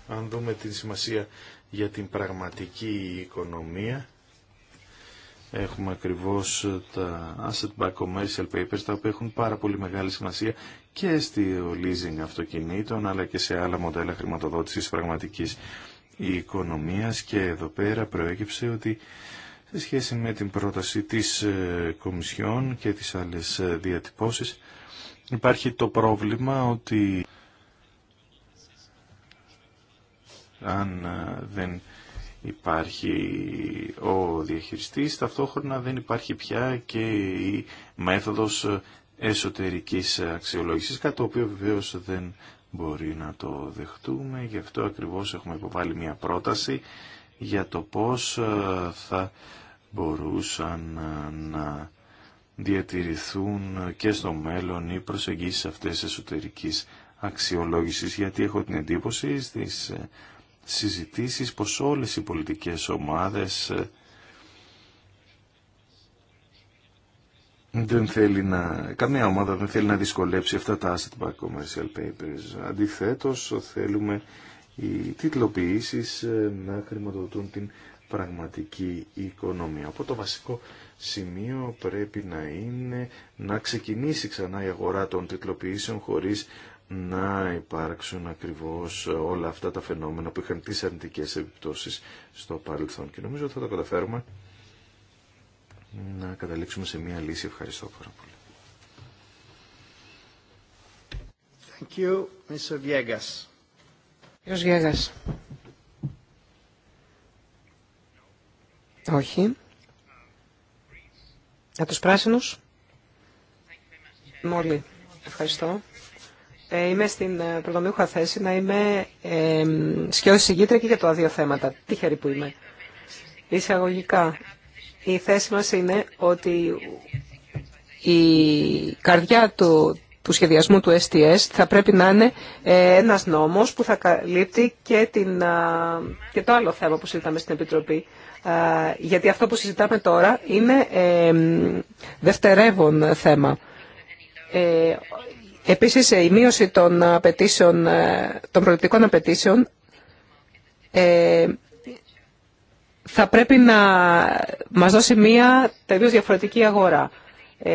Αν δούμε την σημασία για την πραγματική οικονομία, έχουμε ακριβώς τα asset-backed commercial papers, τα οποία έχουν πάρα πολύ μεγάλη σημασία και στη leasing αυτοκινήτων, αλλά και σε άλλα μοντέλα χρηματοδότησης πραγματικής οικονομίας. Και εδώ πέρα προέκυψε ότι σε σχέση με την πρόταση της ε, Κομισιόν και τις άλλες ε, διατυπώσεις, υπάρχει το πρόβλημα ότι αν ε, δεν υπάρχει ο διαχειριστής, ταυτόχρονα δεν υπάρχει πια και η μέθοδος εσωτερικής αξιολόγησης, κάτι το οποίο βεβαίως δεν μπορεί να το δεχτούμε. Γι' αυτό ακριβώς έχουμε υποβάλει μια πρόταση για το πώς ε, θα μπορούσαν ε, να διατηρηθούν και στο μέλλον οι προσεγγίσεις αυτές εσωτερικής αξιολόγησης, γιατί έχω την εντύπωση στις ε, συζητήσεις πως όλες οι πολιτικές ομάδες ε, δεν θέλει να, καμία ομάδα δεν θέλει να δυσκολέψει αυτά τα asset back commercial papers. Αντιθέτως θέλουμε οι τίτλοποιήσεις ε, να χρηματοδοτούν την πραγματική οικονομία. Από το βασικό σημείο πρέπει να είναι να ξεκινήσει ξανά η αγορά των τίτλοποιήσεων χωρίς να υπάρξουν ακριβώς όλα αυτά τα φαινόμενα που είχαν τις αρνητικές επιπτώσεις στο παρελθόν. Και νομίζω ότι θα τα καταφέρουμε να καταλήξουμε σε μια λύση. Ευχαριστώ πάρα πολύ. Thank you, Mr. Viegas. Όχι. τους πράσινους. Ευχαριστώ. Ε, είμαι στην ε, προνομιούχα θέση να είμαι ε, συγκίτρια και για τα δύο θέματα. Τυχερή που είμαι. Εισαγωγικά, η θέση μας είναι ότι η καρδιά του, του σχεδιασμού του STS θα πρέπει να είναι ε, ένας νόμος που θα καλύπτει και, την, και το άλλο θέμα που συζητάμε στην Επιτροπή. Γιατί αυτό που συζητάμε τώρα είναι δευτερεύον θέμα. Επίσης, η μείωση των, απαιτήσεων, ε, των προληπτικών απαιτήσεων ε, θα πρέπει να μας δώσει μία τελείως διαφορετική αγορά. Ε,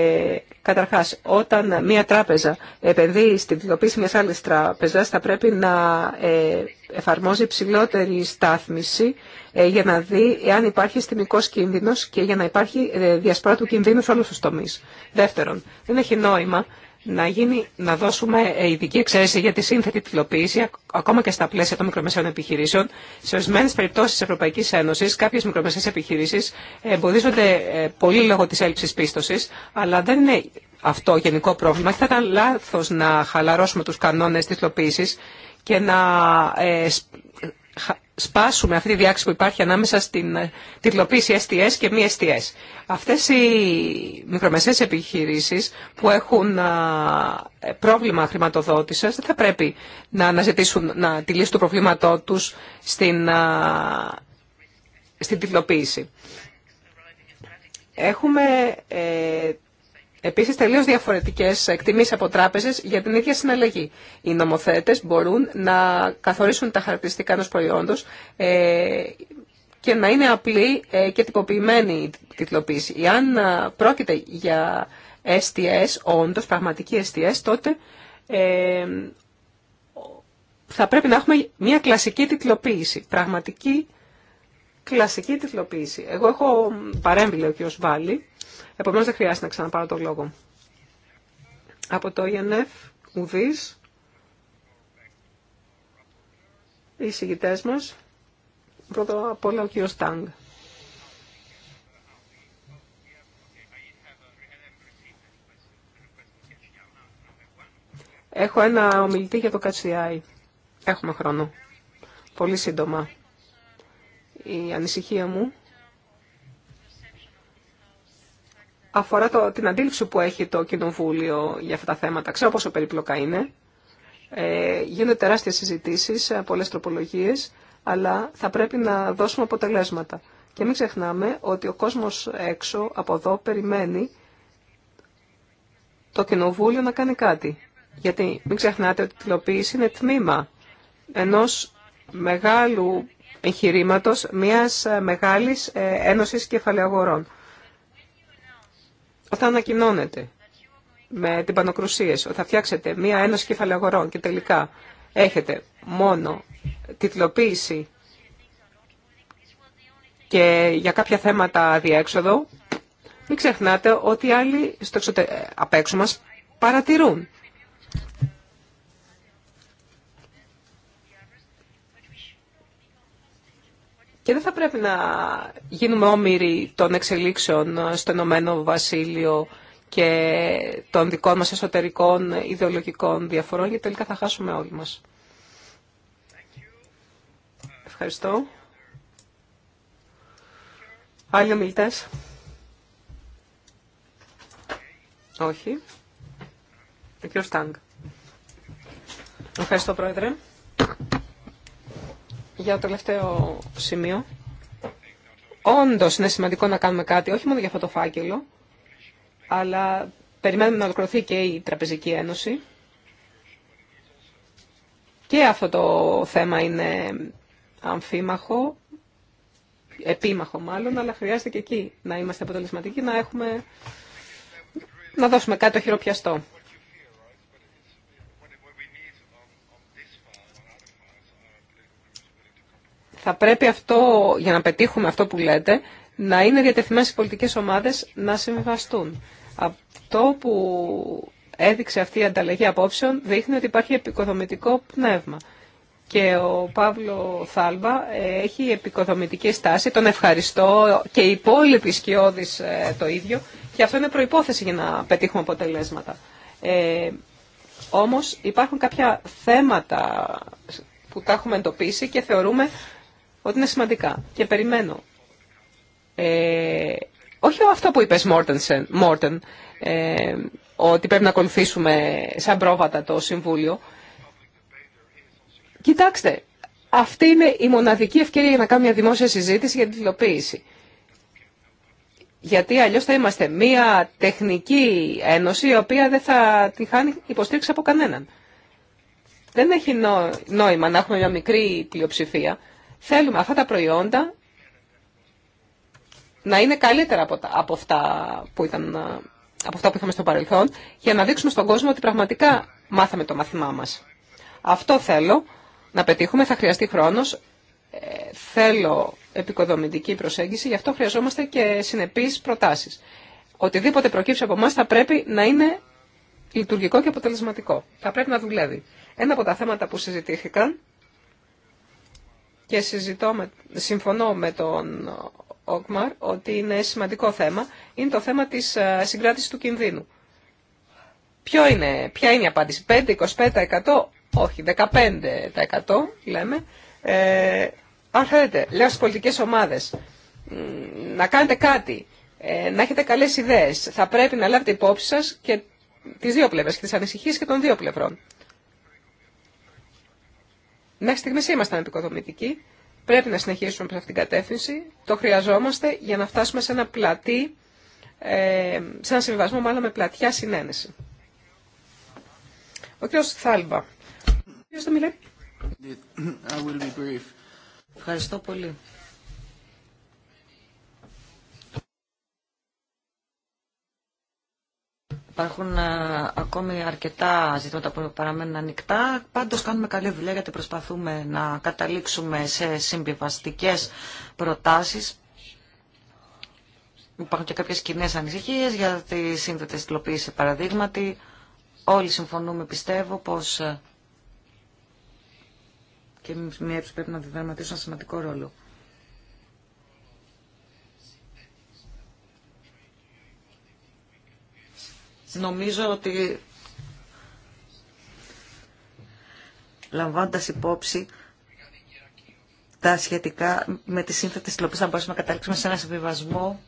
καταρχάς, όταν μία τράπεζα επενδύει στην διδοποίηση μιας άλλης τράπεζας, θα πρέπει να ε, εφαρμόζει ψηλότερη στάθμιση ε, για να δει εάν υπάρχει συστημικός κίνδυνος και για να υπάρχει ε, διασπρά του κινδύνου σε όλους τους τομείς. Δεύτερον, δεν έχει νόημα να, γίνει, να δώσουμε ειδική εξαίρεση για τη σύνθετη τυπλοποίηση, ακόμα και στα πλαίσια των μικρομεσαίων επιχειρήσεων. Σε ορισμένε περιπτώσει τη Ευρωπαϊκή Ένωση, κάποιε μικρομεσαίε επιχειρήσει εμποδίζονται ε, πολύ λόγω τη έλλειψη πίστοση, αλλά δεν είναι αυτό γενικό πρόβλημα. θα ήταν λάθο να χαλαρώσουμε του κανόνε τη τυπλοποίηση και να ε, σπάσουμε αυτή τη διάξη που υπάρχει ανάμεσα στην ε, τυπλοποίηση STS και μη STS. Αυτές οι μικρομεσαίες επιχειρήσεις που έχουν πρόβλημα χρηματοδότησης δεν θα πρέπει να αναζητήσουν να, τη λύση του προβλήματό τους στην, στην Έχουμε ε, Επίσης, τελείως διαφορετικές εκτιμήσεις από τράπεζες για την ίδια συναλλαγή. Οι νομοθέτες μπορούν να καθορίσουν τα χαρακτηριστικά ενός προϊόντος ε, και να είναι απλή ε, και τυποποιημένη η τιτλοποίηση. Εάν ε, πρόκειται για STS, όντως πραγματική STS, τότε θα πρέπει να έχουμε μια κλασική τιτλοποίηση, πραγματική κλασική τιτλοποίηση. Εγώ έχω παρέμβει, λέει ο κ. Επομένως δεν χρειάζεται να ξαναπάρω τον λόγο. Από το ΙΕΝΕΦ, ουδής, οι συγκητές μας, πρώτα απ' όλα ο κύριο Τάγκ. Έχω ένα ομιλητή για το ΚΑΤΣΙΑΙ. Έχουμε χρόνο. Πολύ σύντομα. Η ανησυχία μου αφορά το, την αντίληψη που έχει το Κοινοβούλιο για αυτά τα θέματα. Ξέρω πόσο περίπλοκα είναι. Ε, γίνονται τεράστιες συζητήσεις, πολλές τροπολογίες, αλλά θα πρέπει να δώσουμε αποτελέσματα. Και μην ξεχνάμε ότι ο κόσμος έξω από εδώ περιμένει το Κοινοβούλιο να κάνει κάτι. Γιατί μην ξεχνάτε ότι η τηλεοποίηση είναι τμήμα ενός μεγάλου εγχειρήματος μιας μεγάλης ε, ένωσης κεφαλαιογορών. Όταν ανακοινώνετε με την πανοκρουσία, ότι θα φτιάξετε μία ένωση αγορών και τελικά έχετε μόνο τιτλοποίηση και για κάποια θέματα διέξοδο, μην ξεχνάτε ότι άλλοι στο απ' έξω μας παρατηρούν. Και δεν θα πρέπει να γίνουμε όμοιροι των εξελίξεων στο Ενωμένο Βασίλειο και των δικών μας εσωτερικών ιδεολογικών διαφορών, γιατί τελικά θα χάσουμε όλοι μας. Ευχαριστώ. Άλλοι ομιλητές. Όχι. Ο κ. Στάγκ. Ευχαριστώ, Πρόεδρε για το τελευταίο σημείο. Όντω είναι σημαντικό να κάνουμε κάτι, όχι μόνο για αυτό το φάκελο, αλλά περιμένουμε να ολοκληρωθεί και η Τραπεζική Ένωση. Και αυτό το θέμα είναι αμφίμαχο, επίμαχο μάλλον, αλλά χρειάζεται και εκεί να είμαστε αποτελεσματικοί, να έχουμε, να δώσουμε κάτι το χειροπιαστό. θα πρέπει αυτό, για να πετύχουμε αυτό που λέτε, να είναι διατεθειμένες οι πολιτικές ομάδες να συμβιβαστούν. Αυτό που έδειξε αυτή η ανταλλαγή απόψεων δείχνει ότι υπάρχει επικοδομητικό πνεύμα. Και ο Παύλο Θάλμπα ε, έχει επικοδομητική στάση, τον ευχαριστώ και οι υπόλοιποι σκιώδεις ε, το ίδιο και αυτό είναι προϋπόθεση για να πετύχουμε αποτελέσματα. Ε, όμως υπάρχουν κάποια θέματα που τα έχουμε εντοπίσει και θεωρούμε ότι είναι σημαντικά και περιμένω. Ε, όχι αυτό που είπες Μόρτεν, ε, ότι πρέπει να ακολουθήσουμε σαν πρόβατα το Συμβούλιο. Κοιτάξτε, αυτή είναι η μοναδική ευκαιρία για να κάνουμε μια δημόσια συζήτηση για την τυλοποίηση. Γιατί αλλιώς θα είμαστε μια τεχνική ένωση η οποία δεν θα τη χάνει υποστήριξη από κανέναν. Δεν έχει νόημα να έχουμε μια μικρή πλειοψηφία. Θέλουμε αυτά τα προϊόντα να είναι καλύτερα από, τα, από, αυτά που ήταν, από αυτά που είχαμε στο παρελθόν για να δείξουμε στον κόσμο ότι πραγματικά μάθαμε το μάθημά μας. Αυτό θέλω να πετύχουμε, θα χρειαστεί χρόνος. Ε, θέλω επικοδομητική προσέγγιση, γι' αυτό χρειαζόμαστε και συνεπείς προτάσεις. Οτιδήποτε προκύψει από εμά θα πρέπει να είναι λειτουργικό και αποτελεσματικό. Θα πρέπει να δουλεύει. Ένα από τα θέματα που συζητήθηκαν και με, συμφωνώ με τον Όκμαρ ότι είναι σημαντικό θέμα, είναι το θέμα της ε, συγκράτησης του κινδύνου. είναι, ποια είναι η απάντηση, 5, 25%, όχι, 15% λέμε. Ε, αν θέλετε, λέω στις πολιτικές ομάδες, να κάνετε κάτι, ε, να έχετε καλές ιδέες, θα πρέπει να λάβετε υπόψη σας και τις δύο πλευρές, και τις ανησυχίες και των δύο πλευρών. Μέχρι στιγμή ήμασταν επικοδομητικοί. Πρέπει να συνεχίσουμε προ αυτήν την κατεύθυνση. Το χρειαζόμαστε για να φτάσουμε σε ένα πλατή, ε, σε ένα συμβιβασμό μάλλον με πλατιά συνένεση. Ο κύριος Θάλμπα. Ο Ευχαριστώ πολύ. Υπάρχουν ε, ακόμη αρκετά ζητήματα που παραμένουν ανοιχτά. Πάντω κάνουμε καλή δουλειά γιατί προσπαθούμε να καταλήξουμε σε συμβιβαστικέ προτάσεις. Υπάρχουν και κάποιες κοινέ ανησυχίε για τη σύνδετη τυλοποίηση παραδείγματι. Όλοι συμφωνούμε πιστεύω πως ε, και εμείς πρέπει να διδραματίσουν ένα σημαντικό ρόλο. Νομίζω ότι λαμβάνοντας υπόψη τα σχετικά με τη σύνθετη στην θα μπορέσουμε να καταλήξουμε σε ένα συμβιβασμό.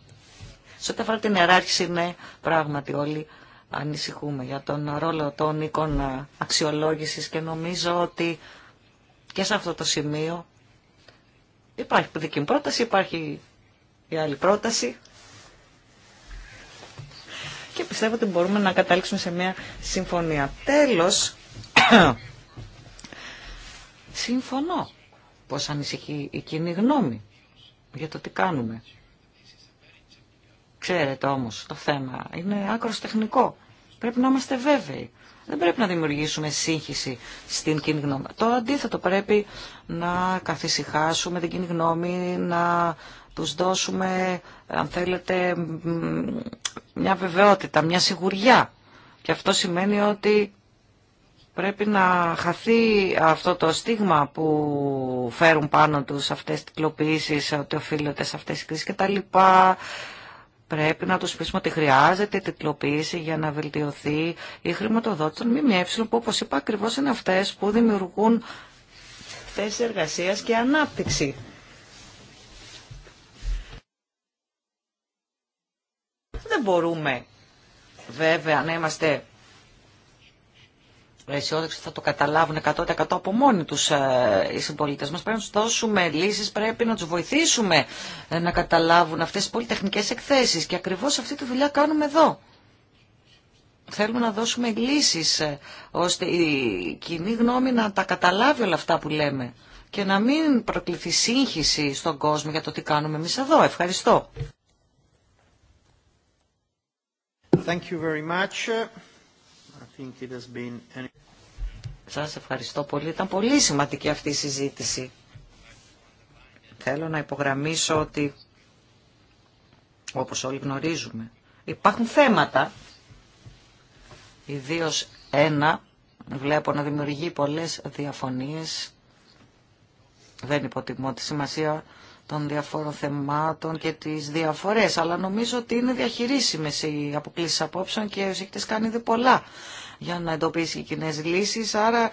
Σε ό,τι αφορά την ιεράρχηση, ναι, πράγματι όλοι ανησυχούμε για τον ρόλο των οίκων αξιολόγησης και νομίζω ότι και σε αυτό το σημείο υπάρχει δική μου πρόταση, υπάρχει η άλλη πρόταση και πιστεύω ότι μπορούμε να καταλήξουμε σε μια συμφωνία. Τέλος, συμφωνώ πως ανησυχεί η κοινή γνώμη για το τι κάνουμε. Ξέρετε όμως, το θέμα είναι άκρος τεχνικό. Πρέπει να είμαστε βέβαιοι. Δεν πρέπει να δημιουργήσουμε σύγχυση στην κοινή γνώμη. Το αντίθετο πρέπει να καθησυχάσουμε την κοινή γνώμη, να τους δώσουμε, αν θέλετε, μια βεβαιότητα, μια σιγουριά. Και αυτό σημαίνει ότι πρέπει να χαθεί αυτό το στίγμα που φέρουν πάνω τους αυτές τις κλοποιήσεις, ότι οφείλονται σε αυτές τις κρίσεις και τα λοιπά. Πρέπει να τους πείσουμε ότι χρειάζεται τυπλοποίηση για να βελτιωθεί η χρηματοδότηση των ΜΜΕ που όπως είπα ακριβώς είναι αυτές που δημιουργούν θέσεις εργασίας και ανάπτυξη. δεν μπορούμε βέβαια να είμαστε αισιόδοξοι ότι θα το καταλάβουν 100% από μόνοι τους ε, οι συμπολίτες μας. Πρέπει να τους δώσουμε λύσεις, πρέπει να τους βοηθήσουμε ε, να καταλάβουν αυτές τις πολυτεχνικές εκθέσεις. Και ακριβώς αυτή τη δουλειά κάνουμε εδώ. Θέλουμε να δώσουμε λύσεις ε, ώστε η κοινή γνώμη να τα καταλάβει όλα αυτά που λέμε και να μην προκληθεί σύγχυση στον κόσμο για το τι κάνουμε εμείς εδώ. Ευχαριστώ. Thank Σας ευχαριστώ πολύ. Ήταν πολύ σημαντική αυτή η συζήτηση. Θέλω να υπογραμμίσω ότι, όπως όλοι γνωρίζουμε, υπάρχουν θέματα, ιδίως ένα, βλέπω να δημιουργεί πολλές διαφωνίες, δεν υποτιμώ τη σημασία των διαφόρων θεμάτων και τις διαφορές, αλλά νομίζω ότι είναι διαχειρίσιμες οι αποκλήσεις απόψεων και ο έχετε κάνει ήδη πολλά για να εντοπίσει οι κοινέ λύσεις, άρα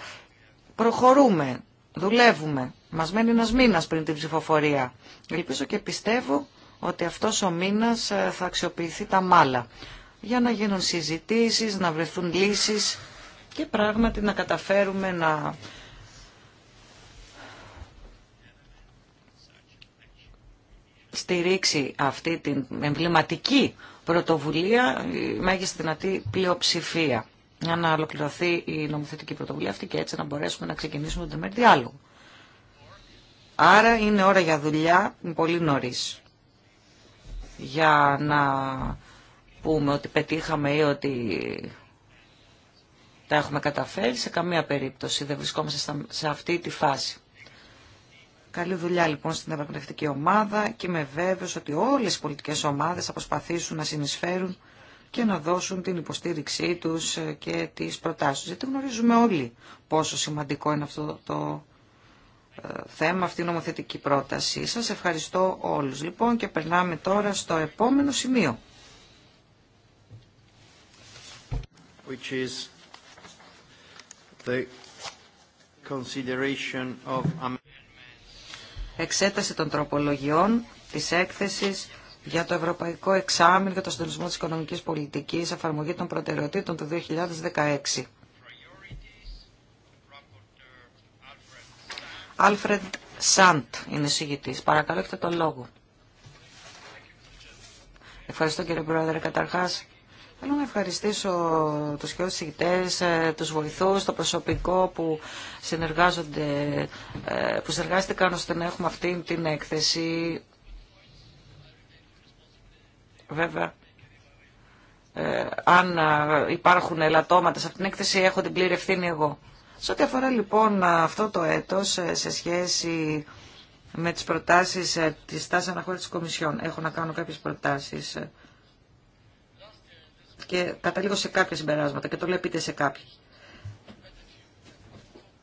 προχωρούμε, δουλεύουμε. Μας μένει ένας μήνας πριν την ψηφοφορία. Ελπίζω και πιστεύω ότι αυτός ο μήνας ε, θα αξιοποιηθεί τα μάλα για να γίνουν συζητήσεις, να βρεθούν λύσεις και πράγματι να καταφέρουμε να στηρίξει αυτή την εμβληματική πρωτοβουλία η μέγιστη δυνατή πλειοψηφία για να ολοκληρωθεί η νομοθετική πρωτοβουλία αυτή και έτσι να μπορέσουμε να ξεκινήσουμε τον τεμέρι διάλογο. Άρα είναι ώρα για δουλειά πολύ νωρί. Για να πούμε ότι πετύχαμε ή ότι τα έχουμε καταφέρει, σε καμία περίπτωση δεν βρισκόμαστε σε αυτή τη φάση. Καλή δουλειά λοιπόν στην Ευρωκοινευτική Ομάδα και είμαι βέβαιος ότι όλες οι πολιτικές ομάδες θα προσπαθήσουν να συνεισφέρουν και να δώσουν την υποστήριξή τους ε, και τις προτάσεις. Γιατί γνωρίζουμε όλοι πόσο σημαντικό είναι αυτό το ε, θέμα, αυτή η νομοθετική πρόταση. Σας ευχαριστώ όλους λοιπόν και περνάμε τώρα στο επόμενο σημείο εξέταση των τροπολογιών της έκθεσης για το Ευρωπαϊκό Εξάμεινο για το Συντονισμό της Οικονομικής Πολιτικής, εφαρμογή των προτεραιοτήτων του 2016. Άλφρεντ Σαντ είναι συγητής. Παρακαλώ, έχετε τον λόγο. Ευχαριστώ κύριε Πρόεδρε. Καταρχάς, Θέλω να ευχαριστήσω τους και ηγητές, ε, τους βοηθούς, το προσωπικό που συνεργάζονται, ε, που συνεργάστηκαν ώστε να έχουμε αυτή την έκθεση. Βέβαια, ε, αν ε, υπάρχουν ελαττώματα σε αυτήν την έκθεση, έχω την πλήρη ευθύνη εγώ. Σε ό,τι αφορά λοιπόν αυτό το έτος σε σχέση με τις προτάσεις της τάσης αναχώρησης της Κομισιόν, έχω να κάνω κάποιες προτάσεις και καταλήγω σε κάποια συμπεράσματα και το λέω πείτε σε κάποιοι.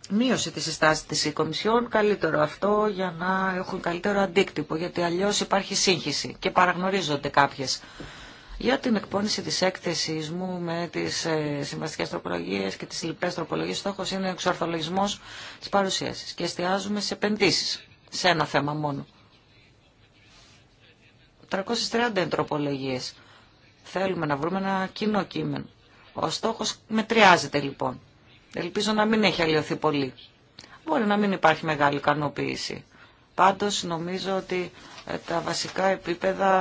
Μείωση τη συστάση τη Κομισιόν, καλύτερο αυτό για να έχουν καλύτερο αντίκτυπο, γιατί αλλιώ υπάρχει σύγχυση και παραγνωρίζονται κάποιε. Για την εκπόνηση τη έκθεση μου με τι ε, συμβαστικέ τροπολογίε και τι λοιπέ τροπολογίε, στόχο είναι ο εξορθολογισμό τη παρουσίαση και εστιάζουμε σε επενδύσει, σε ένα θέμα μόνο. 330 τροπολογίε Θέλουμε να βρούμε ένα κοινό κείμενο. Ο στόχος μετριάζεται λοιπόν. Ελπίζω να μην έχει αλλοιωθεί πολύ. Μπορεί να μην υπάρχει μεγάλη ικανοποίηση. Πάντως νομίζω ότι ε, τα βασικά επίπεδα,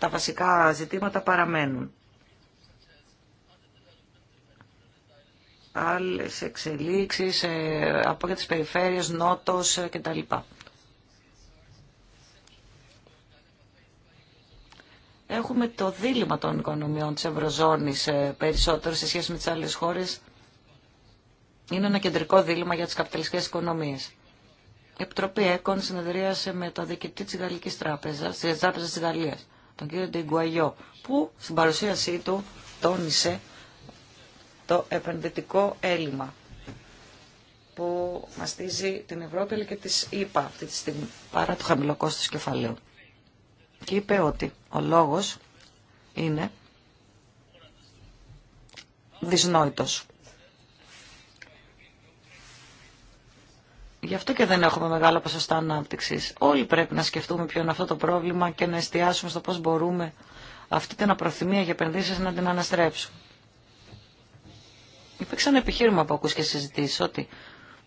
τα βασικά ζητήματα παραμένουν. Άλλες εξελίξεις ε, από για τις περιφέρειες, νότος ε, κτλ. έχουμε το δίλημα των οικονομιών της Ευρωζώνης ε, περισσότερο σε σχέση με τις άλλες χώρες. Είναι ένα κεντρικό δίλημα για τις καπιταλιστικές οικονομίες. Η Επιτροπή ΕΚΟΝ συνεδρίασε με το διοικητή της Γαλλικής Τράπεζας, της Τράπεζας της Γαλλίας, τον κύριο Ντεγκουαγιό, που στην παρουσίασή του τόνισε το επενδυτικό έλλειμμα που μαστίζει την Ευρώπη και τις ΗΠΑ αυτή τη στιγμή, παρά το χαμηλό κεφαλαίου και είπε ότι ο λόγος είναι δυσνόητος. Γι' αυτό και δεν έχουμε μεγάλα ποσοστά ανάπτυξη. Όλοι πρέπει να σκεφτούμε ποιο είναι αυτό το πρόβλημα και να εστιάσουμε στο πώ μπορούμε αυτή την απροθυμία για επενδύσει να την αναστρέψουμε. Υπήρξε ένα επιχείρημα που ακούς και συζητήσει ότι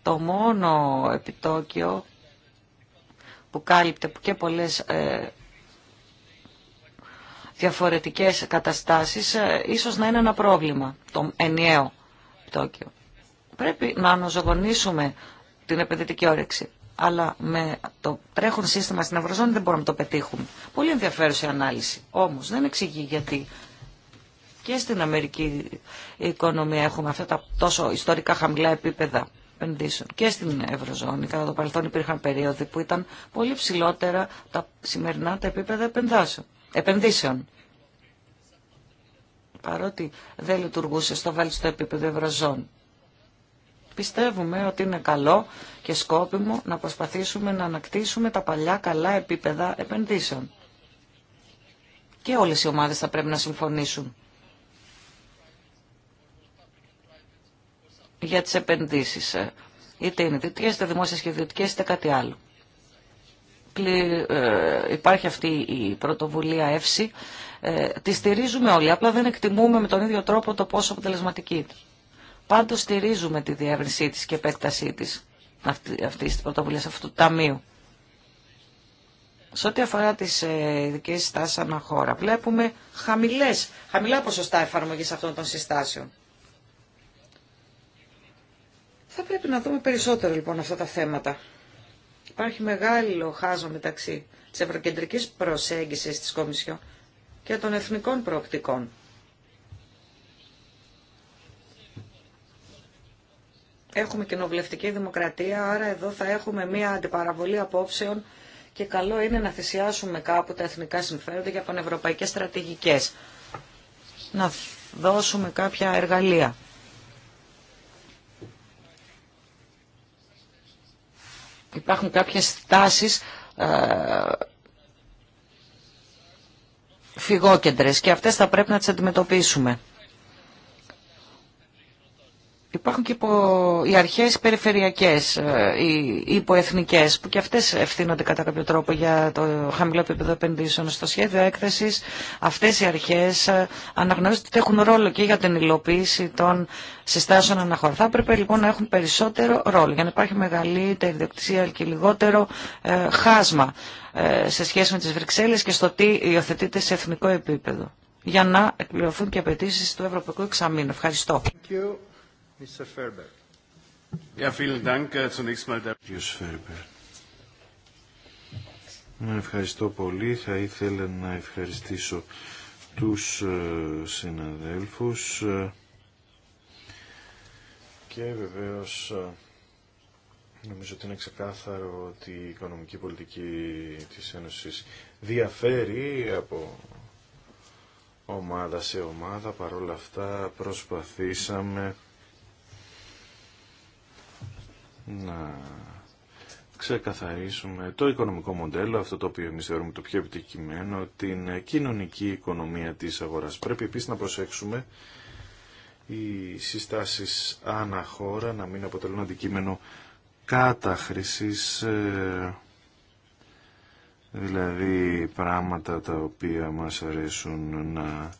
το μόνο επιτόκιο που κάλυπτε και πολλές ε, διαφορετικές καταστάσεις, ε, ίσως να είναι ένα πρόβλημα το ενιαίο πτώκιο. Πρέπει να αναζωογονήσουμε την επενδυτική όρεξη. Αλλά με το τρέχον σύστημα στην Ευρωζώνη δεν μπορούμε να το πετύχουμε. Πολύ ενδιαφέρουσα η ανάλυση. Όμως δεν εξηγεί γιατί και στην Αμερική η οικονομία έχουμε αυτά τα τόσο ιστορικά χαμηλά επίπεδα επενδύσεων και στην Ευρωζώνη. Κατά το παρελθόν υπήρχαν περίοδοι που ήταν πολύ ψηλότερα τα σημερινά τα επίπεδα επενδάσεων επενδύσεων. Παρότι δεν λειτουργούσε στο βάλιστο επίπεδο ευρωζών. Πιστεύουμε ότι είναι καλό και σκόπιμο να προσπαθήσουμε να ανακτήσουμε τα παλιά καλά επίπεδα επενδύσεων. Και όλες οι ομάδες θα πρέπει να συμφωνήσουν για τις επενδύσεις. Ε, είτε είναι δυτικές, είτε δημόσιες και είτε κάτι άλλο. Ε, υπάρχει αυτή η πρωτοβουλία εύση ε, Τη στηρίζουμε όλοι, απλά δεν εκτιμούμε με τον ίδιο τρόπο το πόσο αποτελεσματική. Πάντως στηρίζουμε τη διεύρυνσή της και επέκτασή της αυτής της πρωτοβουλίας, αυτού του ταμείου. Σε ό,τι αφορά τις ε, ειδικέ συστάσεις αναχώρα, βλέπουμε χαμηλές, χαμηλά ποσοστά εφαρμογής αυτών των συστάσεων. Θα πρέπει να δούμε περισσότερο λοιπόν αυτά τα θέματα. Υπάρχει μεγάλο χάσμα μεταξύ τη ευρωκεντρική προσέγγισης τη Κομισιόν και των εθνικών προοπτικών. Έχουμε κοινοβουλευτική δημοκρατία, άρα εδώ θα έχουμε μία αντιπαραβολή απόψεων και καλό είναι να θυσιάσουμε κάπου τα εθνικά συμφέροντα για πανευρωπαϊκές στρατηγικές. Να δώσουμε κάποια εργαλεία υπάρχουν κάποιες τάσεις ε, φυγόκεντρες και αυτές θα πρέπει να τις αντιμετωπίσουμε. Υπάρχουν και υπο... οι αρχές περιφερειακές, ε, οι υποεθνικές, που και αυτές ευθύνονται κατά κάποιο τρόπο για το χαμηλό επίπεδο επενδύσεων. Στο σχέδιο έκθεσης αυτές οι αρχές ε, αναγνωρίζονται ότι έχουν ρόλο και για την υλοποίηση των συστάσεων αναχωρών. Θα έπρεπε λοιπόν να έχουν περισσότερο ρόλο για να υπάρχει μεγαλύτερη διοκτησία και λιγότερο ε, χάσμα σε σχέση με τις Βρυξέλλες και στο τι υιοθετείται σε εθνικό επίπεδο για να εκπληρωθούν και απαιτήσει του Ευρωπαϊκού Εξαμήνου. Ευχαριστώ. Äh, ευχαριστώ πολύ. Θα ήθελα να ευχαριστήσω τους ε, συναδέλφους ε, και βεβαίως ε, νομίζω ότι είναι ξεκάθαρο ότι η οικονομική πολιτική της Ένωσης διαφέρει από ομάδα σε ομάδα. Παρ' όλα αυτά προσπαθήσαμε να ξεκαθαρίσουμε το οικονομικό μοντέλο, αυτό το οποίο εμείς θεωρούμε το πιο επιτυχημένο, την κοινωνική οικονομία της αγοράς. Πρέπει επίσης να προσέξουμε οι συστάσεις αναχώρα να μην αποτελούν αντικείμενο κατάχρησης, ε, δηλαδή πράγματα τα οποία μας αρέσουν να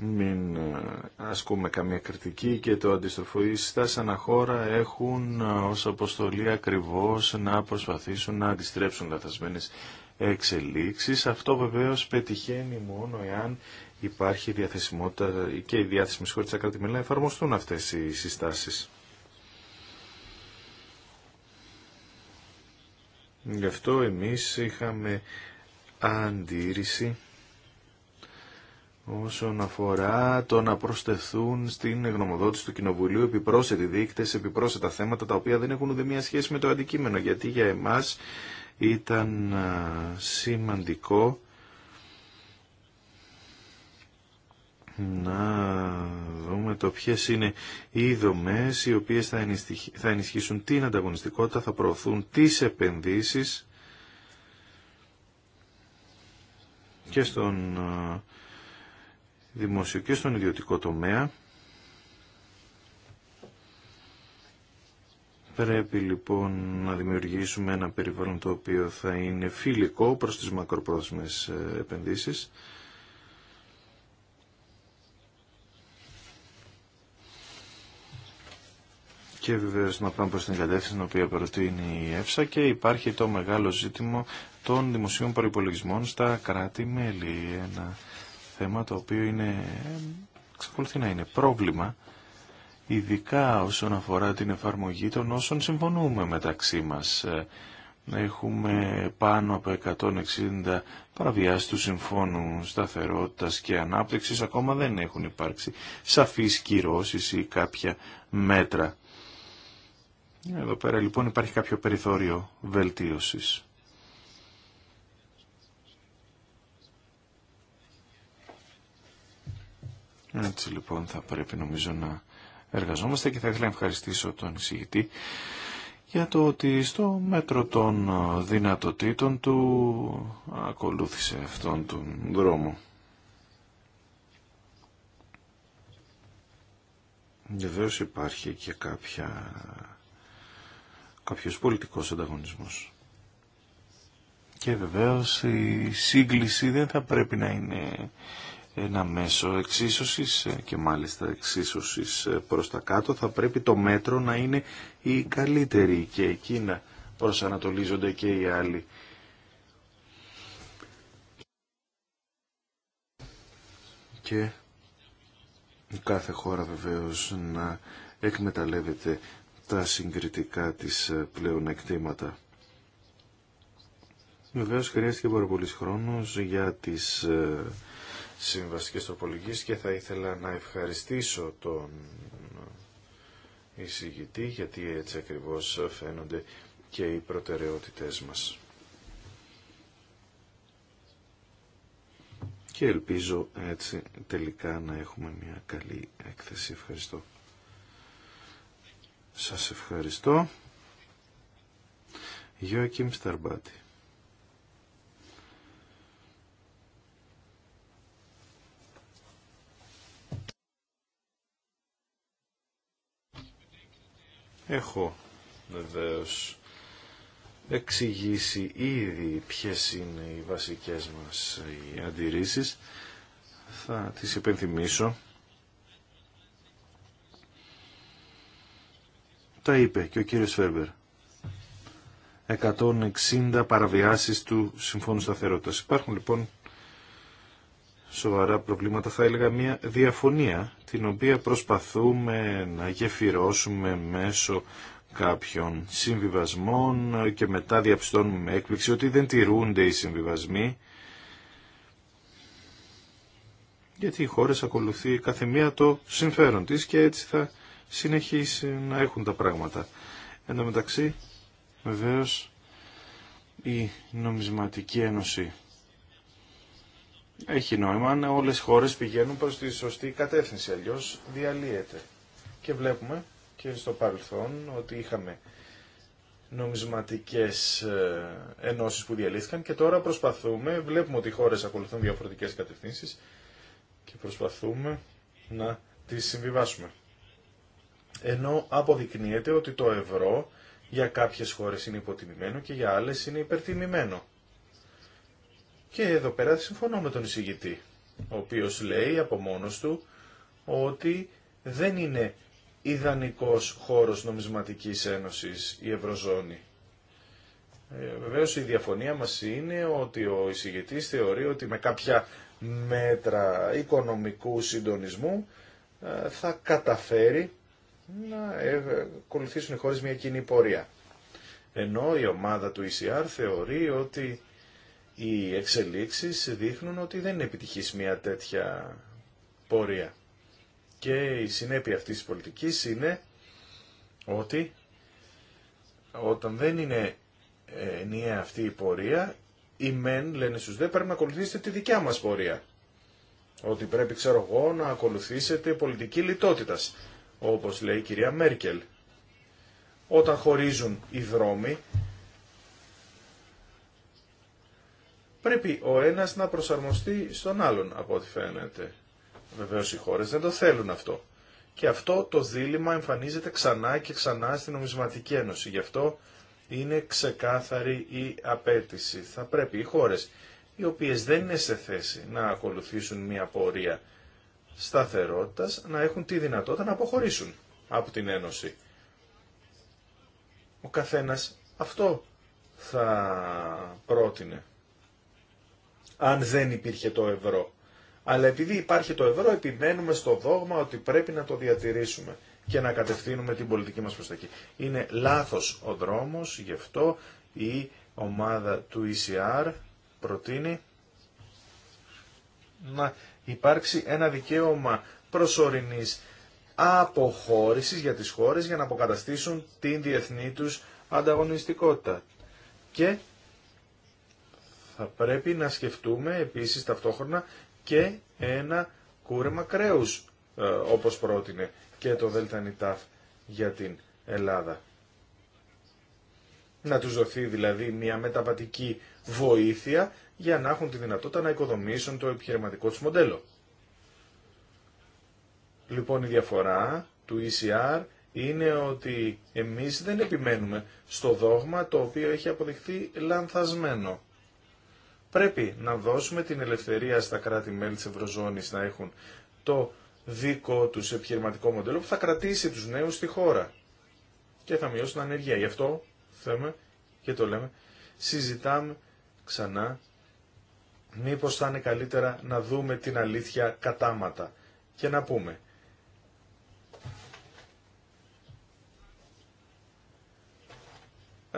μην ε, ασκούμε καμία κριτική και το αντιστροφό οι συστάσεις αναχώρα έχουν ε, ως αποστολή ακριβώς να προσπαθήσουν να αντιστρέψουν λαθασμένες εξελίξεις. Αυτό βεβαίως πετυχαίνει μόνο εάν υπάρχει διαθεσιμότητα και η διάθεσμες χώρες της να εφαρμοστούν αυτές οι συστάσεις. Γι' αυτό εμείς είχαμε αντίρρηση όσον αφορά το να προσθεθούν στην γνωμοδότηση του Κοινοβουλίου επιπρόσθετη δείκτες, επιπρόσθετα θέματα τα οποία δεν έχουν ούτε μία σχέση με το αντικείμενο γιατί για εμάς ήταν σημαντικό να δούμε το ποιε είναι οι δομέ οι οποίες θα ενισχύσουν την ανταγωνιστικότητα, θα προωθούν τις επενδύσεις και στον δημόσιο και στον ιδιωτικό τομέα. Πρέπει λοιπόν να δημιουργήσουμε ένα περιβάλλον το οποίο θα είναι φιλικό προς τις μακροπρόθεσμες ε, επενδύσεις. και βεβαίως να πάμε προς την κατεύθυνση την οποία προτείνει η ΕΦΣΑ και υπάρχει το μεγάλο ζήτημα των δημοσίων προϋπολογισμών στα κράτη-μέλη. Ένα θέμα το οποίο είναι, εξακολουθεί να είναι πρόβλημα, ειδικά όσον αφορά την εφαρμογή των όσων συμφωνούμε μεταξύ μας. Έχουμε πάνω από 160 παραβιάσεις του Συμφώνου Σταθερότητας και Ανάπτυξης. Ακόμα δεν έχουν υπάρξει σαφείς κυρώσεις ή κάποια μέτρα. Εδώ πέρα λοιπόν υπάρχει κάποιο περιθώριο βελτίωσης. Έτσι λοιπόν θα πρέπει νομίζω να εργαζόμαστε και θα ήθελα να ευχαριστήσω τον εισηγητή για το ότι στο μέτρο των δυνατοτήτων του ακολούθησε αυτόν τον δρόμο. Βεβαίω υπάρχει και κάποια, κάποιος πολιτικός ανταγωνισμός. Και βεβαίως η σύγκληση δεν θα πρέπει να είναι ένα μέσο εξίσωσης ε, και μάλιστα εξίσωσης ε, προς τα κάτω θα πρέπει το μέτρο να είναι η καλύτερη και εκεί να προσανατολίζονται και οι άλλοι. Και κάθε χώρα βεβαίως να εκμεταλλεύεται τα συγκριτικά της ε, πλέον εκτήματα. Βεβαίως χρειάστηκε πάρα πολύς χρόνος για τις συμβαστικές τροπολογίες και θα ήθελα να ευχαριστήσω τον εισηγητή γιατί έτσι ακριβώς φαίνονται και οι προτεραιότητές μας. Και ελπίζω έτσι τελικά να έχουμε μια καλή έκθεση. Ευχαριστώ. Σας ευχαριστώ. Γιώργη Σταρμπάτη. Έχω βεβαίω εξηγήσει ήδη ποιες είναι οι βασικές μας οι αντιρρήσεις. Θα τις υπενθυμίσω. Τα είπε και ο κύριος Φέρμπερ. 160 παραβιάσεις του Συμφώνου Σταθερότητας. Υπάρχουν λοιπόν σοβαρά προβλήματα, θα έλεγα μια διαφωνία, την οποία προσπαθούμε να γεφυρώσουμε μέσω κάποιων συμβιβασμών και μετά διαπιστώνουμε με έκπληξη ότι δεν τηρούνται οι συμβιβασμοί γιατί οι χώρες ακολουθεί κάθε το συμφέρον της και έτσι θα συνεχίσει να έχουν τα πράγματα. Εν τω μεταξύ, βεβαίως, η νομισματική ένωση έχει νόημα αν όλες οι χώρες πηγαίνουν προς τη σωστή κατεύθυνση, αλλιώ διαλύεται. Και βλέπουμε και στο παρελθόν ότι είχαμε νομισματικές ε, ενώσει που διαλύθηκαν και τώρα προσπαθούμε, βλέπουμε ότι οι χώρες ακολουθούν διαφορετικές κατευθύνσεις και προσπαθούμε να τις συμβιβάσουμε. Ενώ αποδεικνύεται ότι το ευρώ για κάποιες χώρες είναι υποτιμημένο και για άλλες είναι υπερτιμημένο. Και εδώ πέρα συμφωνώ με τον εισηγητή, ο οποίος λέει από μόνος του ότι δεν είναι ιδανικός χώρος νομισματικής ένωσης η Ευρωζώνη. Ε, βεβαίως η διαφωνία μας είναι ότι ο εισηγητής θεωρεί ότι με κάποια μέτρα οικονομικού συντονισμού ε, θα καταφέρει να ε, ακολουθήσουν οι χώρες μια κοινή πορεία. Ενώ η ομάδα του ECR θεωρεί ότι οι εξελίξεις δείχνουν ότι δεν είναι επιτυχής μια τέτοια πορεία. Και η συνέπεια αυτής της πολιτικής είναι ότι όταν δεν είναι ενιαία αυτή η πορεία, οι μεν λένε στους δε πρέπει να ακολουθήσετε τη δικιά μας πορεία. Ότι πρέπει ξέρω εγώ να ακολουθήσετε πολιτική λιτότητας, όπως λέει η κυρία Μέρκελ. Όταν χωρίζουν οι δρόμοι, πρέπει ο ένας να προσαρμοστεί στον άλλον από ό,τι φαίνεται. Βεβαίως οι χώρες δεν το θέλουν αυτό. Και αυτό το δίλημα εμφανίζεται ξανά και ξανά στην νομισματική ένωση. Γι' αυτό είναι ξεκάθαρη η απέτηση. Θα πρέπει οι χώρες οι οποίες δεν είναι σε θέση να ακολουθήσουν μια πορεία σταθερότητας να έχουν τη δυνατότητα να αποχωρήσουν από την Ένωση. Ο καθένας αυτό θα πρότεινε αν δεν υπήρχε το ευρώ. Αλλά επειδή υπάρχει το ευρώ επιμένουμε στο δόγμα ότι πρέπει να το διατηρήσουμε και να κατευθύνουμε την πολιτική μας προς τα Είναι λάθος ο δρόμος, γι' αυτό η ομάδα του ECR προτείνει να υπάρξει ένα δικαίωμα προσωρινής αποχώρησης για τις χώρες για να αποκαταστήσουν την διεθνή τους ανταγωνιστικότητα. Και θα πρέπει να σκεφτούμε επίσης ταυτόχρονα και ένα κούρεμα κρέους, ε, όπως πρότεινε και το ΔΕΛΤΑΝΙΤΑΦ για την Ελλάδα. Να τους δοθεί δηλαδή μια μεταβατική βοήθεια για να έχουν τη δυνατότητα να οικοδομήσουν το επιχειρηματικό τους μοντέλο. Λοιπόν η διαφορά του ECR είναι ότι εμείς δεν επιμένουμε στο δόγμα το οποίο έχει αποδειχθεί λανθασμένο. Πρέπει να δώσουμε την ελευθερία στα κράτη-μέλη της Ευρωζώνης να έχουν το δικό τους επιχειρηματικό μοντέλο που θα κρατήσει τους νέους στη χώρα και θα μειώσει την ανεργία. Γι' αυτό θέμε και το λέμε, συζητάμε ξανά μήπως θα είναι καλύτερα να δούμε την αλήθεια κατάματα και να πούμε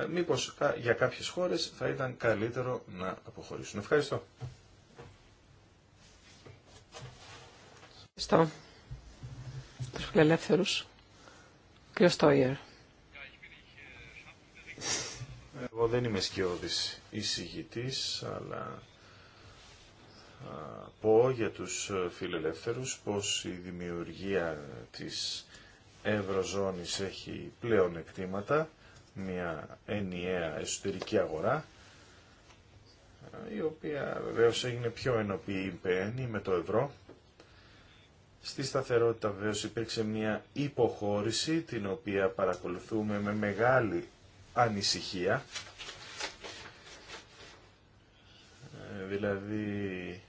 Ε, μήπως για κάποιες χώρες θα ήταν καλύτερο να αποχωρήσουν. Ευχαριστώ. Ευχαριστώ. Τους φιλελεύθερους. Κύριο Στόιερ. Εγώ δεν είμαι σκιώδης εισηγητής, αλλά πω για τους ε, φιλελεύθερους πως η δημιουργία της Ευρωζώνης έχει πλέον εκτήματα μια ενιαία εσωτερική αγορά η οποία βεβαίω έγινε πιο ενοποιημένη με το ευρώ. Στη σταθερότητα βεβαίω υπήρξε μια υποχώρηση την οποία παρακολουθούμε με μεγάλη ανησυχία. Ε, δηλαδή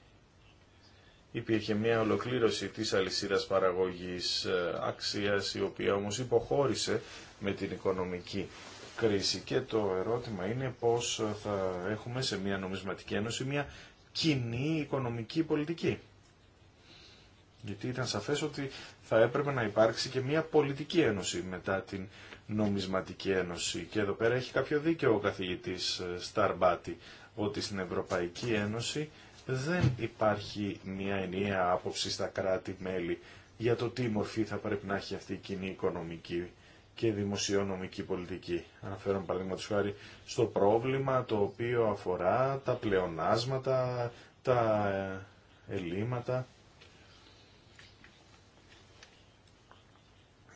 υπήρχε μια ολοκλήρωση της αλυσίδας παραγωγής ε, αξίας η οποία όμως υποχώρησε με την οικονομική κρίση. Και το ερώτημα είναι πώς θα έχουμε σε μια νομισματική ένωση μια κοινή οικονομική πολιτική. Γιατί ήταν σαφές ότι θα έπρεπε να υπάρξει και μια πολιτική ένωση μετά την νομισματική ένωση. Και εδώ πέρα έχει κάποιο δίκαιο ο καθηγητής ε, Σταρμπάτη ότι στην Ευρωπαϊκή Ένωση δεν υπάρχει μια ενιαία άποψη στα κράτη-μέλη για το τι μορφή θα πρέπει να έχει αυτή η κοινή οικονομική και δημοσιονομική πολιτική. Αναφέρομαι παραδείγματος χάρη στο πρόβλημα το οποίο αφορά τα πλεονάσματα, τα ε, ελλείμματα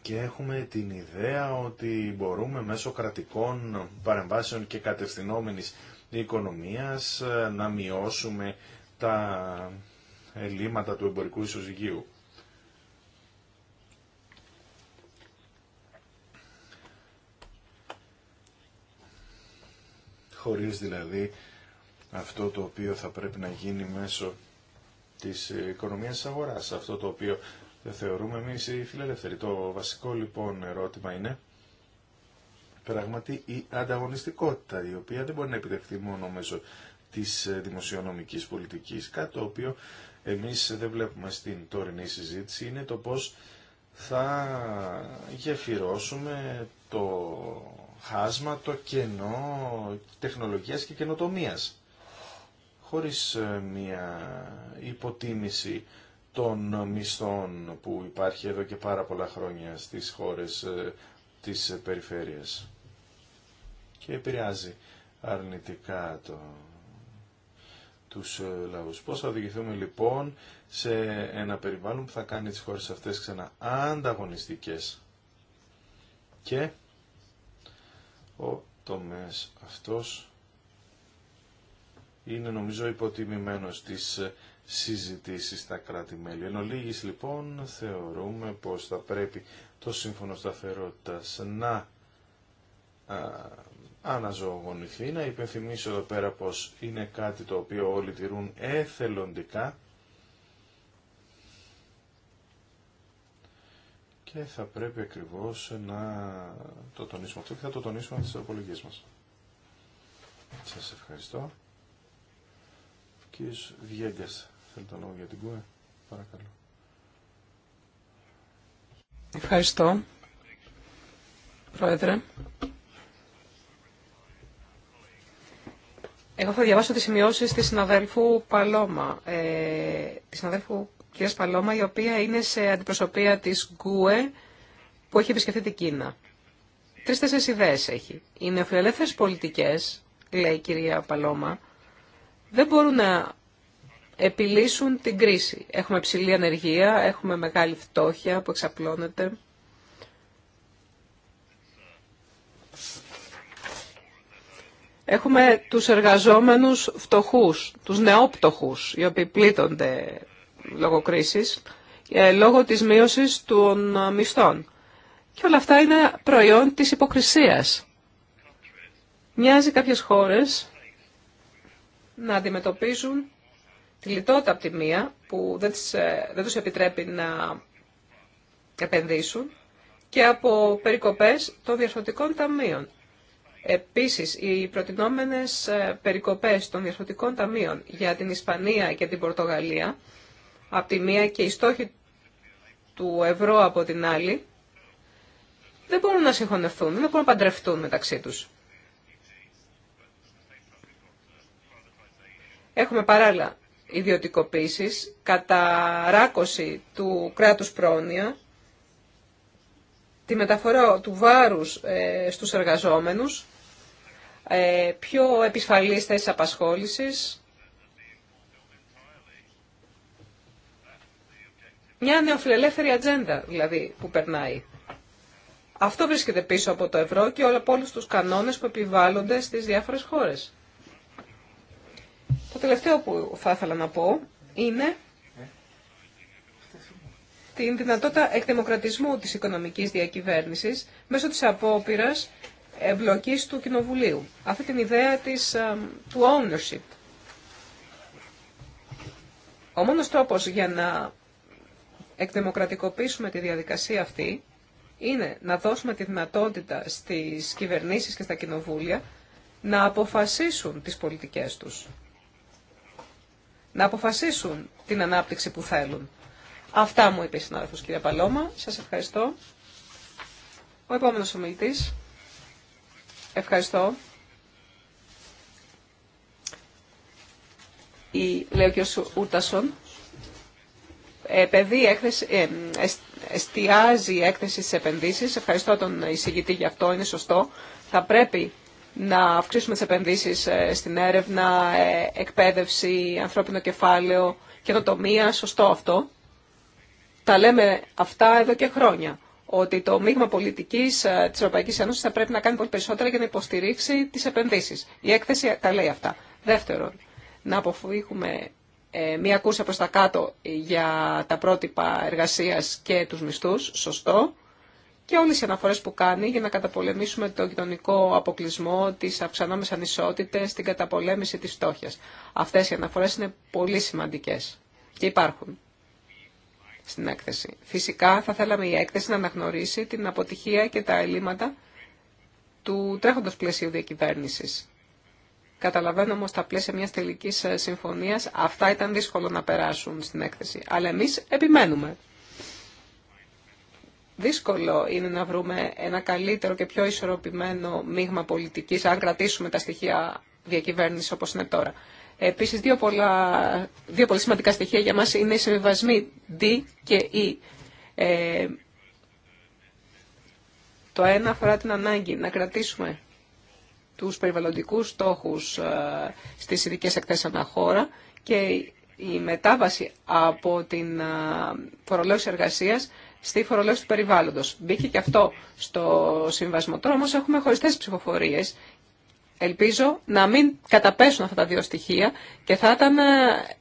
και έχουμε την ιδέα ότι μπορούμε μέσω κρατικών παρεμβάσεων και κατευθυνόμενης οικονομίας ε, να μειώσουμε τα ελλείμματα του εμπορικού ισοζυγίου. χωρίς δηλαδή αυτό το οποίο θα πρέπει να γίνει μέσω της οικονομίας της αγοράς, αυτό το οποίο θεωρούμε εμείς οι φιλελεύθεροι. Το βασικό λοιπόν ερώτημα είναι πράγματι η ανταγωνιστικότητα, η οποία δεν μπορεί να επιτευχθεί μόνο μέσω της δημοσιονομικής πολιτικής. Κάτι το οποίο εμείς δεν βλέπουμε στην τωρινή συζήτηση είναι το πώς θα γεφυρώσουμε το χάσμα, το κενό τεχνολογίας και καινοτομίας. Χωρίς ε, μια υποτίμηση των μισθών που υπάρχει εδώ και πάρα πολλά χρόνια στις χώρες ε, της περιφέρειας. Και επηρεάζει αρνητικά το, τους ε, λαούς. Πώς θα οδηγηθούμε λοιπόν σε ένα περιβάλλον που θα κάνει τις χώρες αυτές ξανά ανταγωνιστικές και ο τομέας αυτός είναι νομίζω υποτιμημένος της συζητήσεις στα κράτη-μέλη. Εν ολίγης, λοιπόν θεωρούμε πως θα πρέπει το Σύμφωνο Σταθερότητας να α, αναζωογονηθεί. Να υπενθυμίσω εδώ πέρα πως είναι κάτι το οποίο όλοι τηρούν εθελοντικά και θα πρέπει ακριβώς να το τονίσουμε αυτό και θα το τονίσουμε στις απολογίες μας. Σας ευχαριστώ. Κύριε Βιέγκας, θέλει το λόγο για την ΚΟΕ. Παρακαλώ. Ευχαριστώ. Πρόεδρε. Εγώ θα διαβάσω τις σημειώσεις της συναδέλφου Παλώμα, ε, της συναδέλφου κυρίας Παλώμα, η οποία είναι σε αντιπροσωπεία της Γκουε που έχει επισκεφθεί την Κίνα. Τρεις-τέσσερις ιδέες έχει. Οι νεοφιλελεύθερες πολιτικές, λέει η κυρία Παλώμα, δεν μπορούν να επιλύσουν την κρίση. Έχουμε ψηλή ανεργία, έχουμε μεγάλη φτώχεια που εξαπλώνεται. Έχουμε τους εργαζόμενους φτωχούς, τους νεόπτωχούς, οι οποίοι πλήττονται λόγω κρίσης, ε, λόγω της μείωσης των ε, μισθών. Και όλα αυτά είναι προϊόν της υποκρισίας. Μοιάζει κάποιες χώρες να αντιμετωπίζουν τη λιτότητα από τη μία, που δεν, τις, ε, δεν τους επιτρέπει να επενδύσουν, και από περικοπές των διαφορετικών ταμείων. Επίσης, οι προτινόμενες ε, περικοπές των διαρθρωτικών ταμείων για την Ισπανία και την Πορτογαλία, από τη μία και οι στόχοι του ευρώ από την άλλη, δεν μπορούν να συγχωνευτούν, δεν μπορούν να παντρευτούν μεταξύ τους. Έχουμε παράλληλα ιδιωτικοποίησεις, καταράκωση του κράτους πρόνοια, τη μεταφορά του βάρους ε, στους εργαζόμενους ε, πιο επισφαλείς θέσεις απασχόλησης, μια νεοφιλελεύθερη ατζέντα δηλαδή που περνάει. Αυτό βρίσκεται πίσω από το ευρώ και όλα από όλους τους κανόνες που επιβάλλονται στις διάφορες χώρες. Το τελευταίο που θα ήθελα να πω είναι την δυνατότητα εκδημοκρατισμού της οικονομικής διακυβέρνησης μέσω της απόπειρας Εμπλοκή του Κοινοβουλίου. Αυτή την ιδέα της, ε, του ownership. Ο μόνος τρόπος για να εκδημοκρατικοποιήσουμε τη διαδικασία αυτή είναι να δώσουμε τη δυνατότητα στις κυβερνήσεις και στα κοινοβούλια να αποφασίσουν τις πολιτικές τους. Να αποφασίσουν την ανάπτυξη που θέλουν. Αυτά μου είπε η συνάδελφος κυρία Παλώμα. Σας ευχαριστώ. Ο επόμενος ομιλητής. Ευχαριστώ. Η, λέει ο κ. Ούρτασον. Ε, παιδί, έκθεση, ε, εστιάζει η έκθεση στις επενδύσεις. Ευχαριστώ τον εισηγητή για αυτό, είναι σωστό. Θα πρέπει να αυξήσουμε τις επενδύσεις ε, στην έρευνα, ε, εκπαίδευση, ανθρώπινο κεφάλαιο, καινοτομία, σωστό αυτό. Τα λέμε αυτά εδώ και χρόνια ότι το μείγμα πολιτική ε, τη Ευρωπαϊκή Ένωση θα πρέπει να κάνει πολύ περισσότερα για να υποστηρίξει τι επενδύσει. Η έκθεση τα λέει αυτά. Δεύτερον, να αποφύγουμε ε, μία κούρσα προ τα κάτω για τα πρότυπα εργασία και του μισθού, σωστό, και όλε οι αναφορέ που κάνει για να καταπολεμήσουμε τον κοινωνικό αποκλεισμό, τις αυξανόμενε ανισότητε την καταπολέμηση τη φτώχεια. Αυτέ οι αναφορέ είναι πολύ σημαντικέ και υπάρχουν στην έκθεση. Φυσικά θα θέλαμε η έκθεση να αναγνωρίσει την αποτυχία και τα ελλείμματα του τρέχοντος πλαισίου διακυβέρνησης. Καταλαβαίνω όμω τα πλαίσια μια τελική ε, συμφωνία αυτά ήταν δύσκολο να περάσουν στην έκθεση. Αλλά εμεί επιμένουμε. Δύσκολο είναι να βρούμε ένα καλύτερο και πιο ισορροπημένο μείγμα πολιτικής αν κρατήσουμε τα στοιχεία διακυβέρνησης όπως είναι τώρα. Επίσης, δύο, πολλά, δύο πολύ σημαντικά στοιχεία για μας είναι οι συμβιβασμοί D και E. Ε, το ένα αφορά την ανάγκη να κρατήσουμε τους περιβαλλοντικούς στόχους ε, στις ειδικέ εκτάσεις αναχώρα και η μετάβαση από την ε, φορολόγηση εργασίας στη φορολόγηση του περιβάλλοντος. Μπήκε και αυτό στο συμβασμό. Τώρα όμως έχουμε χωριστές ψηφοφορίες Ελπίζω να μην καταπέσουν αυτά τα δύο στοιχεία και θα ήταν, ε,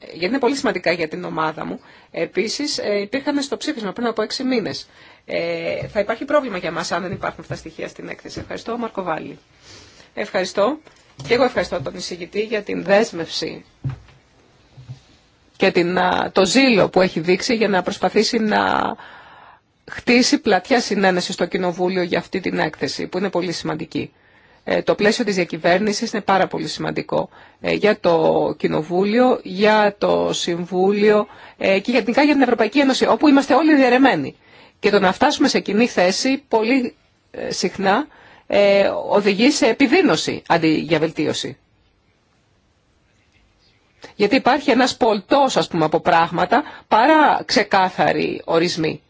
γιατί είναι πολύ σημαντικά για την ομάδα μου. Επίσης ε, υπήρχαν στο ψήφισμα πριν από έξι μήνες. Ε, θα υπάρχει πρόβλημα για μας αν δεν υπάρχουν αυτά τα στοιχεία στην έκθεση. Ευχαριστώ, Μαρκο Ευχαριστώ. Και εγώ ευχαριστώ τον εισηγητή για την δέσμευση και το ζήλο που έχει δείξει για να προσπαθήσει να χτίσει πλατιά συνένεση στο Κοινοβούλιο για αυτή την έκθεση, που είναι πολύ σημαντική. Ε, το πλαίσιο της διακυβέρνησης είναι πάρα πολύ σημαντικό ε, για το Κοινοβούλιο, για το Συμβούλιο ε, και γενικά για την Ευρωπαϊκή Ένωση, όπου είμαστε όλοι διαιρεμένοι. Και το να φτάσουμε σε κοινή θέση πολύ συχνά οδηγεί σε επιδείνωση αντί για βελτίωση. Γιατί υπάρχει ένας πολτός, ας πούμε, από πράγματα παρά ξεκάθαροι ορισμοί.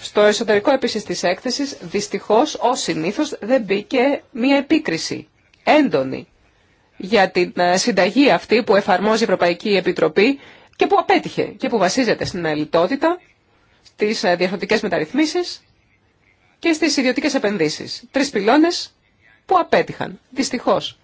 Στο εσωτερικό επίσης της έκθεσης, δυστυχώς, ως συνήθως, δεν μπήκε μία επίκριση έντονη για την ε, συνταγή αυτή που εφαρμόζει η Ευρωπαϊκή Επιτροπή και που απέτυχε και που βασίζεται στην λιτότητα, στις ε, διαφορετικές μεταρρυθμίσεις και στις ιδιωτικές επενδύσεις. Τρεις πυλώνες που απέτυχαν, δυστυχώς.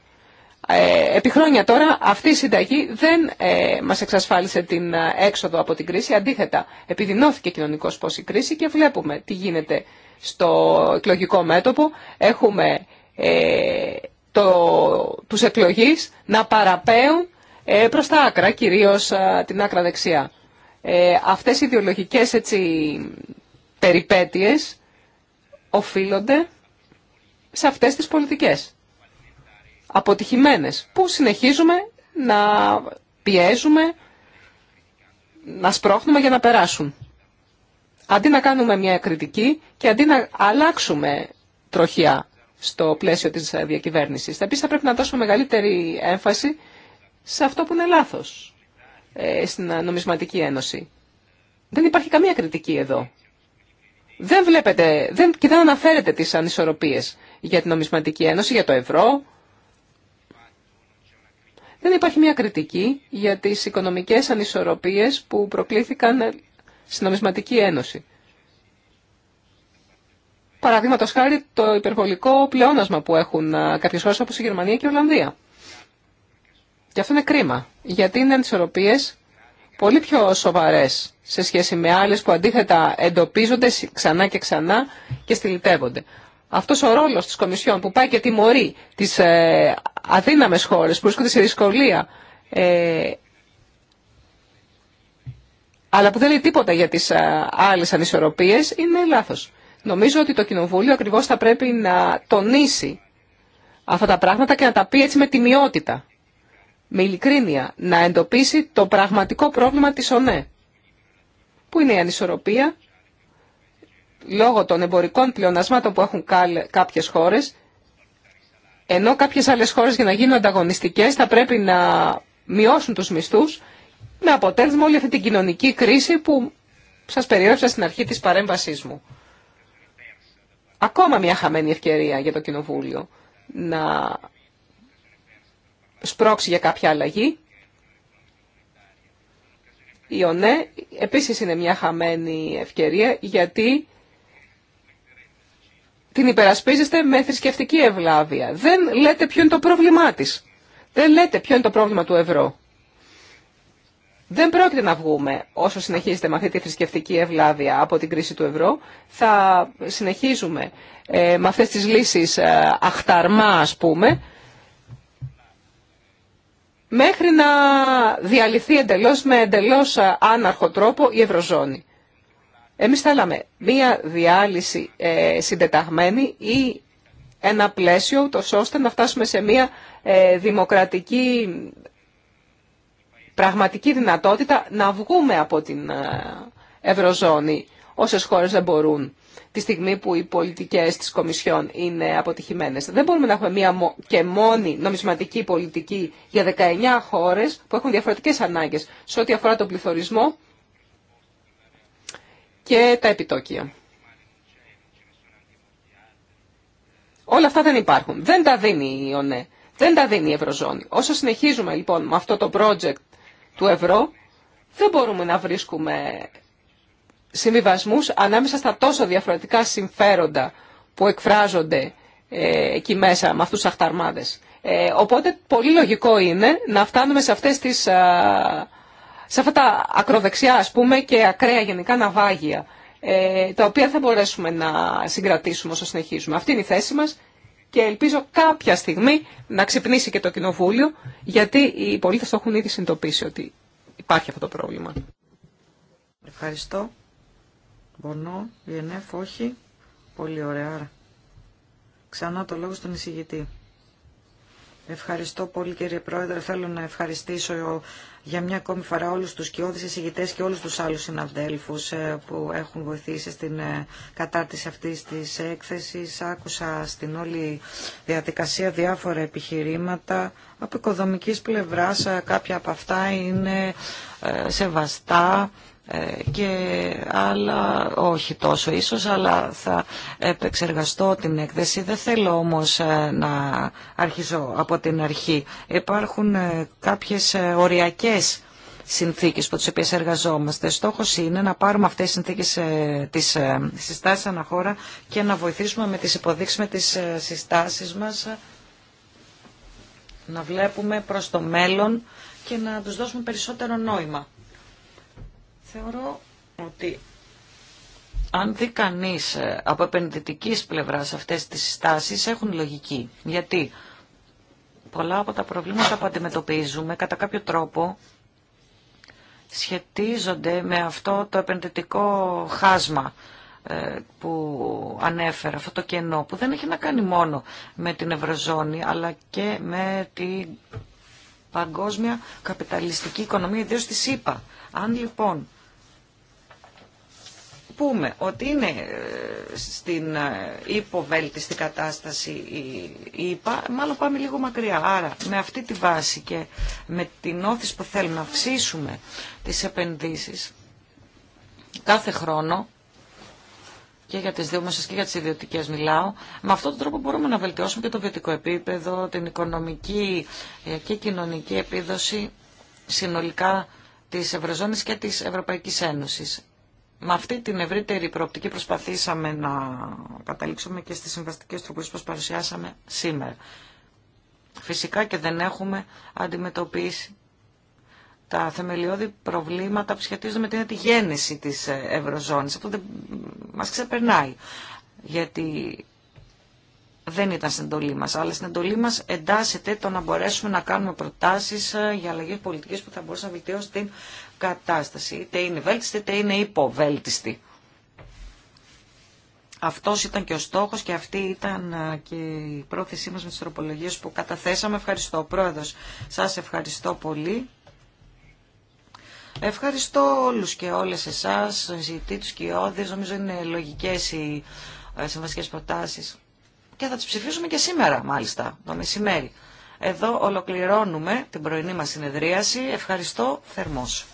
Ε, επί χρόνια τώρα αυτή η συνταγή δεν ε, μας εξασφάλισε την ε, έξοδο από την κρίση. Αντίθετα, επιδεινώθηκε κοινωνικός πώς η κρίση και βλέπουμε τι γίνεται στο εκλογικό μέτωπο. Έχουμε ε, το, τους εκλογείς να παραπέουν ε, προς τα άκρα, κυρίως την άκρα δεξιά. αυτές οι ιδεολογικές έτσι, περιπέτειες οφείλονται σε αυτές τις πολιτικές αποτυχημένες που συνεχίζουμε να πιέζουμε, να σπρώχνουμε για να περάσουν. Αντί να κάνουμε μια κριτική και αντί να αλλάξουμε τροχιά στο πλαίσιο της διακυβέρνησης. Επίσης θα πρέπει να δώσουμε μεγαλύτερη έμφαση σε αυτό που είναι λάθος ε, στην νομισματική ένωση. Δεν υπάρχει καμία κριτική εδώ. Δεν βλέπετε δεν, και δεν αναφέρετε τις ανισορροπίες για την νομισματική ένωση, για το ευρώ, δεν υπάρχει μια κριτική για τις οικονομικές ανισορροπίες που προκλήθηκαν στην νομισματική ένωση. Παραδείγματο χάρη το υπερβολικό πλεόνασμα που έχουν κάποιε χώρε όπω η Γερμανία και η Ολλανδία. Και αυτό είναι κρίμα, γιατί είναι ανισορροπίε πολύ πιο σοβαρέ σε σχέση με άλλε που αντίθετα εντοπίζονται ξανά και ξανά και στυλιτεύονται αυτός ο ρόλος της Κομισιόν που πάει και τιμωρεί τις ε, αδύναμες χώρες που βρίσκονται σε δυσκολία ε, αλλά που δεν λέει τίποτα για τις ε, άλλες ανισορροπίες είναι λάθος. Νομίζω ότι το Κοινοβούλιο ακριβώς θα πρέπει να τονίσει αυτά τα πράγματα και να τα πει έτσι με τιμιότητα, με ειλικρίνεια, να εντοπίσει το πραγματικό πρόβλημα της ΟΝΕ, που είναι η ανισορροπία λόγω των εμπορικών πλεονασμάτων που έχουν κάποιες χώρες, ενώ κάποιες άλλες χώρες για να γίνουν ανταγωνιστικές θα πρέπει να μειώσουν τους μισθούς, με αποτέλεσμα όλη αυτή την κοινωνική κρίση που σας περιέγραψα στην αρχή της παρέμβασής μου. Ακόμα μια χαμένη ευκαιρία για το Κοινοβούλιο να σπρώξει για κάποια αλλαγή. Η ΟΝΕ επίσης είναι μια χαμένη ευκαιρία γιατί την υπερασπίζεστε με θρησκευτική ευλάβεια. Δεν λέτε ποιο είναι το πρόβλημά τη. Δεν λέτε ποιο είναι το πρόβλημα του ευρώ. Δεν πρόκειται να βγούμε όσο συνεχίζεται με αυτή τη θρησκευτική ευλάβεια από την κρίση του ευρώ. Θα συνεχίζουμε ε, με αυτές τις λύσεις ε, αχταρμά, ας πούμε, μέχρι να διαλυθεί εντελώς με εντελώς ε, άναρχο τρόπο η ευρωζώνη. Εμείς θέλαμε μία διάλυση ε, συντεταγμένη ή ένα πλαίσιο, τόσο ώστε να φτάσουμε σε μία ε, δημοκρατική πραγματική δυνατότητα να βγούμε από την ε, Ευρωζώνη όσες χώρες δεν μπορούν τη στιγμή που οι πολιτικές της Κομισιόν είναι αποτυχημένες. Δεν μπορούμε να έχουμε μία και μόνη νομισματική πολιτική για 19 χώρες που έχουν διαφορετικές ανάγκες σε ό,τι αφορά τον πληθωρισμό, και τα επιτόκια. Όλα αυτά δεν υπάρχουν. Δεν τα δίνει η ΟΝΕ. Δεν τα δίνει η Ευρωζώνη. Όσο συνεχίζουμε λοιπόν με αυτό το project του ευρώ, δεν μπορούμε να βρίσκουμε συμβιβασμούς ανάμεσα στα τόσο διαφορετικά συμφέροντα που εκφράζονται ε, εκεί μέσα με αυτούς τους αχταρμάδες. Ε, οπότε πολύ λογικό είναι να φτάνουμε σε αυτές τις σε αυτά τα ακροδεξιά ας πούμε και ακραία γενικά ναυάγια, ε, τα οποία θα μπορέσουμε να συγκρατήσουμε όσο συνεχίζουμε. Αυτή είναι η θέση μας και ελπίζω κάποια στιγμή να ξυπνήσει και το Κοινοβούλιο, γιατί οι πολίτες το έχουν ήδη συνειδητοποιήσει ότι υπάρχει αυτό το πρόβλημα. Ευχαριστώ. Μπονό, όχι. Πολύ ωραία. Ξανά το λόγο στον εισηγητή. Ευχαριστώ πολύ κύριε Πρόεδρε. Θέλω να ευχαριστήσω για μια ακόμη φορά όλους τους κοιόδης εισηγητές και όλους τους άλλους συναδέλφους ε, που έχουν βοηθήσει στην ε, κατάρτιση αυτής της έκθεσης. Άκουσα στην όλη διαδικασία διάφορα επιχειρήματα. Από οικοδομικής πλευράς ε, κάποια από αυτά είναι σεβαστά ε, και άλλα όχι τόσο ίσως αλλά θα επεξεργαστώ την έκθεση δεν θέλω όμως ε, να αρχίζω από την αρχή υπάρχουν ε, κάποιες οριακές συνθήκες που τις οποίες εργαζόμαστε. Στόχος είναι να πάρουμε αυτές τις συνθήκες τις συστάσεις αναχώρα και να βοηθήσουμε με τις υποδείξεις με τις συστάσεις μας να βλέπουμε προς το μέλλον και να τους δώσουμε περισσότερο νόημα. Θεωρώ ότι αν δει κανεί ε, από επενδυτική πλευρά αυτέ τι συστάσει έχουν λογική. Γιατί πολλά από τα προβλήματα που αντιμετωπίζουμε κατά κάποιο τρόπο σχετίζονται με αυτό το επενδυτικό χάσμα ε, που ανέφερα, αυτό το κενό που δεν έχει να κάνει μόνο με την Ευρωζώνη αλλά και με την παγκόσμια καπιταλιστική οικονομία, ιδίως τη ΣΥΠΑ. Αν λοιπόν πούμε ότι είναι ε, στην ε, υποβέλτιστη κατάσταση η ΕΠΑ, μάλλον πάμε λίγο μακριά. Άρα με αυτή τη βάση και με την όθηση που θέλουμε να αυξήσουμε τις επενδύσεις κάθε χρόνο και για τις δημόσιες και για τις ιδιωτικές μιλάω, με αυτόν τον τρόπο μπορούμε να βελτιώσουμε και το βιωτικό επίπεδο, την οικονομική ε, και κοινωνική επίδοση συνολικά της Ευρωζώνης και της Ευρωπαϊκής Ένωσης με αυτή την ευρύτερη προοπτική προσπαθήσαμε να καταλήξουμε και στις συμβαστικές τροπές που σας παρουσιάσαμε σήμερα. Φυσικά και δεν έχουμε αντιμετωπίσει τα θεμελιώδη προβλήματα που σχετίζονται με την γέννηση της ε, Ευρωζώνης. Αυτό δεν μας ξεπερνάει, γιατί δεν ήταν στην εντολή μας. Αλλά στην εντολή μας εντάσσεται το να μπορέσουμε να κάνουμε προτάσεις ε, για αλλαγές πολιτικές που θα μπορούσαν να βελτιώσουν την κατάσταση. Είτε είναι βέλτιστη είτε είναι υποβέλτιστη. Αυτός ήταν και ο στόχος και αυτή ήταν ε, και η πρόθεσή μας με τι τροπολογίε που καταθέσαμε. Ευχαριστώ πρόεδρο. Σας ευχαριστώ πολύ. Ευχαριστώ όλους και όλες εσάς, ζητή τους και όδες. Νομίζω είναι λογικές οι ε, συμβασικές προτάσεις. Και θα τις ψηφίσουμε και σήμερα μάλιστα, το μεσημέρι. Εδώ ολοκληρώνουμε την πρωινή μας συνεδρίαση. Ευχαριστώ θερμός.